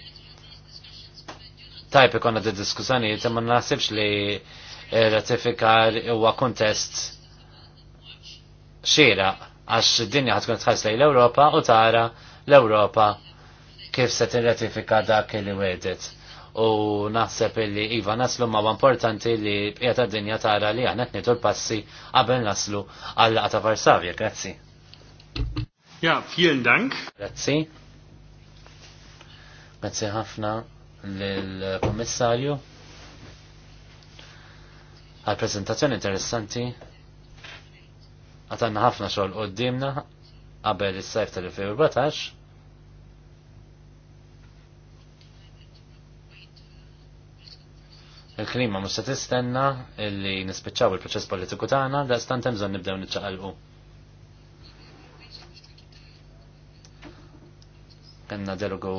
Tajp ikonna di diskussjonijiet imma naħsibx li ratifikar huwa kontest xira għax dinja ħatkun tħass lejn l-Ewropa u tara l-Ewropa kif se tirratifika dak li wedet u naħseb li Iva naslu ma importanti li qiegħed dinja tara li għanet qed passi qabel naslu għal ta' Varsavja. Grazzi. Ja, vielen Dank. Grazzi. Grazzi ħafna lill-Kummissarju għal prezentazzjoni interessanti għatanna ħafna xogħol qoddimna qabel is-sajf tal-2014 Il-klima mhux se tistenna illi nispiċċaw il-proċess politiku tagħna da stant hemm bżonn nibdew niċċaqalqu. Kenna dialogu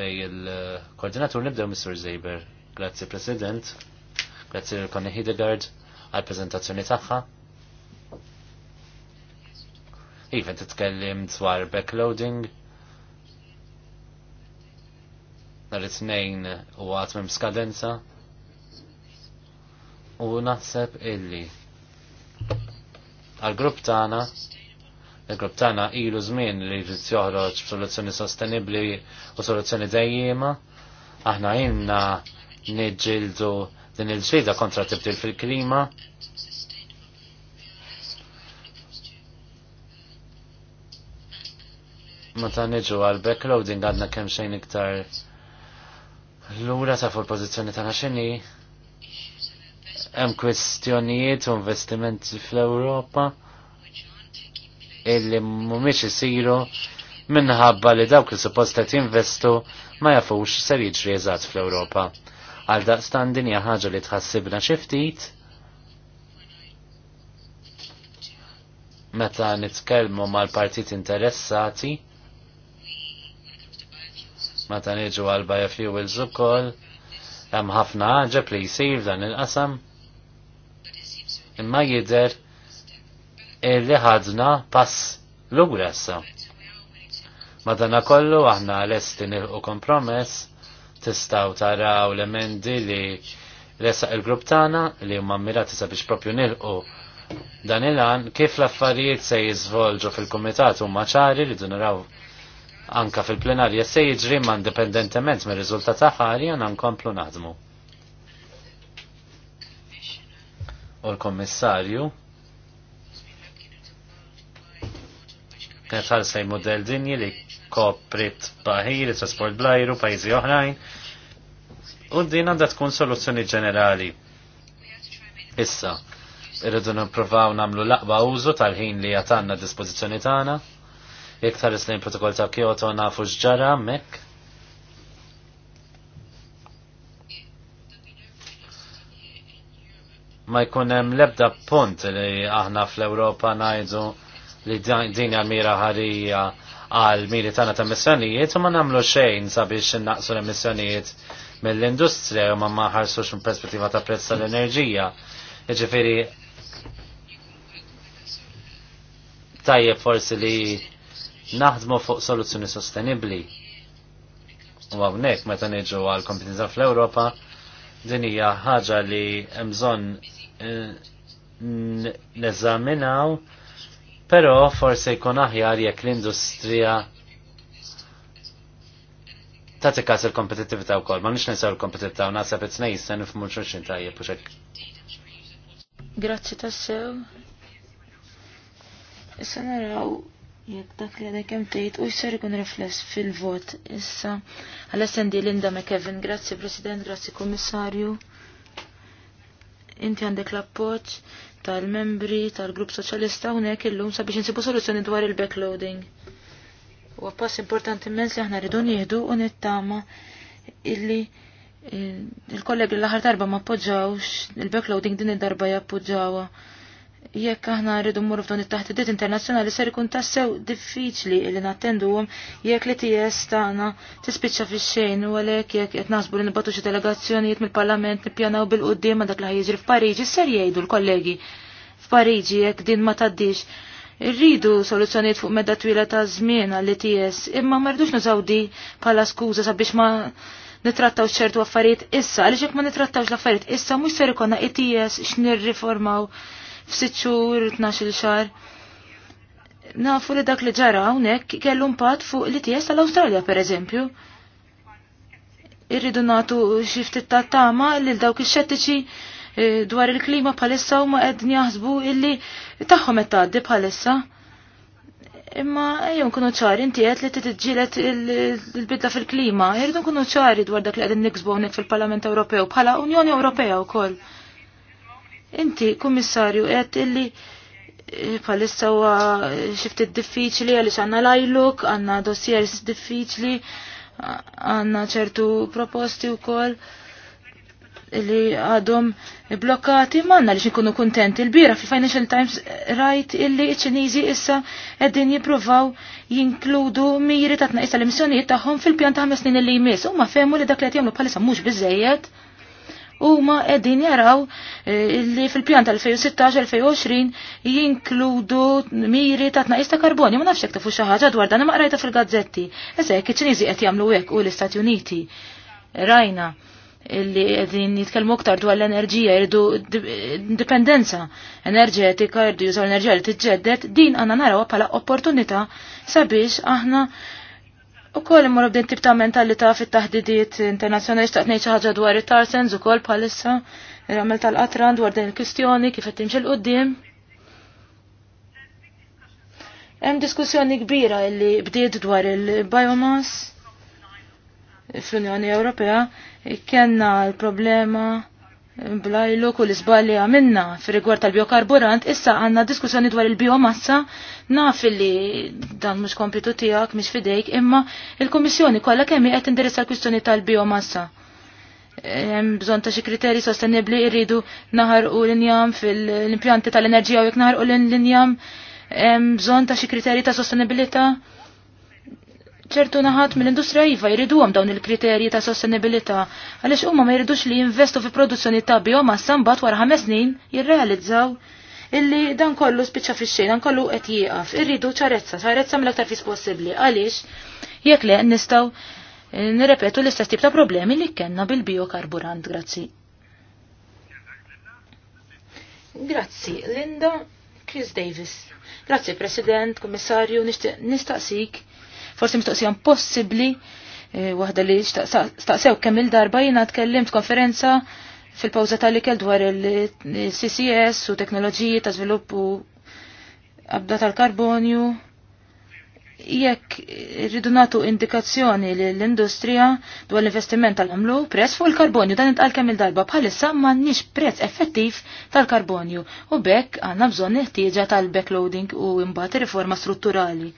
bej il-koordinatur nibdew Mr. Zaber. Grazzi President, grazzi l-Connie Hidegard għal-prezentazzjoni tagħha. Iva titkellim dwar backloading. Nar it-tnejn u għatmem skadenza u naħseb illi għal-grupp tana il-grupp tana ilu zmin li jrid joħroġ soluzzjoni sostenibbli u soluzzjoni dejjema. Aħna inna niġġieldu din il-ġlida kontra tibdil fil-klima. ta' niġu għal backloading għadna kemm xejn iktar lura ta' fuq il-pożizzjoni ta' x'inhi hemm kwestjonijiet u investimenti fl-Ewropa illi mhumiex isiru minħabba li dawk li suppost qed jinvestu ma jafux ser jiġri eżatt fl-Ewropa. Għal daqstan din hija ħaġa li tħassibna xi ftit meta nitkellmu mal-partit interessati meta niġu għal biofuels ukoll hemm ħafna ħaġa li jsir dan il-qasam imma jidher li ħadna pass lura issa. Madana kollu aħna lesti nilqu kompromess tistaw taraw l-emendi li resaq il-grupp tagħna li huma mmirati sabiex propju nilqu dan il-għan kif l-affarijiet se jizvolġu fil-komitat u maċari li dunaraw anka fil-plenarja se jiġri ma indipendentement mir riżultat aħari għan nkomplu naħdmu. u l-Kommissarju kienet ħalsej model dinji li koprit baħir, trasport blajru, pajzi oħrajn. U din għandha tkun soluzzjoni ġenerali. Issa, irridu nipprovaw namlu laqba użu tal-ħin li għatanna dispożizzjoni tagħna. Iktar is-lejn protokoll ta' Kyoto nafu x'ġara mek ma jkun hemm l-ebda punt li aħna fl-Ewropa ngħidu li din għal-mira ħarija għal miri tagħna ta' missjonijiet u ma nagħmlu xejn sabiex innaqsu l-emissjonijiet mill-industrija u ma maħarsux minn perspettiva ta' prezz tal-enerġija. Jiġifieri tajjeb forsi li naħdmu fuq soluzzjoni sostenibbli. U hawnhekk meta neġu għal kompetenza fl-Ewropa din hija ħaġa li hemm bżonn neżaminaw, però forse jkun aħjar jekk l-industrija ta' tikkas il-kompetittività u kol, ma' nix nisaw il-kompetittività u nasa it-snej sen f'mur xurxin ta' xek. Grazzi ta' sew. Issa naraw jek dak li għadek jemtejt u jisser ikun rifless fil-vot. Issa, għal-essendi Linda McKevin, grazzi President, grazzi Komissarju. Inti għandek l-appoġġ tal-membri tal-grupp soċjalista hawnhekk illum sabiex insibu soluzzjoni dwar il-backloading. U pass importanti mens li aħna rridu nieħdu u nittama illi il-kollegi l-aħħar darba ma appoġġawx il-backloading din id-darba jappoġġawha jekk aħna rridu mmorru f'dawn it-taħdidiet internazzjonali ser ikun tassew diffiċli li nattenduhom jekk li ties tagħna tispiċċa fix-xejn u għalhekk jekk qed naħsbu li nibgħatu xi delegazzjonijiet mill-Parlament nippjanaw bil-qudiem dak li ħajjiġri f'Pariġi ser jgħidu l-kollegi f'Pariġi jekk din ma tgħaddix. Irridu soluzzjonijiet fuq medda twila ta' żmien għall ties imma ma rridux nużaw di bħala skuża sabiex ma nitrattaw ċertu affarijiet issa, għaliex jekk ma nitrattawx l-affarijiet issa mhux ser ikolna ITS x'nirriformaw f'sitt xhur, 12 xahar. Nafu li dak li ġara hawnhekk kellu impatt fuq li ties tal-Awstralja pereżempju. Irridu nagħtu xi ftit ta' tama lil dawk ix-xettiċi eh, dwar il-klima bħalissa huma qegħdin jaħsbu illi tagħhom qed tgħaddi bħalissa. Imma ejjew kunu ċari inti li li tġilet il-bidla fil-klima, irridu nkunu ċari dwar dak li għedin niksbu fil-Parlament Ewropew bħala Unjoni Ewropea wkoll. Inti, kummissarju, għed illi eh, palissa u xifti diffiċli għaliex għandna lajluk, għandna dossiers diffiċli, għandna ċertu proposti wkoll li għadhom blokkati manna li xinkunu kontent il-bira fil-Financial Times rajt illi ċ-Ċiniżi issa qegħdin jippruvaw jinkludu miri ta' tnaqis l emissjonijiet tagħhom fil-pjan ta' ħames snin li jmiss. Huma fehmu li dak li qed jagħmlu bħalissa mhux huma qegħdin jaraw eh, li fil-pjan tal-2016-2020 jinkludu miri ta' tnaqis ta' karbonju ma nafx ta' fuxa xi ħaġa dwar dan ma fil-gazzetti. Issa jekk iċ-Ċiniżi qed jagħmlu hekk u l-Istati Uniti rajna li qegħdin jitkellmu aktar dwar l-enerġija jirdu indipendenza enerġetika jirdu jużaw l-enerġija li t-ġeddet, din għandna naraw bħala opportunità sabiex aħna U koll imur b'din tip ta' mentalità fit-taħdidiet internazzjonali xtaqt ngħid xi ħaġa dwar it-tarsens ukoll bħalissa ir-ramel tal-qatran dwar din il-kwistjoni kif qed timxi l-qudiem. Hemm diskussjoni kbira li bdiet dwar il-biomass fl-Unjoni Ewropea kellna l-problema blajlu kull li għamilna fi rigward tal-biokarburant, issa għanna diskussjoni dwar il-biomassa, naf li dan mux kompitu tijak, mux fidejk, imma il-Komissjoni kolla kemmi għet indirizza l-kwistjoni tal-biomassa. Hemm Bżon ta' xi kriteri sostenibli irridu naħar u l-injam fil-impjanti tal-enerġija u jek naħar u l-injam, bżon ta' xi kriteri ta' sostenibilita' ċertu naħat mill-industrija iva jriduhom dawn il-kriterji ta' sostenibilità għaliex huma ma jridux li jinvestu fi produzzjoni ta' biomassa sambat wara ħames snin jirrealizzaw illi dan kollu spiċċa fix-xejn, dan kollu qed jieqaf. Irridu ċarezza, ċarezza mill-aktar fis possibbli għaliex jekk le nistgħu eh, nirrepetu l-istess tip ta' problemi li kellna bil-biokarburant, grazzi. Grazzi, Linda Chris Davis. Grazzi, President, Kommissarju, nistaqsik forsi mistoqsija impossibbli eh, waħda li staqsew kemm il-darba jiena tkellimt konferenza fil-pawza tal-ikel dwar il-CCS u teknoloġiji ta' żvilupp u abda tal-karbonju. Jekk irridu nagħtu indikazzjoni l-industrija dwar l-investiment tal-għamlu prezz fuq il-karbonju dan intqal kemm il-darba bħalissa m'għandniex prezz effettiv tal-karbonju u bekk għandna bżonn ħtieġa tal-backloading u imbagħad riforma strutturali.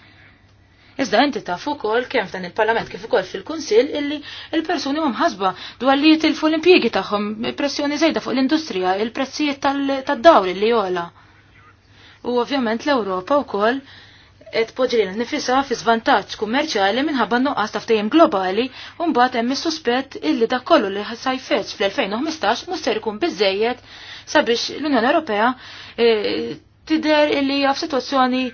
Iżda inti taf ukoll kemm f'dan il-Parlament kif ukoll fil-Kunsill illi il-persuni huma mħasba dwar li jitilfu l-impjiegi tagħhom pressjoni żejda fuq l-industrija, il-prezzijiet tad-dawl li jola. U ovvjament l-Ewropa wkoll qed poġri nifisha fi żvantaġġ kummerċjali minħabba nuqqas ta' ftehim globali u mbagħad hemm is-suspett illi dak kollu li sajfetx fl-2015 mhux ser ikun biżejjed sabiex l-Unjoni Ewropea eh, tider illi hija f'sitwazzjoni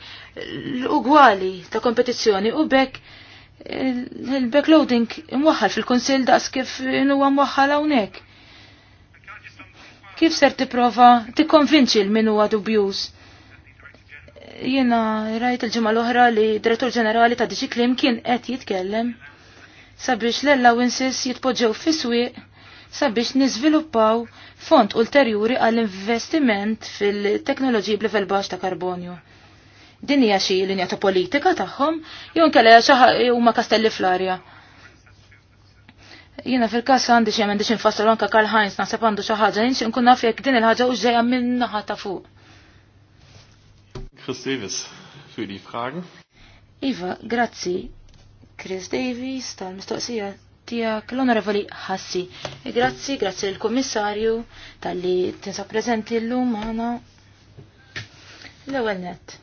l-ugwali ta' kompetizzjoni u bekk eh, il-backloading imwaħħal fil-konsil daqs kif nuwa mwaħħal hawnhekk. Kif ser tipprova tikkonvinċi l-min huwa dubjuż? Jiena rajt il-ġimgħa l-oħra li direttur ġenerali ta' Diġi Klim kien qed jitkellem sabiex l-allowances jitpoġġew fis-swieq sabiex niżviluppaw font ulterjuri għall-investiment fil-teknoloġiji b'level baxx ta' karbonju. Din hija xi linja ta' politika tagħhom jew inkella xi huma kastelli fl-arja. Jiena fil-każ għandi xi m'għandix infassal anke Karl Heinz naħseb għandu xi ħaġa nixi nkun naf jekk din il-ħaġa hux ġejja minn naħa ta' fuq. Chris Davis für die Fragen. Iva, grazzi. Chris Davis tal-mistoqsija tijak l-onorevoli ħassi. E grazzi, grazzi l-komissarju tal-li tinsa prezenti l-lum għana. l net.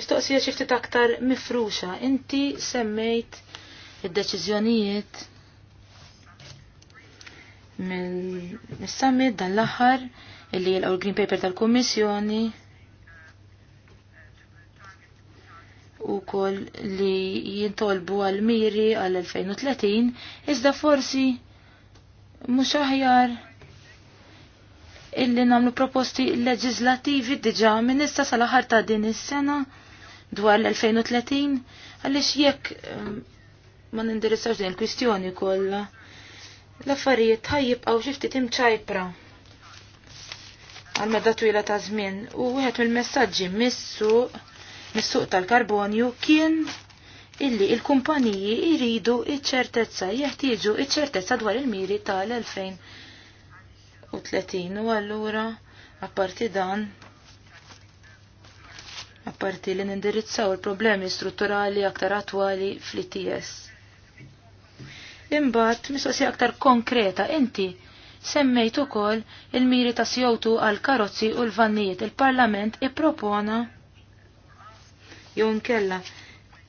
Mistoqsija xi ftit aktar mifruxa. Inti semmejt id-deċiżjonijiet mill-summit dan l-aħħar illi jilqgħu l-Green Paper tal-Kummissjoni u li jintolbu għal-miri għal-2030, iżda forsi mux aħjar illi namlu proposti leġizlativi diġa minn issa sal-aħar ta' din is-sena. is sena dwar l-2030 għaliex jekk ma nindirizzax din il-kwistjoni kollha l-affarijiet ħajjibqgħu xi ftit ċajpra għal medda twila ta' żmien u wieħed mill-messaġġi missu, suq mis-suq tal-karbonju kien illi il-kumpaniji iridu iċ-ċertezza, jeħtieġu iċ-ċertezza dwar il-miri tal-2030. U allura, apparti dan, apparti li nindirizzaw il-problemi strutturali aktar attwali fl-ITS. Imbagħad mistoqsija aktar konkreta inti semmejt ukoll il-miri ta' CO2 għal karozzi u l-vannijiet. Il-Parlament ippropona jew kella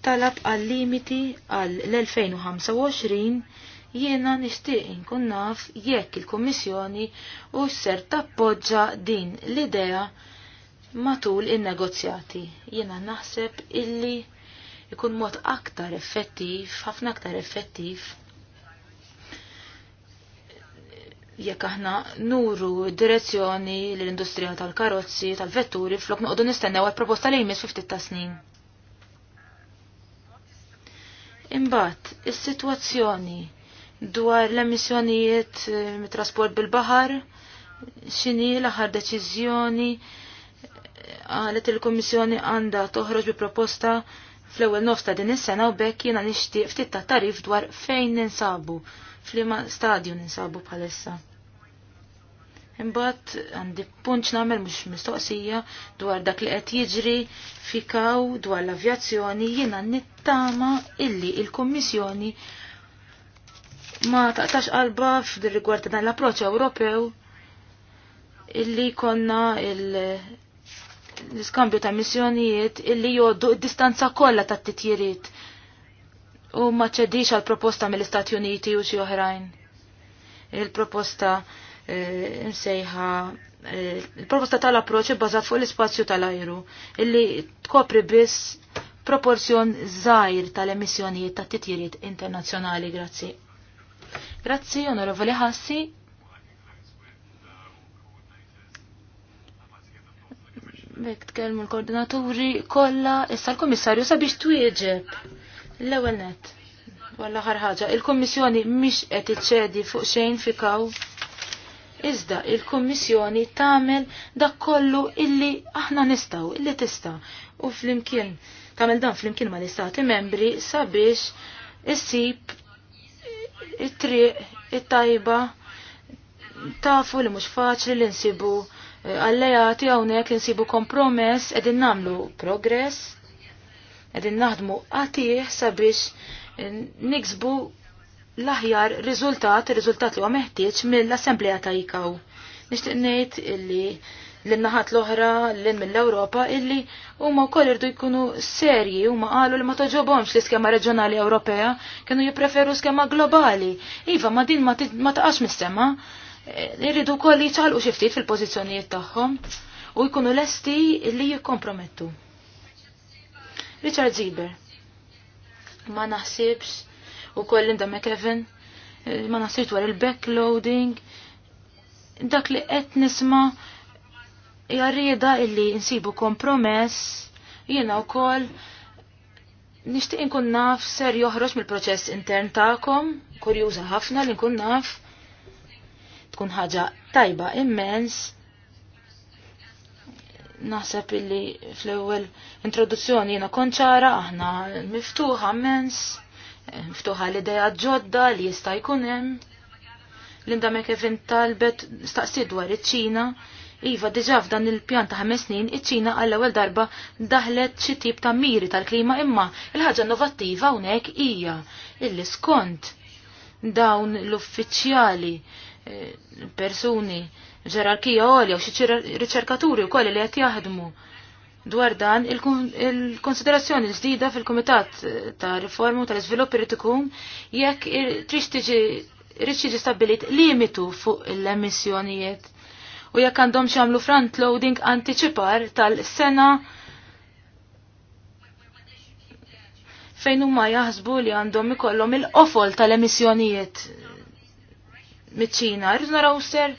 talab għal limiti għal l-2025 jiena nixtieq inkun naf jekk il-Kummissjoni u ser tappoġġa din l-idea matul in-negozjati. Jiena naħseb illi ikun mod aktar effettiv, ħafna aktar effettiv jekk aħna nuru direzzjoni l-industrija tal-karozzi, tal-vetturi, flok noqogħdu nistennew għal proposta li jmiss ftit ta' snin. Imbagħad is-sitwazzjoni dwar l-emissjonijiet mit-trasport bil-baħar, x'inhi l-aħħar deċiżjoni għalet il-Komissjoni għanda toħroġ bi proposta fl-ewwel nofs ta' din is-sena u bekk jiena nixtieq ftit ta' tarif dwar fejn ninsabu, f'liema stadju ninsabu bħalissa. Imbagħad għandi punċ nagħmel mhux mistoqsija dwar dak li qed jiġri fikaw dwar l-avjazzjoni jiena nittama illi il-Kummissjoni ma taqtax qalba f'dir rigward dan l-approċċ Ewropew illi konna il- l-iskambju ta' missjonijiet illi joddu id-distanza kollha tat-titjiriet u ma ċedix għal proposta mill-Istati Uniti u xi oħrajn. Il-proposta eh, msejħa eh, il-proposta tal-approċċ bbażat fuq l-ispazju tal-ajru illi tkopri biss proporzjon żgħir tal-emissjonijiet tat-titjiriet internazzjonali, grazzi. Grazzi, onorevoli Hassi. Bek tkellmu l-koordinaturi kollha issa l-Kummissarju sabiex twieġeb. L-ewwel net. Walla ħar ħaġa, il-Kummissjoni mhix qed iċċedi fuq xejn fikaw. Iżda il-Kummissjoni tagħmel dak kollu illi aħna nistgħu, illi tista' u flimkien tagħmel dan flimkien l istati membri sabiex issib it-triq it-tajba tafu li mhux faċli li nsibu għallejati għawnek li nsibu kompromess edin namlu progress, edin naħdmu għatih sabiex niksbu l-aħjar rizultat, rizultat li għameħtieċ mill-assembleja ta' jikaw. Nishtiq nejt illi l-naħat l-oħra l mill-Europa illi huma wkoll irdu jkunu serji huma qalu li ma toġobhomx l-iskema reġjonali Ewropea kienu jippreferu skema globali. Iva ma din ma taqax mis-sema Eh, irridu wkoll jiċċaqalqu xi ftit fil-pożizzjonijiet tagħhom u jkunu lesti li jikkompromettu. Richard Zieber. Ma naħsibx u koll Linda McEvin, eh, ma naħsibx dwar il-backloading, dak li qed nisma' jarrieda illi nsibu kompromess jiena wkoll nixtieq inkun naf ser joħroġ mill-proċess intern tagħkom, kurjuża ħafna li nkun naf tkun ħaġa tajba immens naħseb illi fl-ewwel introduzzjoni jiena konċara aħna miftuħa immens, miftuħa l-idea ġodda li jista' jkun hemm. Linda McEvin talbet staqsi dwar iċ-Ċina, Iva, diġa f'dan il-pjan ta' ħames snin, iċ-Ċina għall ewwel darba daħlet xi tip ta' miri tal-klima imma il-ħaġa innovattiva hawnhekk hija illi skont dawn l-uffiċjali persuni ġerarkija għolja u xi riċerkaturi wkoll li qed jaħdmu dwar dan il-konsiderazzjoni il ġdida fil-Kumitat ta' Riformu tal-Iżvilupp irid ikun jekk trid tiġi irid stabbilit limitu fuq l-emissjonijiet u jekk għandhom xamlu front loading antiċipar tal-sena fejn huma jaħsbu li għandhom ikollhom il-qofol tal-emissjonijiet miċ Rridu naraw ser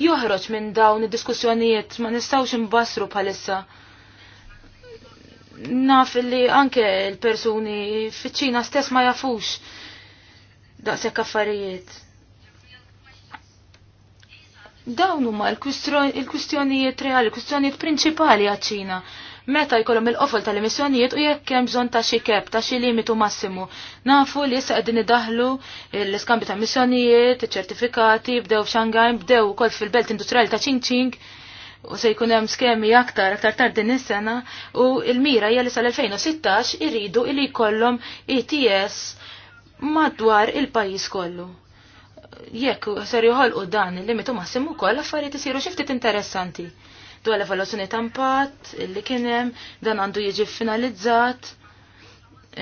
joħroġ minn dawn id-diskussjonijiet ma nistgħux imbassru bħalissa. Naf li anke l-persuni fiċ-Ċina stess ma jafux daqshekk affarijiet. Dawn huma l-kwistjonijiet reali, l-kwistjonijiet prinċipali għaċ-Ċina meta jkollhom il-qofol tal-emissjonijiet u jekk hemm bżonn ta' xi kep ta' xi limitu massimu. Nafu li issa qegħdin idaħlu l-iskambju ta' emissjonijiet, iċ-ċertifikati, bdew f'Xangaj, bdew ukoll fil-Belt Industrijali ta' Ching u se jkun hemm skemi aktar aktar tard din is-sena u l-mira hija li sal-2016 iridu li jkollhom ETS madwar il-pajjiż kollu. Jekk ser joħolqu dan il-limitu massimu wkoll affarijiet isiru xi ftit interessanti dwar l-evaluazzjoni ta' impatt illi kien hemm dan għandu jiġi finalizzat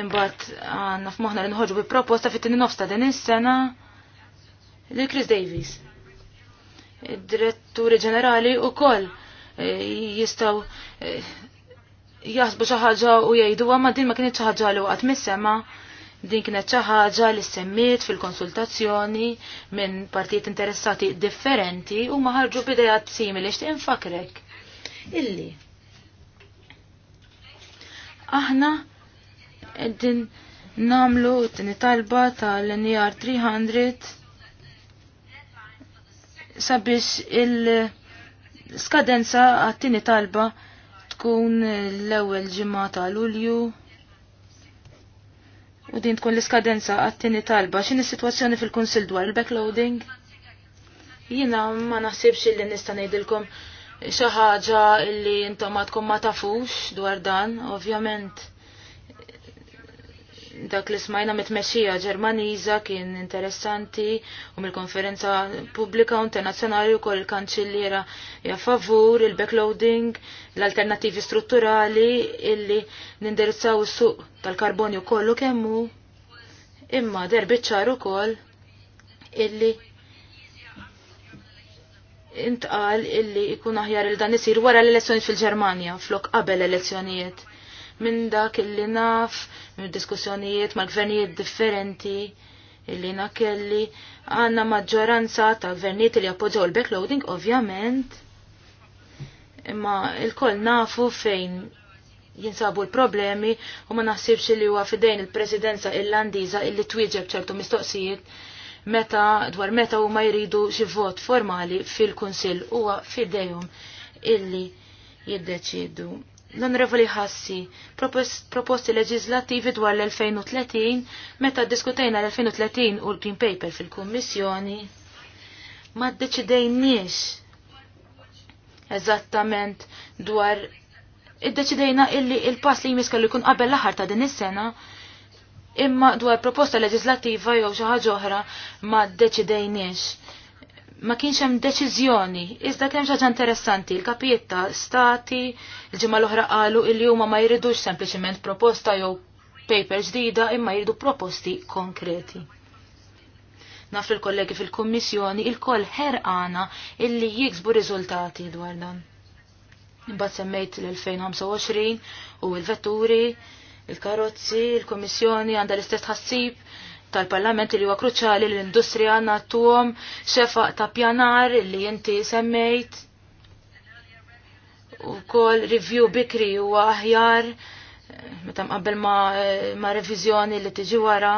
imbagħad għandna f'moħħna li nħorġu bi proposta fit-tieni nofs ta' din is-sena li Chris Davies. Id-diretturi ġenerali u koll eh, jistaw eh, jasbu ħaġa u jgħiduha ma din ma kienet ħaġa li waqt mis-sema din kienet ħaġa li semmiet fil-konsultazzjoni minn partijiet interessati differenti u maħarġu bidejat simili x'tinfakrek illi aħna din namlu din talba tal-NR e 300 sabiex il-skadenza għattini talba tkun l-ewel ġimma ta' Lulju u din tkun l-iskadenza għattini talba xin is-sitwazzjoni fil konsil dwar il-backloading jina ma naħsibx li nista' ngħidilkom xi ħaġa li intom għadkom ma tafux dwar dan, ovvjament. Dak li smajna mit-mexxija Ġermaniża kien interessanti u mill-konferenza pubblika internazzjonali wkoll il-kanċilliera ja favur il-backloading, l-alternattivi strutturali illi nindirizzaw is-suq tal-karbonju kollu kemm hu imma derbiċċar ukoll illi intqal illi ikun aħjar il dan isir wara l-elezzjonijiet fil-Ġermanja flok qabel elezzjonijiet. Minn dak illi naf, minn diskussjonijiet ma' gvernijiet differenti illi na kelli għanna maġġoranza ta' gvernijiet li appoġġaw il-backloading ovvjament. Imma il-koll nafu fejn jinsabu l-problemi u ma naħsibx li huwa fidejn il-presidenza irlandiża illi twieġeb ċertu mistoqsijiet meta dwar meta huma jridu xi vot formali fil-Kunsill huwa fidejhom illi jiddeċidu. L-Onorevoli Ħassi, proposti leġislattivi dwar l-2030, meta diskutejna l-2030 u l-Green Paper fil-Kummissjoni, ma ddeċidejniex eżattament dwar id-deċidejna illi il-pass li jmiskallu jkun qabel l ħar ta' din is-sena imma dwar proposta leġislattiva jew xi ħaġa oħra ma ddeċidejniex. Ma kienx hemm deċiżjoni, iżda kemm ħaġa interessanti, il kapietta stati, il-ġimgħa l-oħra qalu li huma ma jridux sempliċement proposta jew paper ġdida imma jridu proposti konkreti naf il-kollegi fil-kommissjoni il-koll ħerqana illi jiksbu riżultati dwar dan. Imbagħad semmejt l-2025 u l-vetturi il-karozzi, il-Komissjoni għandha l-istess ħassib tal-Parlament li huwa kruċali l-industrija għandna xefaq ta' pjanar li inti semmejt. U kol review bikri u aħjar meta mqabbel ma', ma li tiġi wara.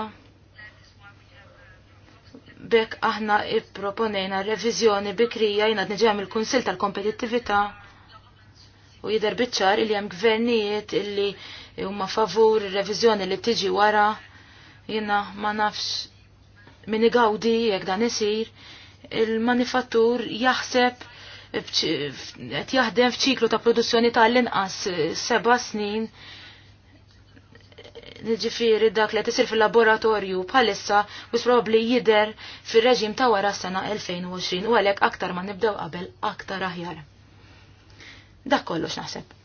Bek aħna ipproponejna reviżjoni bikrija jina d il-Kunsil tal-Kompetittività u jider biċċar il-jem gvernijiet illi huma favur ir-reviżjoni li tiġi wara jiena ma nafx min gawdi jekk dan isir il-manifattur jaħseb qed jaħdem f'ċiklu ta' produzzjoni tal-inqas seba' snin niġifieri dak li isir fil-laboratorju bħalissa u probabli jider fil-reġim ta' wara s-sena 2020 u għalek aktar ma nibdew qabel aktar aħjar. Dak kollox naħseb.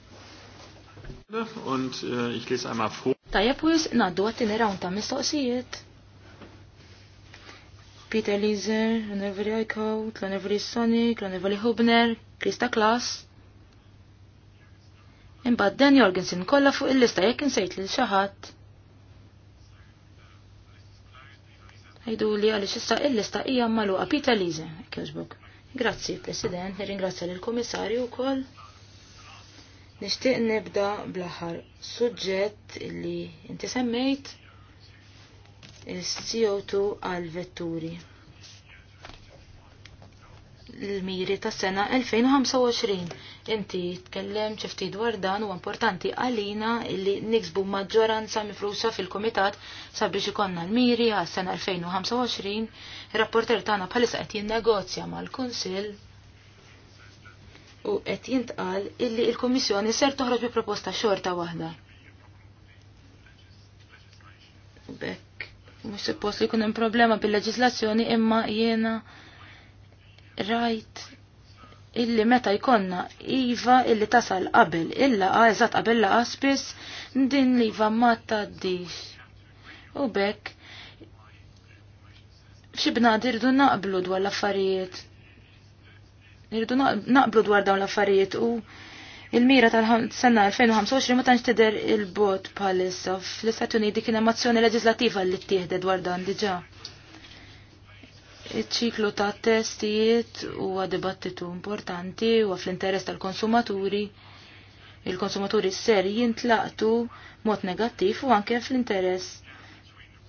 Und uh, ich lese einmal vor. Tajja pujus naddu għattini rawn ta' mistoqsijiet. Peter Lizer, Lenerveri Aiko, Tlanerveri Sonic, Tlanerveri Hubner, Krista Klaas. Imbad Dan Jorgensen kolla fuq il-lista jekk insejt lil xi ħadd. li għaliex issa il-lista hija magħluqa Peter Lizer, kjożbok. Grazzi, President, nirringrazzja lill-Kummissarju wkoll. Nishtiq nibda bl-aħħar suġġett li inti semmejt il-CO2 għal vetturi. L-miri ta' sena 2025. Inti tkellem ċifti dwar dan u importanti għalina li niksbu maġġoranza mifrusa fil-komitat sabiex ikonna l-miri għas sena 2025. Il-rapporter tagħna bħalissa qed jinnegozja mal-Kunsill u qed jintqal illi il-Kummissjoni ser toħroġ bi proposta xorta waħda. Bekk, mhux suppost li jkun hemm problema bil-leġislazzjoni imma jiena rajt illi meta jkonna iva illi tasal qabel illa eżatt qabel laqa spiss din li iva ma tgħaddix. U bekk xi bnadi rridu naqblu dwar l-affarijiet Irridu naqblu dwar dawn l-affarijiet u il-mira tal-sena 2025 ma tantx tidher il-bot bħalissa fl-Istati Uniti kien hemm azzjoni leġislattiva li ttieħdet dwar dan diġà. Iċ-ċiklu ta' testijiet huwa dibattitu importanti u fl-interess tal-konsumaturi il-konsumaturi ser jintlaqtu mod negattiv u anke fl-interess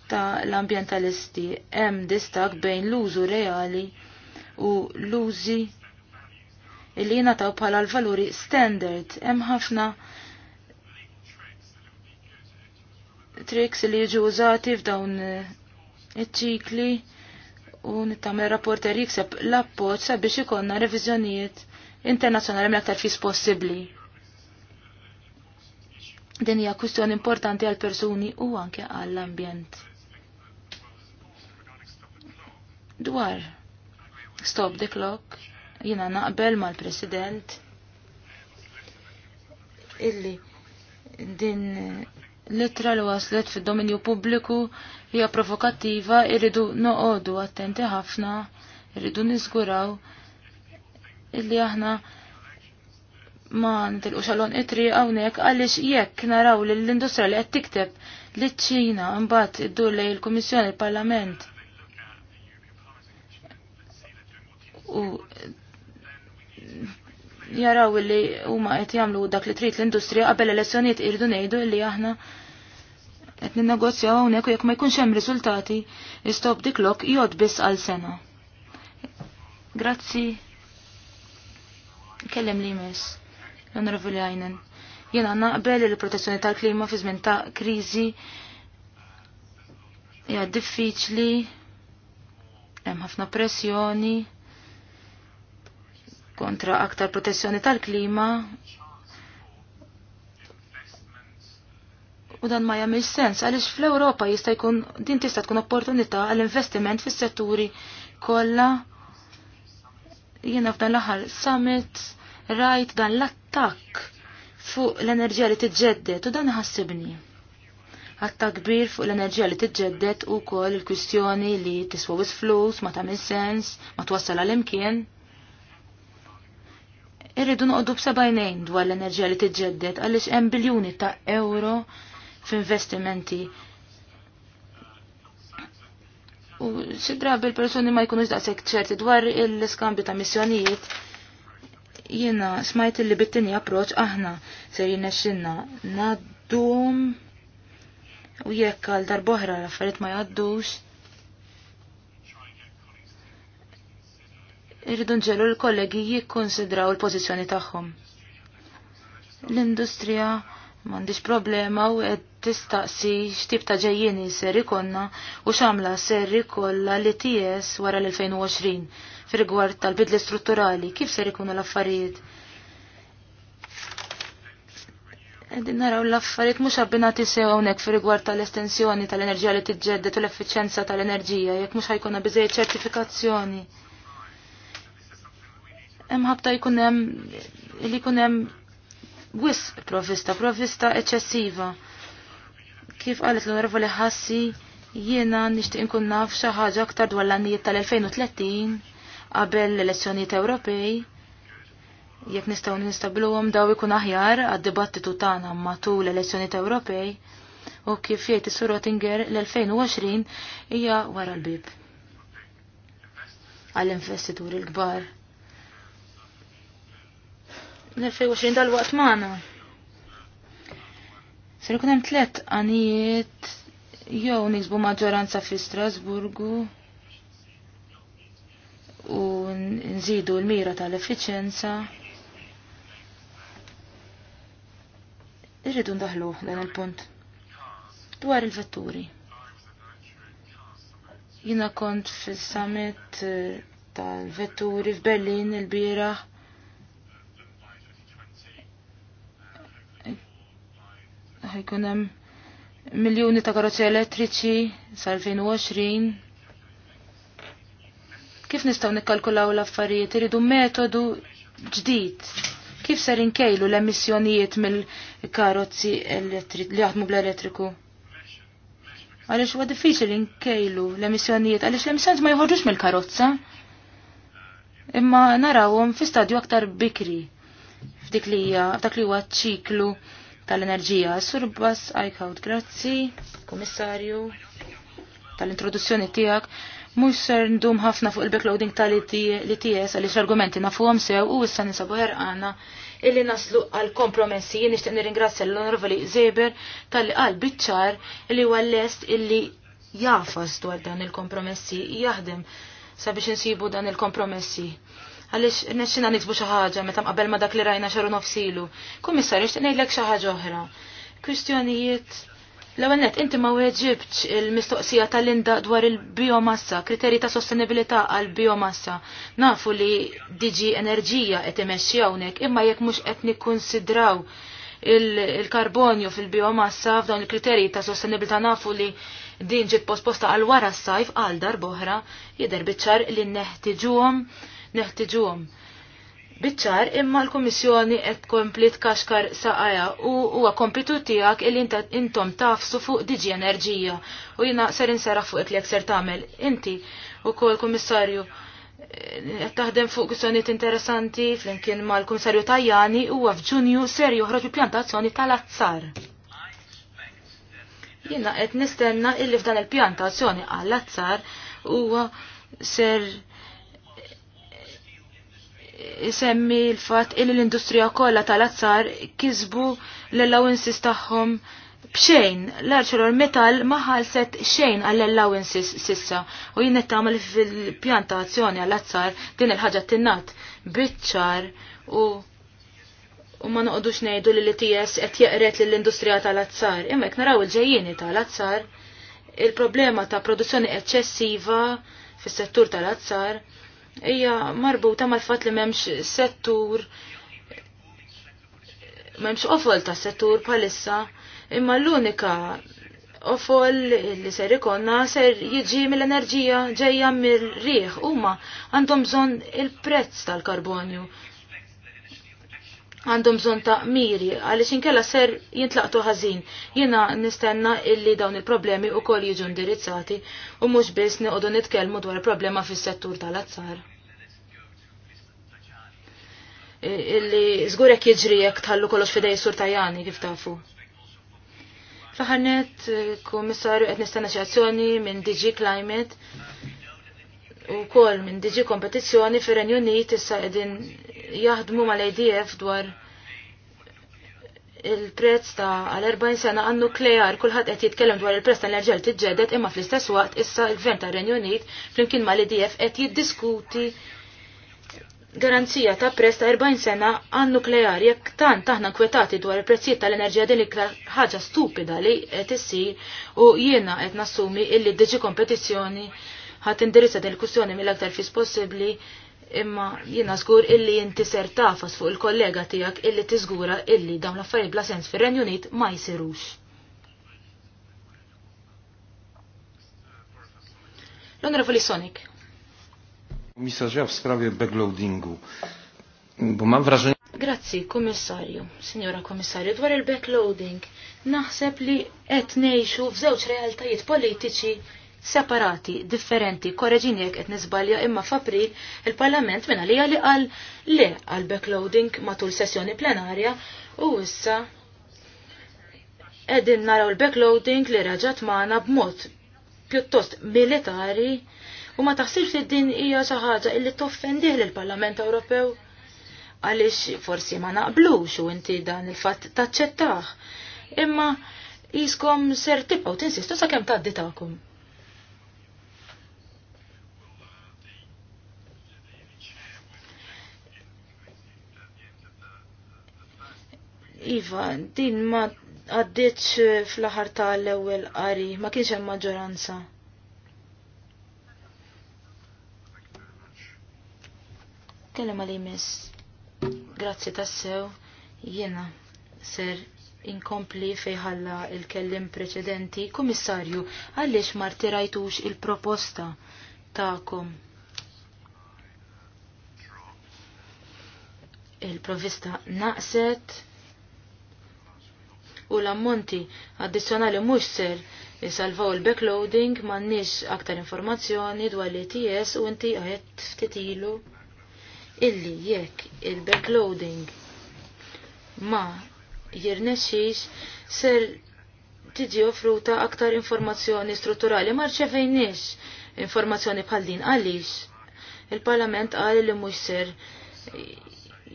ta' l-ambientalisti hemm distak bejn l-użu reali u l-użi illi jingħataw bħala l-valuri standard hemm ħafna tricks li jiġu użati f'dawn eh, iċ-ċikli u nittamel rapporter jikseb l-appoġġ sabiex ikonna reviżjonijiet internazzjonali mill-aktar fis possibbli. Din hija kwistjoni importanti għal persuni u anke għall ambjent Dwar stop the clock jina naqbel mal-president illi din litra li waslet fid-dominju pubbliku hija provokattiva irridu noqogħdu attenti ħafna, irridu niżguraw illi aħna ma nitilqu xalon itri hawnhekk għaliex jekk naraw li l-industrija li qed tikteb li ċ-Ċina mbagħad iddur li il-Kummissjoni il-Parlament u jaraw li huma qed jagħmlu dak li trid l-industrija qabel elezzjonijiet irdu ngħidu li aħna qed ninnegozjaw hawnhekk u jekk ma jkunx hemm riżultati jistop dik lok jgħod biss għal sena. Grazzi. Kellem li miss. Honorable Ajnen. Jena naqbel il-protezzjoni tal-klima fi żmien ta' kriżi hija diffiċli, hemm ħafna pressjoni kontra aktar protezzjoni tal-klima u dan ma jagħmilx sens għaliex fl-Ewropa jista' jkun din tista' tkun opportunità għall investiment fis-setturi kollha jiena f'dan l-aħħar summit rajt dan l-attakk fuq l-enerġija li tiġġedded u dan ħassibni. Attakk kbir fuq l-enerġija li tiġġedded ukoll il-kwistjoni li tiswa flus ma tagħmel sens ma twassal għal imkien irridu noqdu b'sebajnejn dwar l-enerġija li tiġġedded għaliex hemm biljuni ta' euro f'investimenti. U xi drabi l-persuni ma jkunux daqshekk ċerti dwar il iskambju ta' missjonijiet jiena smajt li bit-tieni approċ aħna ser jinexxinna naddum u jekk għal darboħra l-affarijiet ma jgħaddux irridu nġelu l-kollegi jikkonsidraw il-pożizzjoni tagħhom. L-industrija m'għandix problema u qed tistaqsi x'tip ta' ġejjieni ser ikonna u x'għamla ser ikollha li ties wara l-2020 fir-rigward tal-bidli strutturali kif ser ikunu l-affarijiet. Għedin naraw l-affarijiet mhux abbinati sew hawnhekk fir-rigward tal-estensjoni tal-enerġija li t u l efficienza tal-enerġija jekk mhux għajkuna bizzej ċertifikazzjoni imħabta hemm li hemm wisq provista, provista eċessiva. Kif qalet l li ħassi jiena nixtieq inkun naf xi ħaġa aktar dwar l-annijiet tal-2030 qabel l-elezzjonijiet Ewropej jekk nistgħu nistabluhom daw ikun aħjar għad-dibattitu tagħna matul l-elezzjonijiet Ewropej u kif jgħid is-Sur Rottinger l-2020 hija wara l-bib. Għall-investituri l-kbar. 2020 dal-waqt maħna. Ser kunem hemm tliet għanijiet jew nisbu maġġoranza fi Strasburgu u nżidu l-mira tal-effiċenza. Irridu ndaħlu dan il-punt. Dwar il-vetturi. Jina kont fil-summit eh, tal-vetturi f'Berlin il-biraħ ħajkun hemm miljuni ta' karozzi elettriċi sal-2020. Kif nistgħu nikkalkulaw l-affarijiet? Iridu metodu ġdid. Kif ser inkejlu l-emissjonijiet mill-karozzi li jaħdmu bl-elettriku? Għaliex huwa diffiċli nkejlu l-emissjonijiet, għaliex l-emissjonijiet ma joħorġux mill-karozza. Imma narawhom fi stadju aktar bikri f'dik li hija dak li huwa ċiklu tal-enerġija. Surbas, Eichhout, grazzi, komissarju, tal-introduzzjoni tijak. Mux ser ndum ħafna fuq il-backloading tal-ITS għalix argumenti nafuhom sew u issa nisabu ħerqana illi naslu għal kompromessi. Jien nixtieq nirringrazzja l-Onorevoli Zeber tal-li għal bitċar illi huwa lest illi jafas dwar dan il-kompromessi jaħdem sabiex insibu dan il-kompromessi għaliex nexxina niksbu xi ħaġa meta qabel ma dak li rajna xaru nofsilu. Kummissarju xtieq ngħidlek xi ħaġa oħra. Kwistjonijiet L-ewwel nett inti ma weġibċ il-mistoqsija tal-Linda dwar il-biomassa, kriterji ta' sostenibilità għal biomassa. Nafu li diġi enerġija qed imexxi hawnhekk, imma jekk mhux qed nikkunsidraw il-karbonju fil-biomassa f'dawn il-kriterji ta' sostenibilità nafu li din ġiet posposta għal wara s-sajf għal dar boħra biċ-ċar li neħtiġuhom neħtiġuhom. Biċċar imma l-Kummissjoni qed tkompli tkaxkar saqajja u huwa kompitu tiegħek illi intom tafsu fuq diġi enerġija u jiena ser inseraħ fuq li ser tagħmel. Inti wkoll Kummissarju qed eh, taħdem fuq kwistjonijiet interessanti flimkien mal-Kummissarju Tajjani huwa f'Ġunju ser joħroġ pjantazzjoni tal-azzar. Jiena qed nistenna illi f'dan il-pjantazzjoni għall-azzar huwa ser semmi l-fat illi l-industrija kollha tal-azzar kizbu l-allowances tagħhom bxejn. l metal ma ħalset xejn għall-allowances sissa u jien qed tagħmel fil-pjantazzjoni għall-azzar din il-ħaġa tinnat bitċar u u ma noqdux nejdu li l-ITS qed jeqret lill-industrija tal-azzar. jek naraw il ġejjini tal-azzar, il-problema ta' produzzjoni eċċessiva fis-settur tal-azzar hija marbuta mal-fatt li m'hemmx settur m'hemmx ofol ta' settur palissa imma l-unika ofol li ser ikonna ser jiġi mill-enerġija ġejja mill riħ huma għandhom bżonn il-prezz tal-karbonju għandhom bżon ta' miri, għalix inkella ser jintlaqtu ħażin. Jiena nistenna illi dawn il-problemi u kol jiġu indirizzati u mhux biss niqogħdu nitkellmu dwar problema fis-settur tal-azzar. Illi zgurek jiġri jek tħallu kollox fidej sur tajani kif tafu. Faħanet, kummissarju, qed nistenna xazzjoni minn DG Climate u kol minn DG Kompetizzjoni fir-Renju Unit issa qegħdin jaħdmu mal idf dwar il-prezz ta' għal-40 sena għan nuklear kulħadd qed jitkellem dwar il-prezz ta' l-erġel tiġġedet imma fl-istess waqt issa l-Gvern ta' Renju Unit flimkien mal-IDF qed jiddiskuti garanzija ta' prezz ta' 40 sena għan nuklear jekk tant aħna kwetati dwar il-prezzijiet tal-enerġija din iktar ħaġa stupida li qed issir u jiena qed nassumi illi diġi kompetizzjoni ħat indirizza din il-kwistjoni mill-aktar fis possibbli imma jiena żgur illi jinti ser tafas fuq il-kollega tiegħek illi tiżgura illi dawn l-affarijiet bla sens fir-Renju Unit ma jsirux. L-Onorevoli Sonic. Komisarze, w sprawie backloadingu, bo mam wrażenie... Grazzi, komissarju, signora komissarju, dwar il-backloading, naħseb li qed ngħixu f'żewġ realtajiet politiċi separati, differenti, korreġin jek et nizbalja imma f'April il-Parlament minna li li għal le għal backloading matul sessjoni plenarja u issa edin naraw il-backloading li raġat maħna b'mod pjuttost militari u ma taħsibx li din hija xi ħaġa illi toffendih lill-Parlament Ewropew għaliex forsi ma naqblux u inti dan il-fatt taċċettaħ. Imma jiskom ser tibqgħu tinsistu sakemm tgħaddi tagħkom. Iva, din ma għaddiċ fl ħar tal-ewwel qari, ma kienx hemm maġġoranza. Kellem għal miss. Grazzi tassew, jiena ser inkompli fejħalla il-kellim preċedenti. Komissarju, għaliex marti rajtux il-proposta ta'kom? Il-provista naqset u l-ammonti addizzjonali mhux ser isalvaw il-backloading m'għandniex aktar informazzjoni dwar l-ETS u inti qed ftitilu illi jekk il-backloading ma jirnexxix ser tiġi offruta aktar informazzjoni strutturali ma rċevejniex informazzjoni bħal din għaliex il-Parlament qal li mhux ser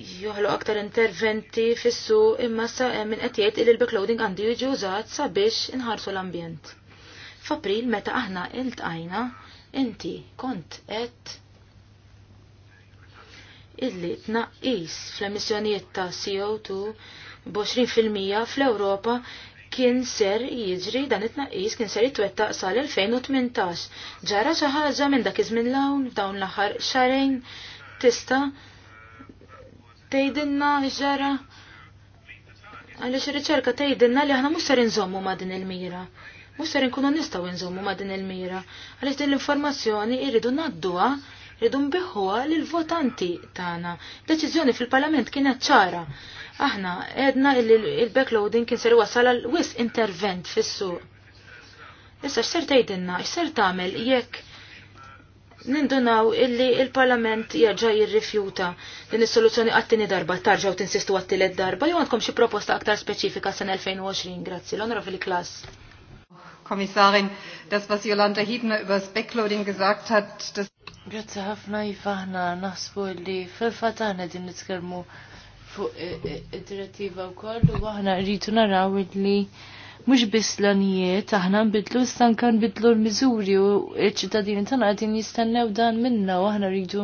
joħloq aktar interventi fissu imma sa minn qed jgħid li l-backloading għandu jiġi użat sabiex inħarsu l-ambjent. F'April meta aħna iltqajna inti kont qed illi tnaqqis fl-emissjonijiet ta' CO2 b'20% fl-Ewropa kien ser jiġri dan it-tnaqqis kien ser jitwetta sal-2018. Ġara xi ħaġa minn dak iż-żmien l l-aħħar xarejn tista' tejdinna ġara għaliex riċerka tgħidilna li aħna musser nżommu inżommu ma' din il-mira. Musser inkunu nistgħu inżommu ma' din il-mira għaliex din l-informazzjoni irridu ngħadduha rridu nbiħuha lill-votanti tagħna. Deċiżjoni fil-Parlament kienet ċara. Aħna edna il-backloading kien ser wasal għal wis intervent fis-suq. Issa x'ser tgħidilna, x'ser tagħmel jekk nindunaw illi il-Parlament jaġġa jirrifjuta din is-soluzzjoni għattini darba tarġaw tinsistu għattilet darba jew għandkom xie proposta aktar specifika sen 2020. Grazzi, l onra fil-klas. Kommissarin, das was Jolanda Hiebner über das Backloading gesagt hat, das Grazzi ħafna jifahna naħsbu li fil-fatt aħna din nitkellmu fuq id-direttiva wkoll u aħna rridu naraw li mhux biss l-anijiet aħna nbidlu issa anke l mizuri u ċ-ċittadini tagħna qegħdin jistennew dan minna u aħna rridu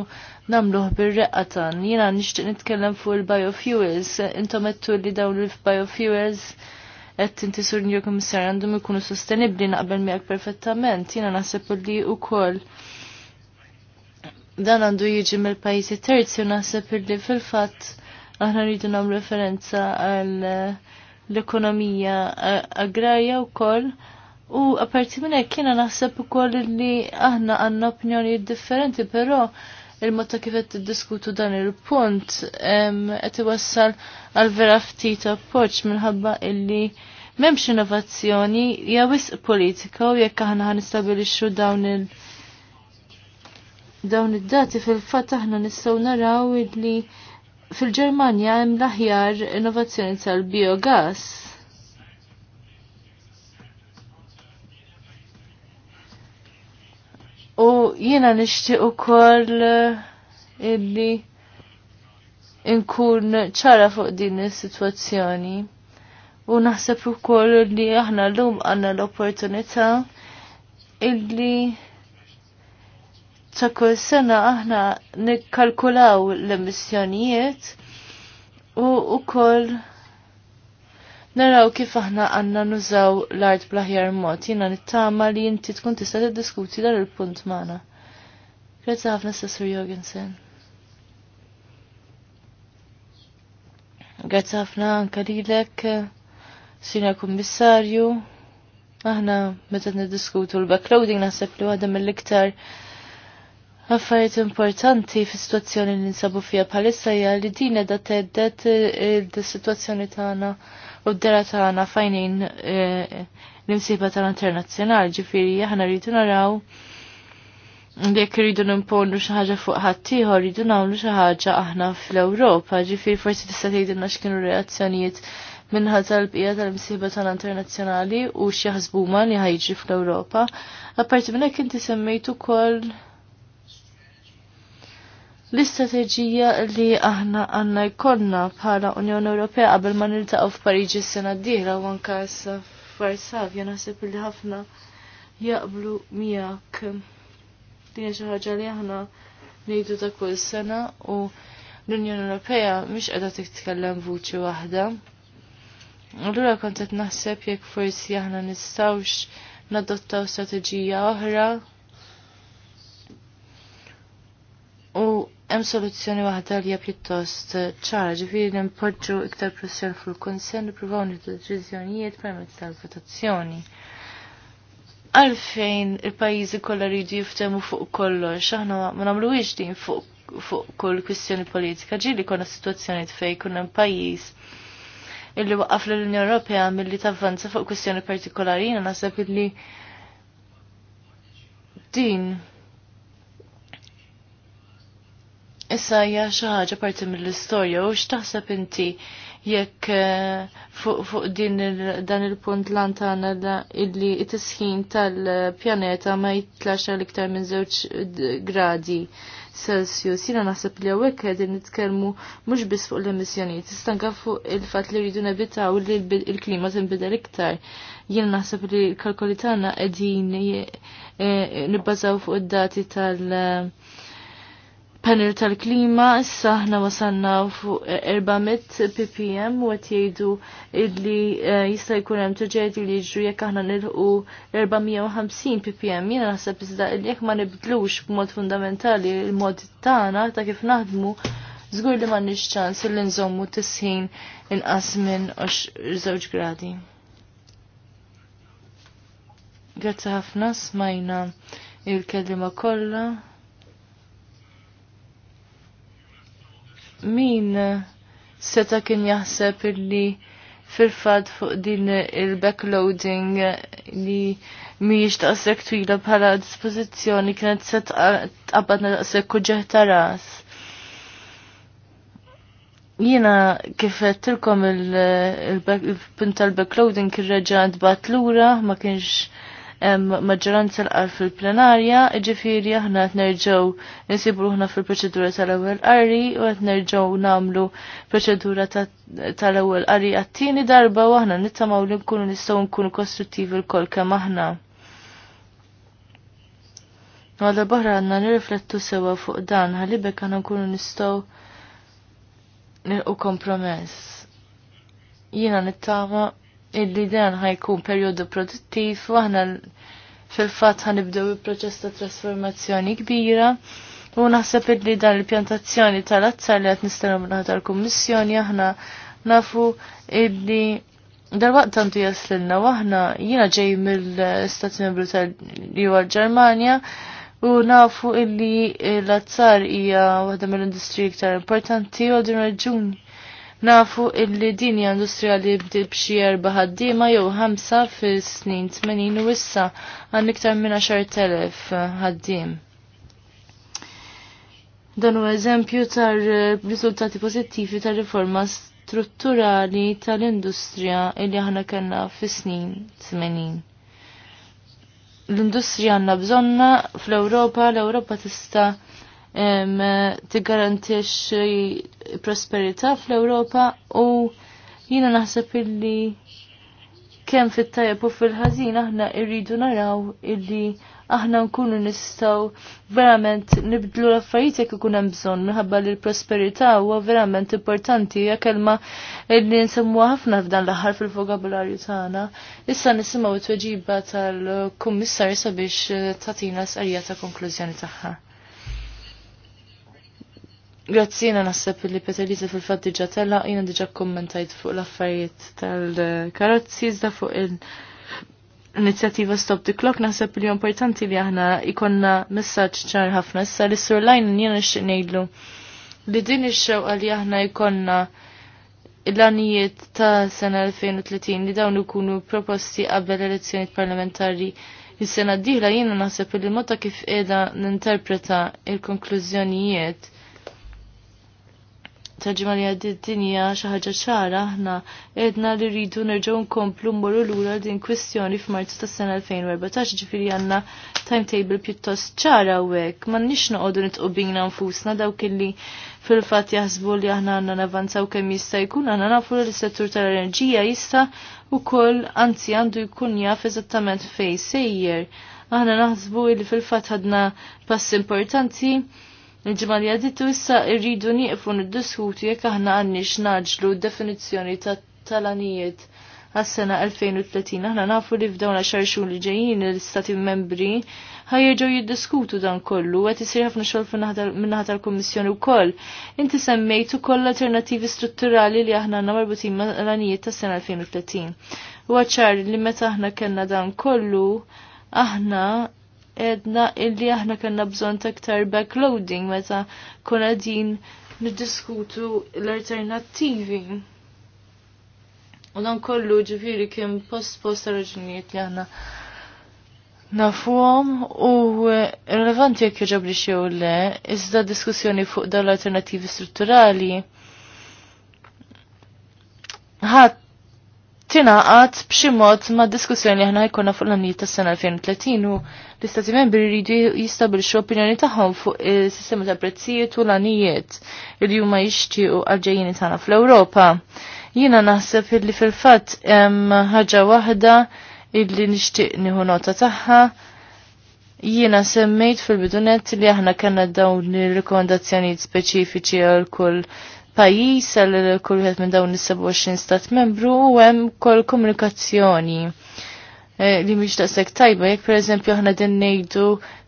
namluħ bil reqqa tan. Jiena nixtieq nitkellem fuq il-biofuels, intom qed li dawn il-biofuels qed inti sur New Commissaire għandhom ikunu sostenibbli naqbel miegħek perfettament. Jena naħseb li wkoll dan għandu jiġi mill-pajjiżi terzi u naħseb li fil-fatt aħna rridu nagħmlu referenza għal l-ekonomija agrarja wkoll. U apparti minn hekk jiena naħseb ukoll li aħna għandna opinjoni differenti, però il motta kif qed tiddiskutu dan il-punt qed iwassal għal vera ftit appoġġ minħabba illi m'hemmx innovazzjoni hija wisq politika u jekk aħna nistabilixxu dawn il- dawn id-dati fil-fatt aħna nistgħu naraw illi fil-Ġermanja hemm l-aħjar innovazzjoni tal-biogas. U jiena nixtieq ukoll eh, illi inkun ċara fuq din is-sitwazzjoni. U naħseb ukoll li aħna llum għandna l-opportunità illi ta' kull sena aħna nikkalkulaw l-emissjonijiet u ukoll naraw kif aħna għanna nużaw l-art blaħjar mod. Jina nittama li jinti tkun tista' tiddiskuti dan il-punt magħna. Grazzi ħafna Sessur Jorgensen. Grazzi ħafna anka lilek, Sina Kummissarju. Aħna meta niddiskutu l-backloading naħseb li waħda mill-iktar affarijiet importanti fi situazzjoni li nsabu fija palissa hija li din da teddet eh, il-situazzjoni tagħna u d-dera tagħna fajnin eh, l-imsiba tal-internazzjonali ġifieri aħna rridu naraw li jekk rridu nimponu xi ħaġa fuq ħaddieħor rridu nagħmlu xi ħaġa aħna fl-Ewropa, ġifieri forsi tista' tgħidilna x'kienu reazzjonijiet minħa tal-bqija tal imsiba tal-internazzjonali u xi ħasbuma li ħajġi fl-Ewropa. Apparti minn hekk inti semmejt ukoll l-istrateġija li aħna għanna jkollna bħala Unjoni Ewropea qabel ma niltaqgħu f'Pariġi s-sena d-dieħla u anke issa f'Varsavja naħseb li ħafna jaqblu miegħek. Din xi ħaġa li aħna ngħidu ta' kull sena u l-Unjoni Ewropea mhix qiegħda titkellem vuċi waħda. Allura kont qed naħseb jekk forsi aħna nistgħux nadottaw strateġija oħra Hemm soluzzjoni waħda li hija pjuttost ċara, ġifieri nimpoġġu iktar pressjon fuq il-Kunsell nippruvaw nieħdu deċiżjonijiet permezz tal-votazzjoni. Għalfejn il-pajjiżi kollha jridu jiftehmu fuq kollox, aħna ma nagħmluwiex din fuq fuq kull kwistjoni politika, ġieli konna situazzjoni fej kunna pajjiż illi waqaf l-Unjoni Ewropea milli tavvanza fuq kwistjoni partikolari, naħseb illi din issa hija xi ħaġa parti mill-istorja u x'taħseb inti jekk eh, fuq fu din dan il-punt lantana illi it-tisħin tal-pjaneta ma jitlax għal iktar minn żewġ eh, gradi Celsius. Jina naħseb li hawnhekk qegħdin nitkellmu mhux biss fuq l-emissjonijiet, istanka fuq il-fatt li rridu nebitaw li l-klima tinbidel iktar. Jina naħseb li l-kalkoli tagħna qegħdin eh, nibbażaw fuq id-dati tal- panel tal-klima, issa saħna wasanna fuq 400 ppm u għet jgħidu illi eh, jista' jkun hemm traġedji li jiġru jekk aħna nilħu 450 ppm. Jiena naħseb iżda li jekk ma nibdlux b'mod fundamentali il-mod tagħna ta' kif naħdmu, żgur li ma nix ċans li nżommu tisħin inqas minn 2 gradi. Grazzi ħafna smajna il-kelima kollha. min seta kien jaħseb li fil-fat fuq din il-backloading li miex taqsek twila bħala dispozizjoni kienet se tqabadna taqsek kuġeħ ta' ras. Jiena kif tilkom il-punta il, backloading il, il, il, il, il, maġġoranza l-qal fil-plenarja, ġifiri aħna qed nerġgħu nsibu ruħna fil-proċedura tal-ewwel qari u qed nerġgħu nagħmlu proċedura tal-ewwel qari għat-tieni darba u aħna nittamaw li nkunu nistgħu nkunu kostruttivi l-kol kemm aħna. Għadda barra għanna nirriflettu sewa fuq dan, għalibek għanna nkunu nistaw nilqu kompromess. Jina nittama illi dan ħajkun perjodu produttiv u aħna fil-fatt ħanibdew il-proċess ta' trasformazzjoni kbira. U naħseb illi dan il-pjantazzjoni tal-azzar li qed nistennew minn tal-Kummissjoni aħna nafu illi Dal-waqt tantu jaslilna waħna jina ġej mill-Stat Membru tal-Juwa Ġermanja u nafu illi l-azzar hija waħda mill-industriji iktar importanti u din raġuni Nafu illi din industrija li bdib xi erba' ħaddiema jew ħamsa fis-snin 80 u issa għan iktar minn 10,000 ħaddiem. Dan huwa eżempju tar-riżultati eh, pożittivi tar-riforma strutturali tal-industrija illi aħna kellna fis-snin 80 l-industrija għanna bżonna fl-Europa, l-Europa tista t-garantix prosperità fl-Ewropa u jina naħseb illi kemm fit-tajab u fil-ħażin aħna rridu naraw illi aħna nkunu nistgħu verament nibdlu l-affarijiet jekk ikun hemm bżonn minħabba li l-prosperità huwa verament importanti hija kelma li nsemmuha ħafna f'dan l-aħħar fil-vokabularju tagħna. Issa nisimgħu t-tweġiba tal kummissarju sabiex tagħtina sqarrija ta' konklużjoni tagħha. Grazzina nasseb nasib li Lisa fil-fat diġa tella, jina diġa kommentajt fuq l-affarijiet tal-karozzi, iżda fuq il-inizjativa Stop the Clock, nasseb li importanti li aħna ikonna messaċ ċar ħafna, issa li surlajn jena xinejlu li din ix-xewqa li aħna ikonna l-anijiet ta' sena 2030 li dawn ikunu proposti qabel elezzjoni parlamentari is-sena d-dieħla jiena naħseb li mod kif qiegħda ninterpreta il-konklużjonijiet tal li għaddit dinja xaħġa ċara aħna edna li rridu nerġgħu nkomplu mmorru lura din kwistjoni f'Marzu tas-sena 2014 ġifiri għandna timetable pjuttost ċara u hekk m'għandniex noqogħdu nitqu bina nfusna dawk li fil-fatt jaħsbu li aħna għandna navanzaw kemm jista' jkun aħna nafu li s-settur tal-enerġija jista' koll anzi għandu jkun jaf eżattament fejn sejjer. Aħna naħsbu li fil-fatt ħadna pass importanti il-ġimgħa li għadditu issa rridu nieqfu niddiskutu jekk aħna għanni x'naġlu d-definizzjoni tal-anijiet għas-sena 2030. Aħna nafu li f'dawn għaxar xhur li ġejjin l-istati membri ħajġu jiddiskutu dan kollu, għet jisir ħafna xol minnaħat tal-Komissjoni u koll. Inti semmejtu koll alternativi strutturali li aħna għanna marbutin ma' talanijiet tas ta' sena 2030. U għacċar li meta aħna kena dan kollu, aħna edna illi aħna kanna bżon ta'ktar backloading meta kuna din niddiskutu l-alternativi. U dan kollu ġifiri kien post-post raġunijiet li aħna nafuhom u relevanti jekk joġob li xew le, iżda diskussjoni fuq dawn l-alternativi strutturali. Ħadd tingħaqad b'xi mod ma' diskussjoni li aħna jkollna fuq l-annijiet tas-sena 2030 u l-istati membri jridu jistabilxu opinjoni tagħhom fuq is-sistema ta' prezzijiet u l-annijiet li huma jixtiequ għal-ġejjini tagħna fl-Ewropa. Jiena naħseb li fil-fatt hemm ħaġa waħda illi nixtieq nieħu nota tagħha jiena semmejt fil-bidunet li aħna kanna dawn ir rekomendazzjonijiet speċifiċi għal kull pajis għal kulħet minn dawn is-27 stat membru u hemm kol komunikazzjoni eh, li mhix daqshekk tajba jekk pereżempju aħna din ngħidu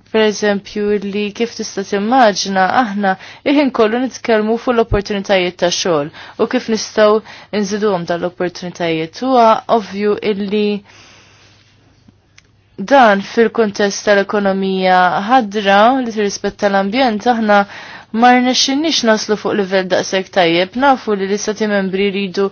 per eżempju li kif tista' timmaġna aħna iħin kollu nitkellmu fuq l-opportunitajiet ta' xogħol u kif nistgħu nżiduhom dal-opportunitajiet huwa ovvju illi dan fil-kontest tal-ekonomija ħadra li tirrispetta l-ambjent aħna ma rnexxinniex naslu fuq livell daqshekk tajjeb, nafu li l-istati membri jridu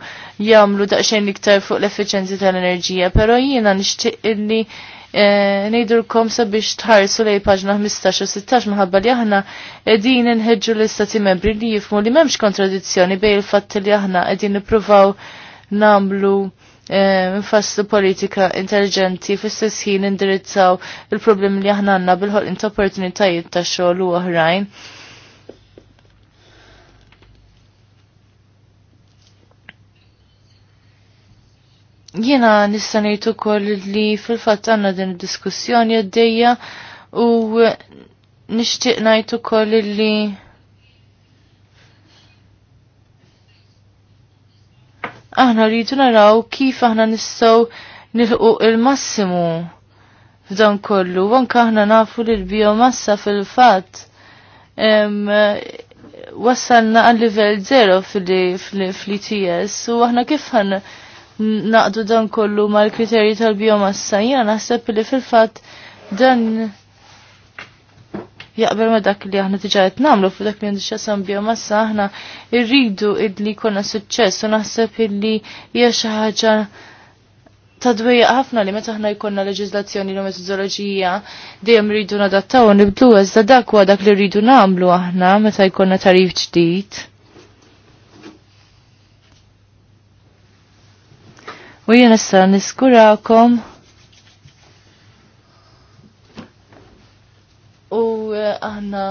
jagħmlu daqsxejn iktar fuq l efficienzi tal-enerġija, però jiena nishtiq illi eh, nejdurkom sabiex tħarsu lej paġna 15 u 16 maħabba li aħna edin nħedġu l-istati membri li jifmu li memx kontradizzjoni bej il fat li aħna edin nipruvaw namlu mfasslu eh, politika intelligenti fis-sess ħin indirizzaw il-problemi li aħna għandna bil-ħolqin ta' opportunitajiet ta' xogħol u oħrajn. Jiena nista' ngħid ukoll li fil-fatt għandna din id-diskussjoni għaddejja u nixtieq ngħid ukoll li aħna rridu naraw kif aħna nistgħu nilħu il-massimu f'dan kollu. Anke aħna nafu li l-biomassa fil-fatt wassalna għal livell zero fil-ITS u aħna kif ħan naqdu dan kollu mal-kriterji tal-biomassa. Jena naħseb li fil-fat dan jaqbel ma dak li aħna tiġa qed nagħmlu fuq dak li għandu x'jasam biomassa aħna rridu illi jkollna suċċess u naħseb illi hija xi ħaġa tadwija ħafna li meta aħna jkollna leġiżlazzjoni u metodoloġija dejjem rridu nadattaw u nibdlu iżda dak huwa dak li rridu nagħmlu aħna meta jkollna tarif ġdid. U jien issa niskurakom u eh, aħna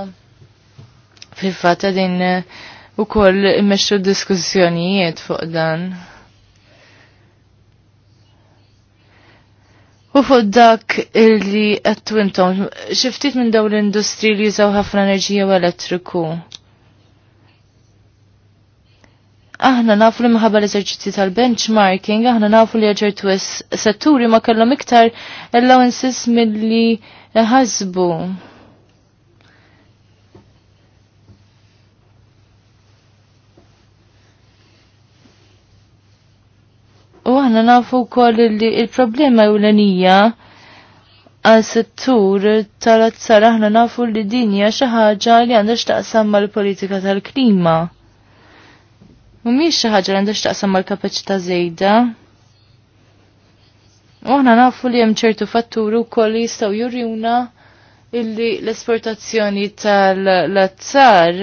fil-fatt din eh, u koll immexxu diskussjonijiet fuq dan. U fuq dak illi intom, xiftit minn dawl l-industri li jużaw ħafna enerġija u elettriku aħna nafu li minħabba l-eżerċizzi tal-benchmarking, aħna nafu li ċertu setturi ma kellhom iktar allowances milli ħasbu. U aħna nafu wkoll li il-problema ewlenija għal-settur tal-azzar aħna nafu li dinja xi ħaġa li għandha x'taqsam mal-politika tal-klima mhumiex xi ħaġa li għandha x'taqsam mal-kapaċità żejda. U aħna nafu li hemm ċertu fatturi wkoll li jistgħu jurjuna illi l-esportazzjoni tal-azzar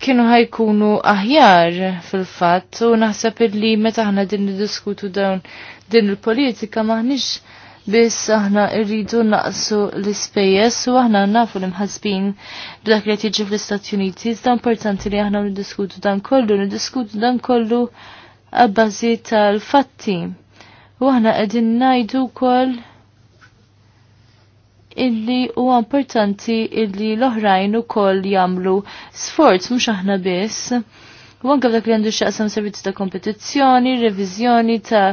kienu ħajkunu aħjar fil-fatt u naħseb illi meta aħna din niddiskutu dawn din il-politika maħniex biss aħna rridu naqsu l-ispejjeż u aħna nafu l-imħasbin b'dak li jiġi fl-Istati Uniti. Iżda importanti li aħna niddiskutu dan kollu, niddiskutu dan kollu għabbażi tal-fatti. U aħna qegħdin ngħidu wkoll illi huwa importanti illi l-oħrajn ukoll jagħmlu sforz mhux aħna biss U anke dak li għandu xaqsam servizzi ta' kompetizzjoni, revizjoni ta'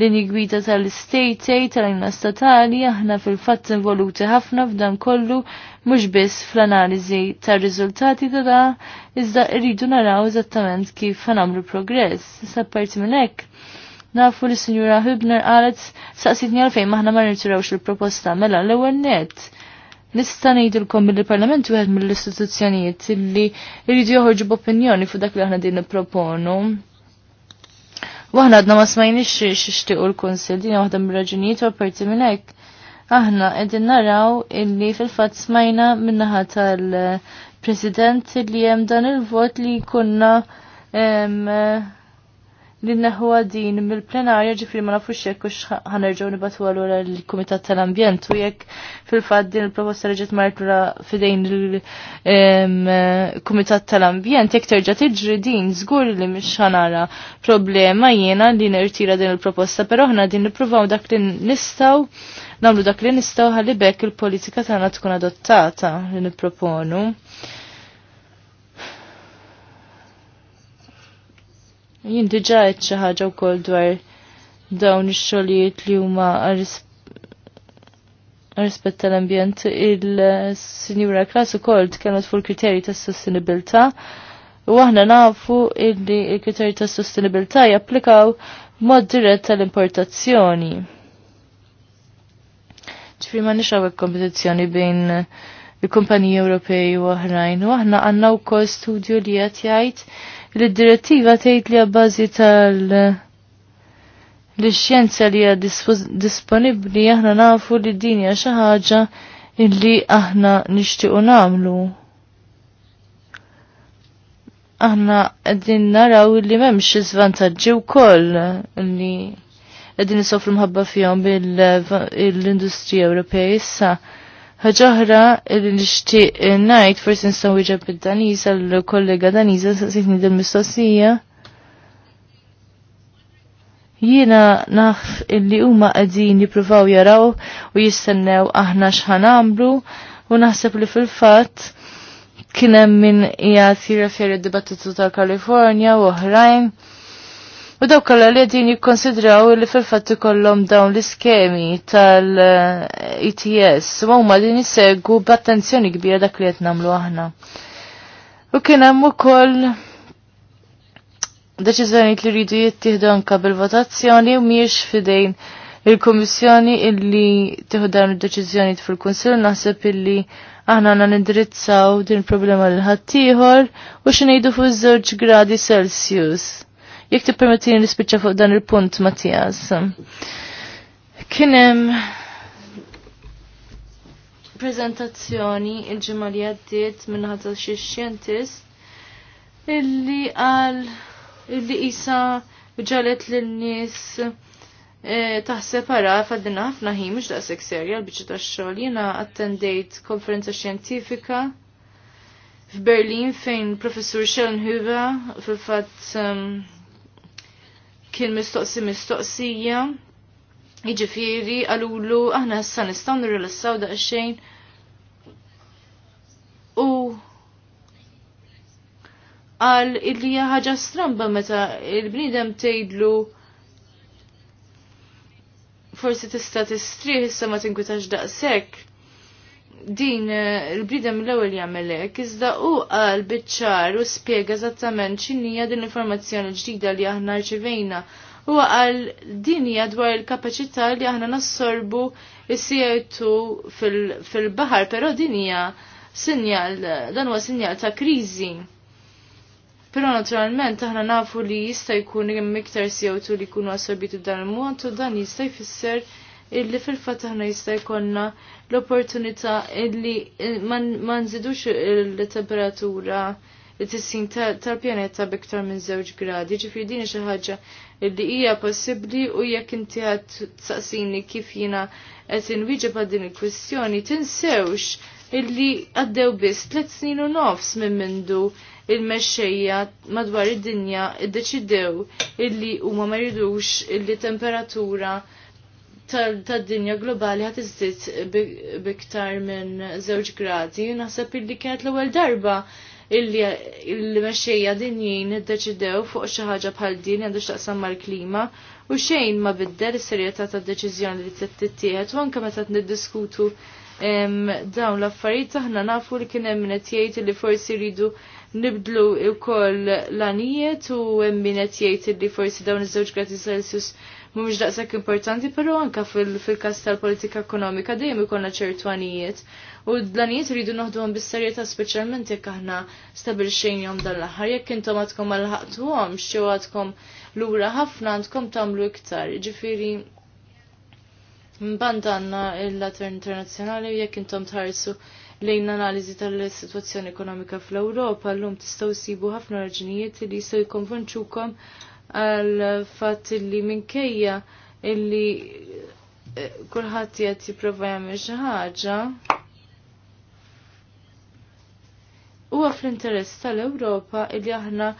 linji gwida tal-state aid tal-ajna statali, aħna fil-fatt involuti ħafna f'dan kollu mhux biss fl-analiżi tar-riżultati ta' da, iżda rridu naraw eżattament kif ħanamlu progress. Issa parti minn hekk nafu li Sinjura Hübner qalet saqsitni għalfejn maħna ma nirtirawx il-proposta mela l-ewwel net. Nista' ngħidilkom mill-Parlament wieħed mill-istituzzjonijiet illi jridu joħorġu b'opinjoni fuq dak li aħna din nipproponu. Waħna għadna ma smajniex xixtiqu l-Kunsil, din waħda mir-raġunijiet u apparti minn hekk. Aħna qegħdin naraw illi fil-fatt smajna min-naħa tal-President li hemm dan il-vot li kunna li neħu għadin mill-plenarja ġifri ma nafux jekk u ħanerġaw nibatu għallura l-Komitat tal-Ambjent u jekk fil-fat din il-proposta reġet martura fidejn il-Komitat tal-Ambjent jekk terġa tiġri din zgur li mx ħanara problema jiena li nirtira din il-proposta pero ħna din nipruvaw dak li nistaw namlu dak li nistaw ħalli bekk il-politika tagħna tkun adottata li nipproponu. Jien diġà qed xi ħaġa wkoll dwar dawn ix-xogħlijiet li huma rispett tal-ambjent il-Sinjura Klas ukoll tkellmet fuq il-kriterji tas-sostenibilità u aħna nafu illi il-kriterji tas-sostenibilità japplikaw mod dirett tal-importazzjoni. Ġifri ma nix hawnhekk kompetizzjoni bejn il-kumpaniji Ewropej u oħrajn. U aħna għandna wkoll studju li qed jgħid l direttiva tgħid li għabbażi tal- li xjenza li hija disponibbli aħna nafu li din hija xi ħaġa illi aħna nixtiequ nagħmlu. Aħna qegħdin naraw li m'hemmx żvantaġġi wkoll li qegħdin isofru mħabba fihom bil-industrija Ewropea issa ħaġaħra li nixtieq ngħid forsi nistgħu iġab id-Daniża l-kollega s saqsitni dil-mistoqsija. Jiena naf illi huma qegħdin jippruvaw jaraw u jistennew aħna x'ħan għamlu u naħseb li fil-fatt kien hemm min qiegħed jirreferi d-dibattitu tal kalifornia u oħrajn. U dawk kollha li qegħdin jikkonsidraw li fil-fatt ikollhom dawn l-iskemi tal-ETS eh, e u huma din jissegwu b'attenzjoni kbira dak li qed nagħmlu aħna. U kien hemm ukoll deċiżjonijiet li rridu jittieħdu anke bil-votazzjoni u mhijiex fidejn il-Kummissjoni illi tieħu dawn id-deċiżjonijiet fil-Kunsill naħseb illi aħna għandna nindirizzaw din il-problema l ħaddieħor u x'ngħidu fuq żewġ gradi Celsius jekk tippermettini nispiċċa fuq dan il-punt Mattias. Kien hemm prezentazzjoni il-ġimgħa li għaddiet ħadda xie xjentist illi għal illi isa ġalet lin-nies e, taħseb għara faddina ħafna ħin mhux daqshekk serja l-biċċa tax-xogħol jiena attendejt konferenza xjentifika f'Berlin fejn professur Schellenhuber fil-fatt um, kien mistoqsi mistoqsija. Iġifiri, għalulu, aħna issa nistaw nirilassaw daqxejn. U għal illi ħaġa stramba meta il-bnidem tgħidlu forsi tista' tistrih issa ma tinkwitax daqshekk din eh, il-bridem l-ewwel hekk, iżda u qal biċċar u spjega eżattament x'inhija din l-informazzjoni ġdida li aħna rċivejna. U qal din hija dwar il-kapaċità li aħna nassorbu s co fil-baħar, però din hija sinjal dan huwa sinjal ta' kriżi. Pero naturalment aħna nafu li jista' jkun hemm iktar CO2 li jkunu assorbitu dan il-mod u dan jista' jfisser illi fil-fatt aħna jista' jkollna l-opportunità illi eh, ma nżidux il-temperatura it-tissin tal-pjaneta biktar minn żewġ gradi, ġifri din xi ħaġa li hija possibbli u jekk inti għad tsaqsini kif jiena qed inwieġeb għal din il-kwistjoni, tinsewx illi għaddew biss tliet snin u nofs minn mindu il-mexxejja madwar id-dinja iddeċidew illi huma ma jridux illi temperatura tad-dinja globali ħat iżdied biktar minn żewġ gradi, naħseb illi kienet l-ewwel darba illi l-mexxejja dinjin iddeċidew fuq xi ħaġa bħal din għandu x'taqsam mal-klima u xejn ma biddel is-serjetà ta' deċiżjoni li tittieħed u anke meta niddiskutu dawn l-affarijiet aħna nafu li kien hemm jgħid li forsi jridu nibdlu wkoll l-anijiet u hemm jgħid li forsi dawn iż-żewġ gradi Celsius mhumiex daqshekk importanti, però anke fil-każ tal-politika ekonomika dejjem ikollna ċertu għanijiet. U d għanijiet rridu noħduhom bis-serjetà speċjalment jekk aħna stabilxejnhom dan l-aħħar jekk intom għadkom għal ħaqtuhomx jew għadkom lura ħafna għandkom tagħmlu iktar. Ġifieri mbanda għandna l latar Internazzjonali jekk intom tħarsu lejn analiżi tal-sitwazzjoni ekonomika fl-Ewropa llum tistgħu sibu ħafna raġunijiet li jistgħu jikkonvinċukom għal fat li minkejja illi eh, kulħadd jgħat jipprova jagħmel xi ħaġa. Huwa fl-interess tal-Ewropa illi aħna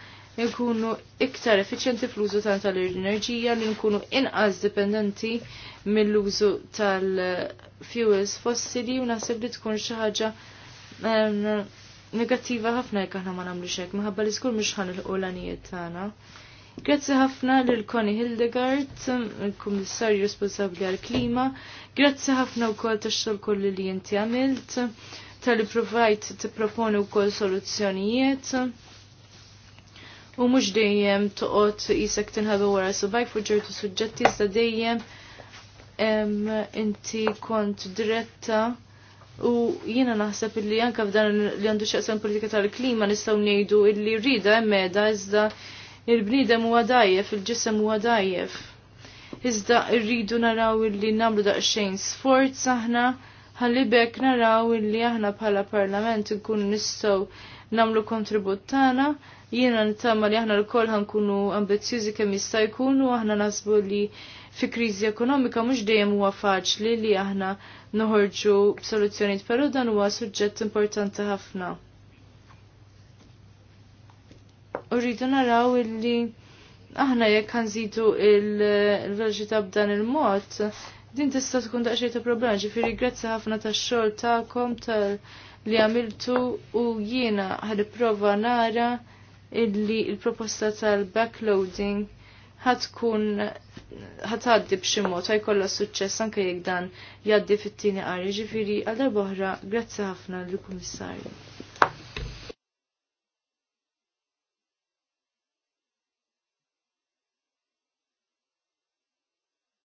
nkunu iktar effiċjenti fl-użu tal-enerġija li nkunu inqas dipendenti mill-użu tal-fuels fossili u naħseb li tkun xi ħaġa negattiva ħafna jekk aħna ma nagħmlux hekk minħabba li żgur mhux ħanilqu l-għanijiet tagħna. Grazzi ħafna lil Connie Hildegard, il-Kummissarju responsabbli għal-klima. Grazzi ħafna wkoll tax-xogħol kolli li inti għamilt tal-li provajt tipproponi wkoll soluzzjonijiet. U mhux dejjem toqgħod isek tinħabu wara subajk fuq ċertu suġġetti sta' dejjem inti kont diretta U jiena naħseb illi anka f'dan li għandu xaqsan politika tal-klima nistgħu ngħidu illi rrida meda iżda il-bnidem huwa dajjef, il-ġisem huwa dajjef. Iżda rridu naraw illi namlu daqsxejn sforz aħna ħalli bekk naraw illi aħna bħala parlament nkun nistaw namlu kontribut tagħna jiena nittama li aħna l-koll ħankunu ambizjużi kemm jista' jkunu aħna nasbu li fi kriżi ekonomika mhux dejjem huwa faċli li aħna noħorġu b'soluzzjonijiet però dan huwa suġġett importanti ħafna. Uridu rridu naraw illi aħna jekk ħanżidu il-veloċità b'dan il-mod, din tista' tkun daqsxejn ta' problema, ġifieri grazzi ħafna tax-xogħol tagħkom tal li għamiltu u jiena prova nara illi il-proposta tal-backloading ħatkun ħatgħaddi b'xi mod ħajkollha suċċess anke jekk dan jgħaddi fit-tieni qari. Ġifieri għal darba oħra, grazzi ħafna lill-Kummissarju.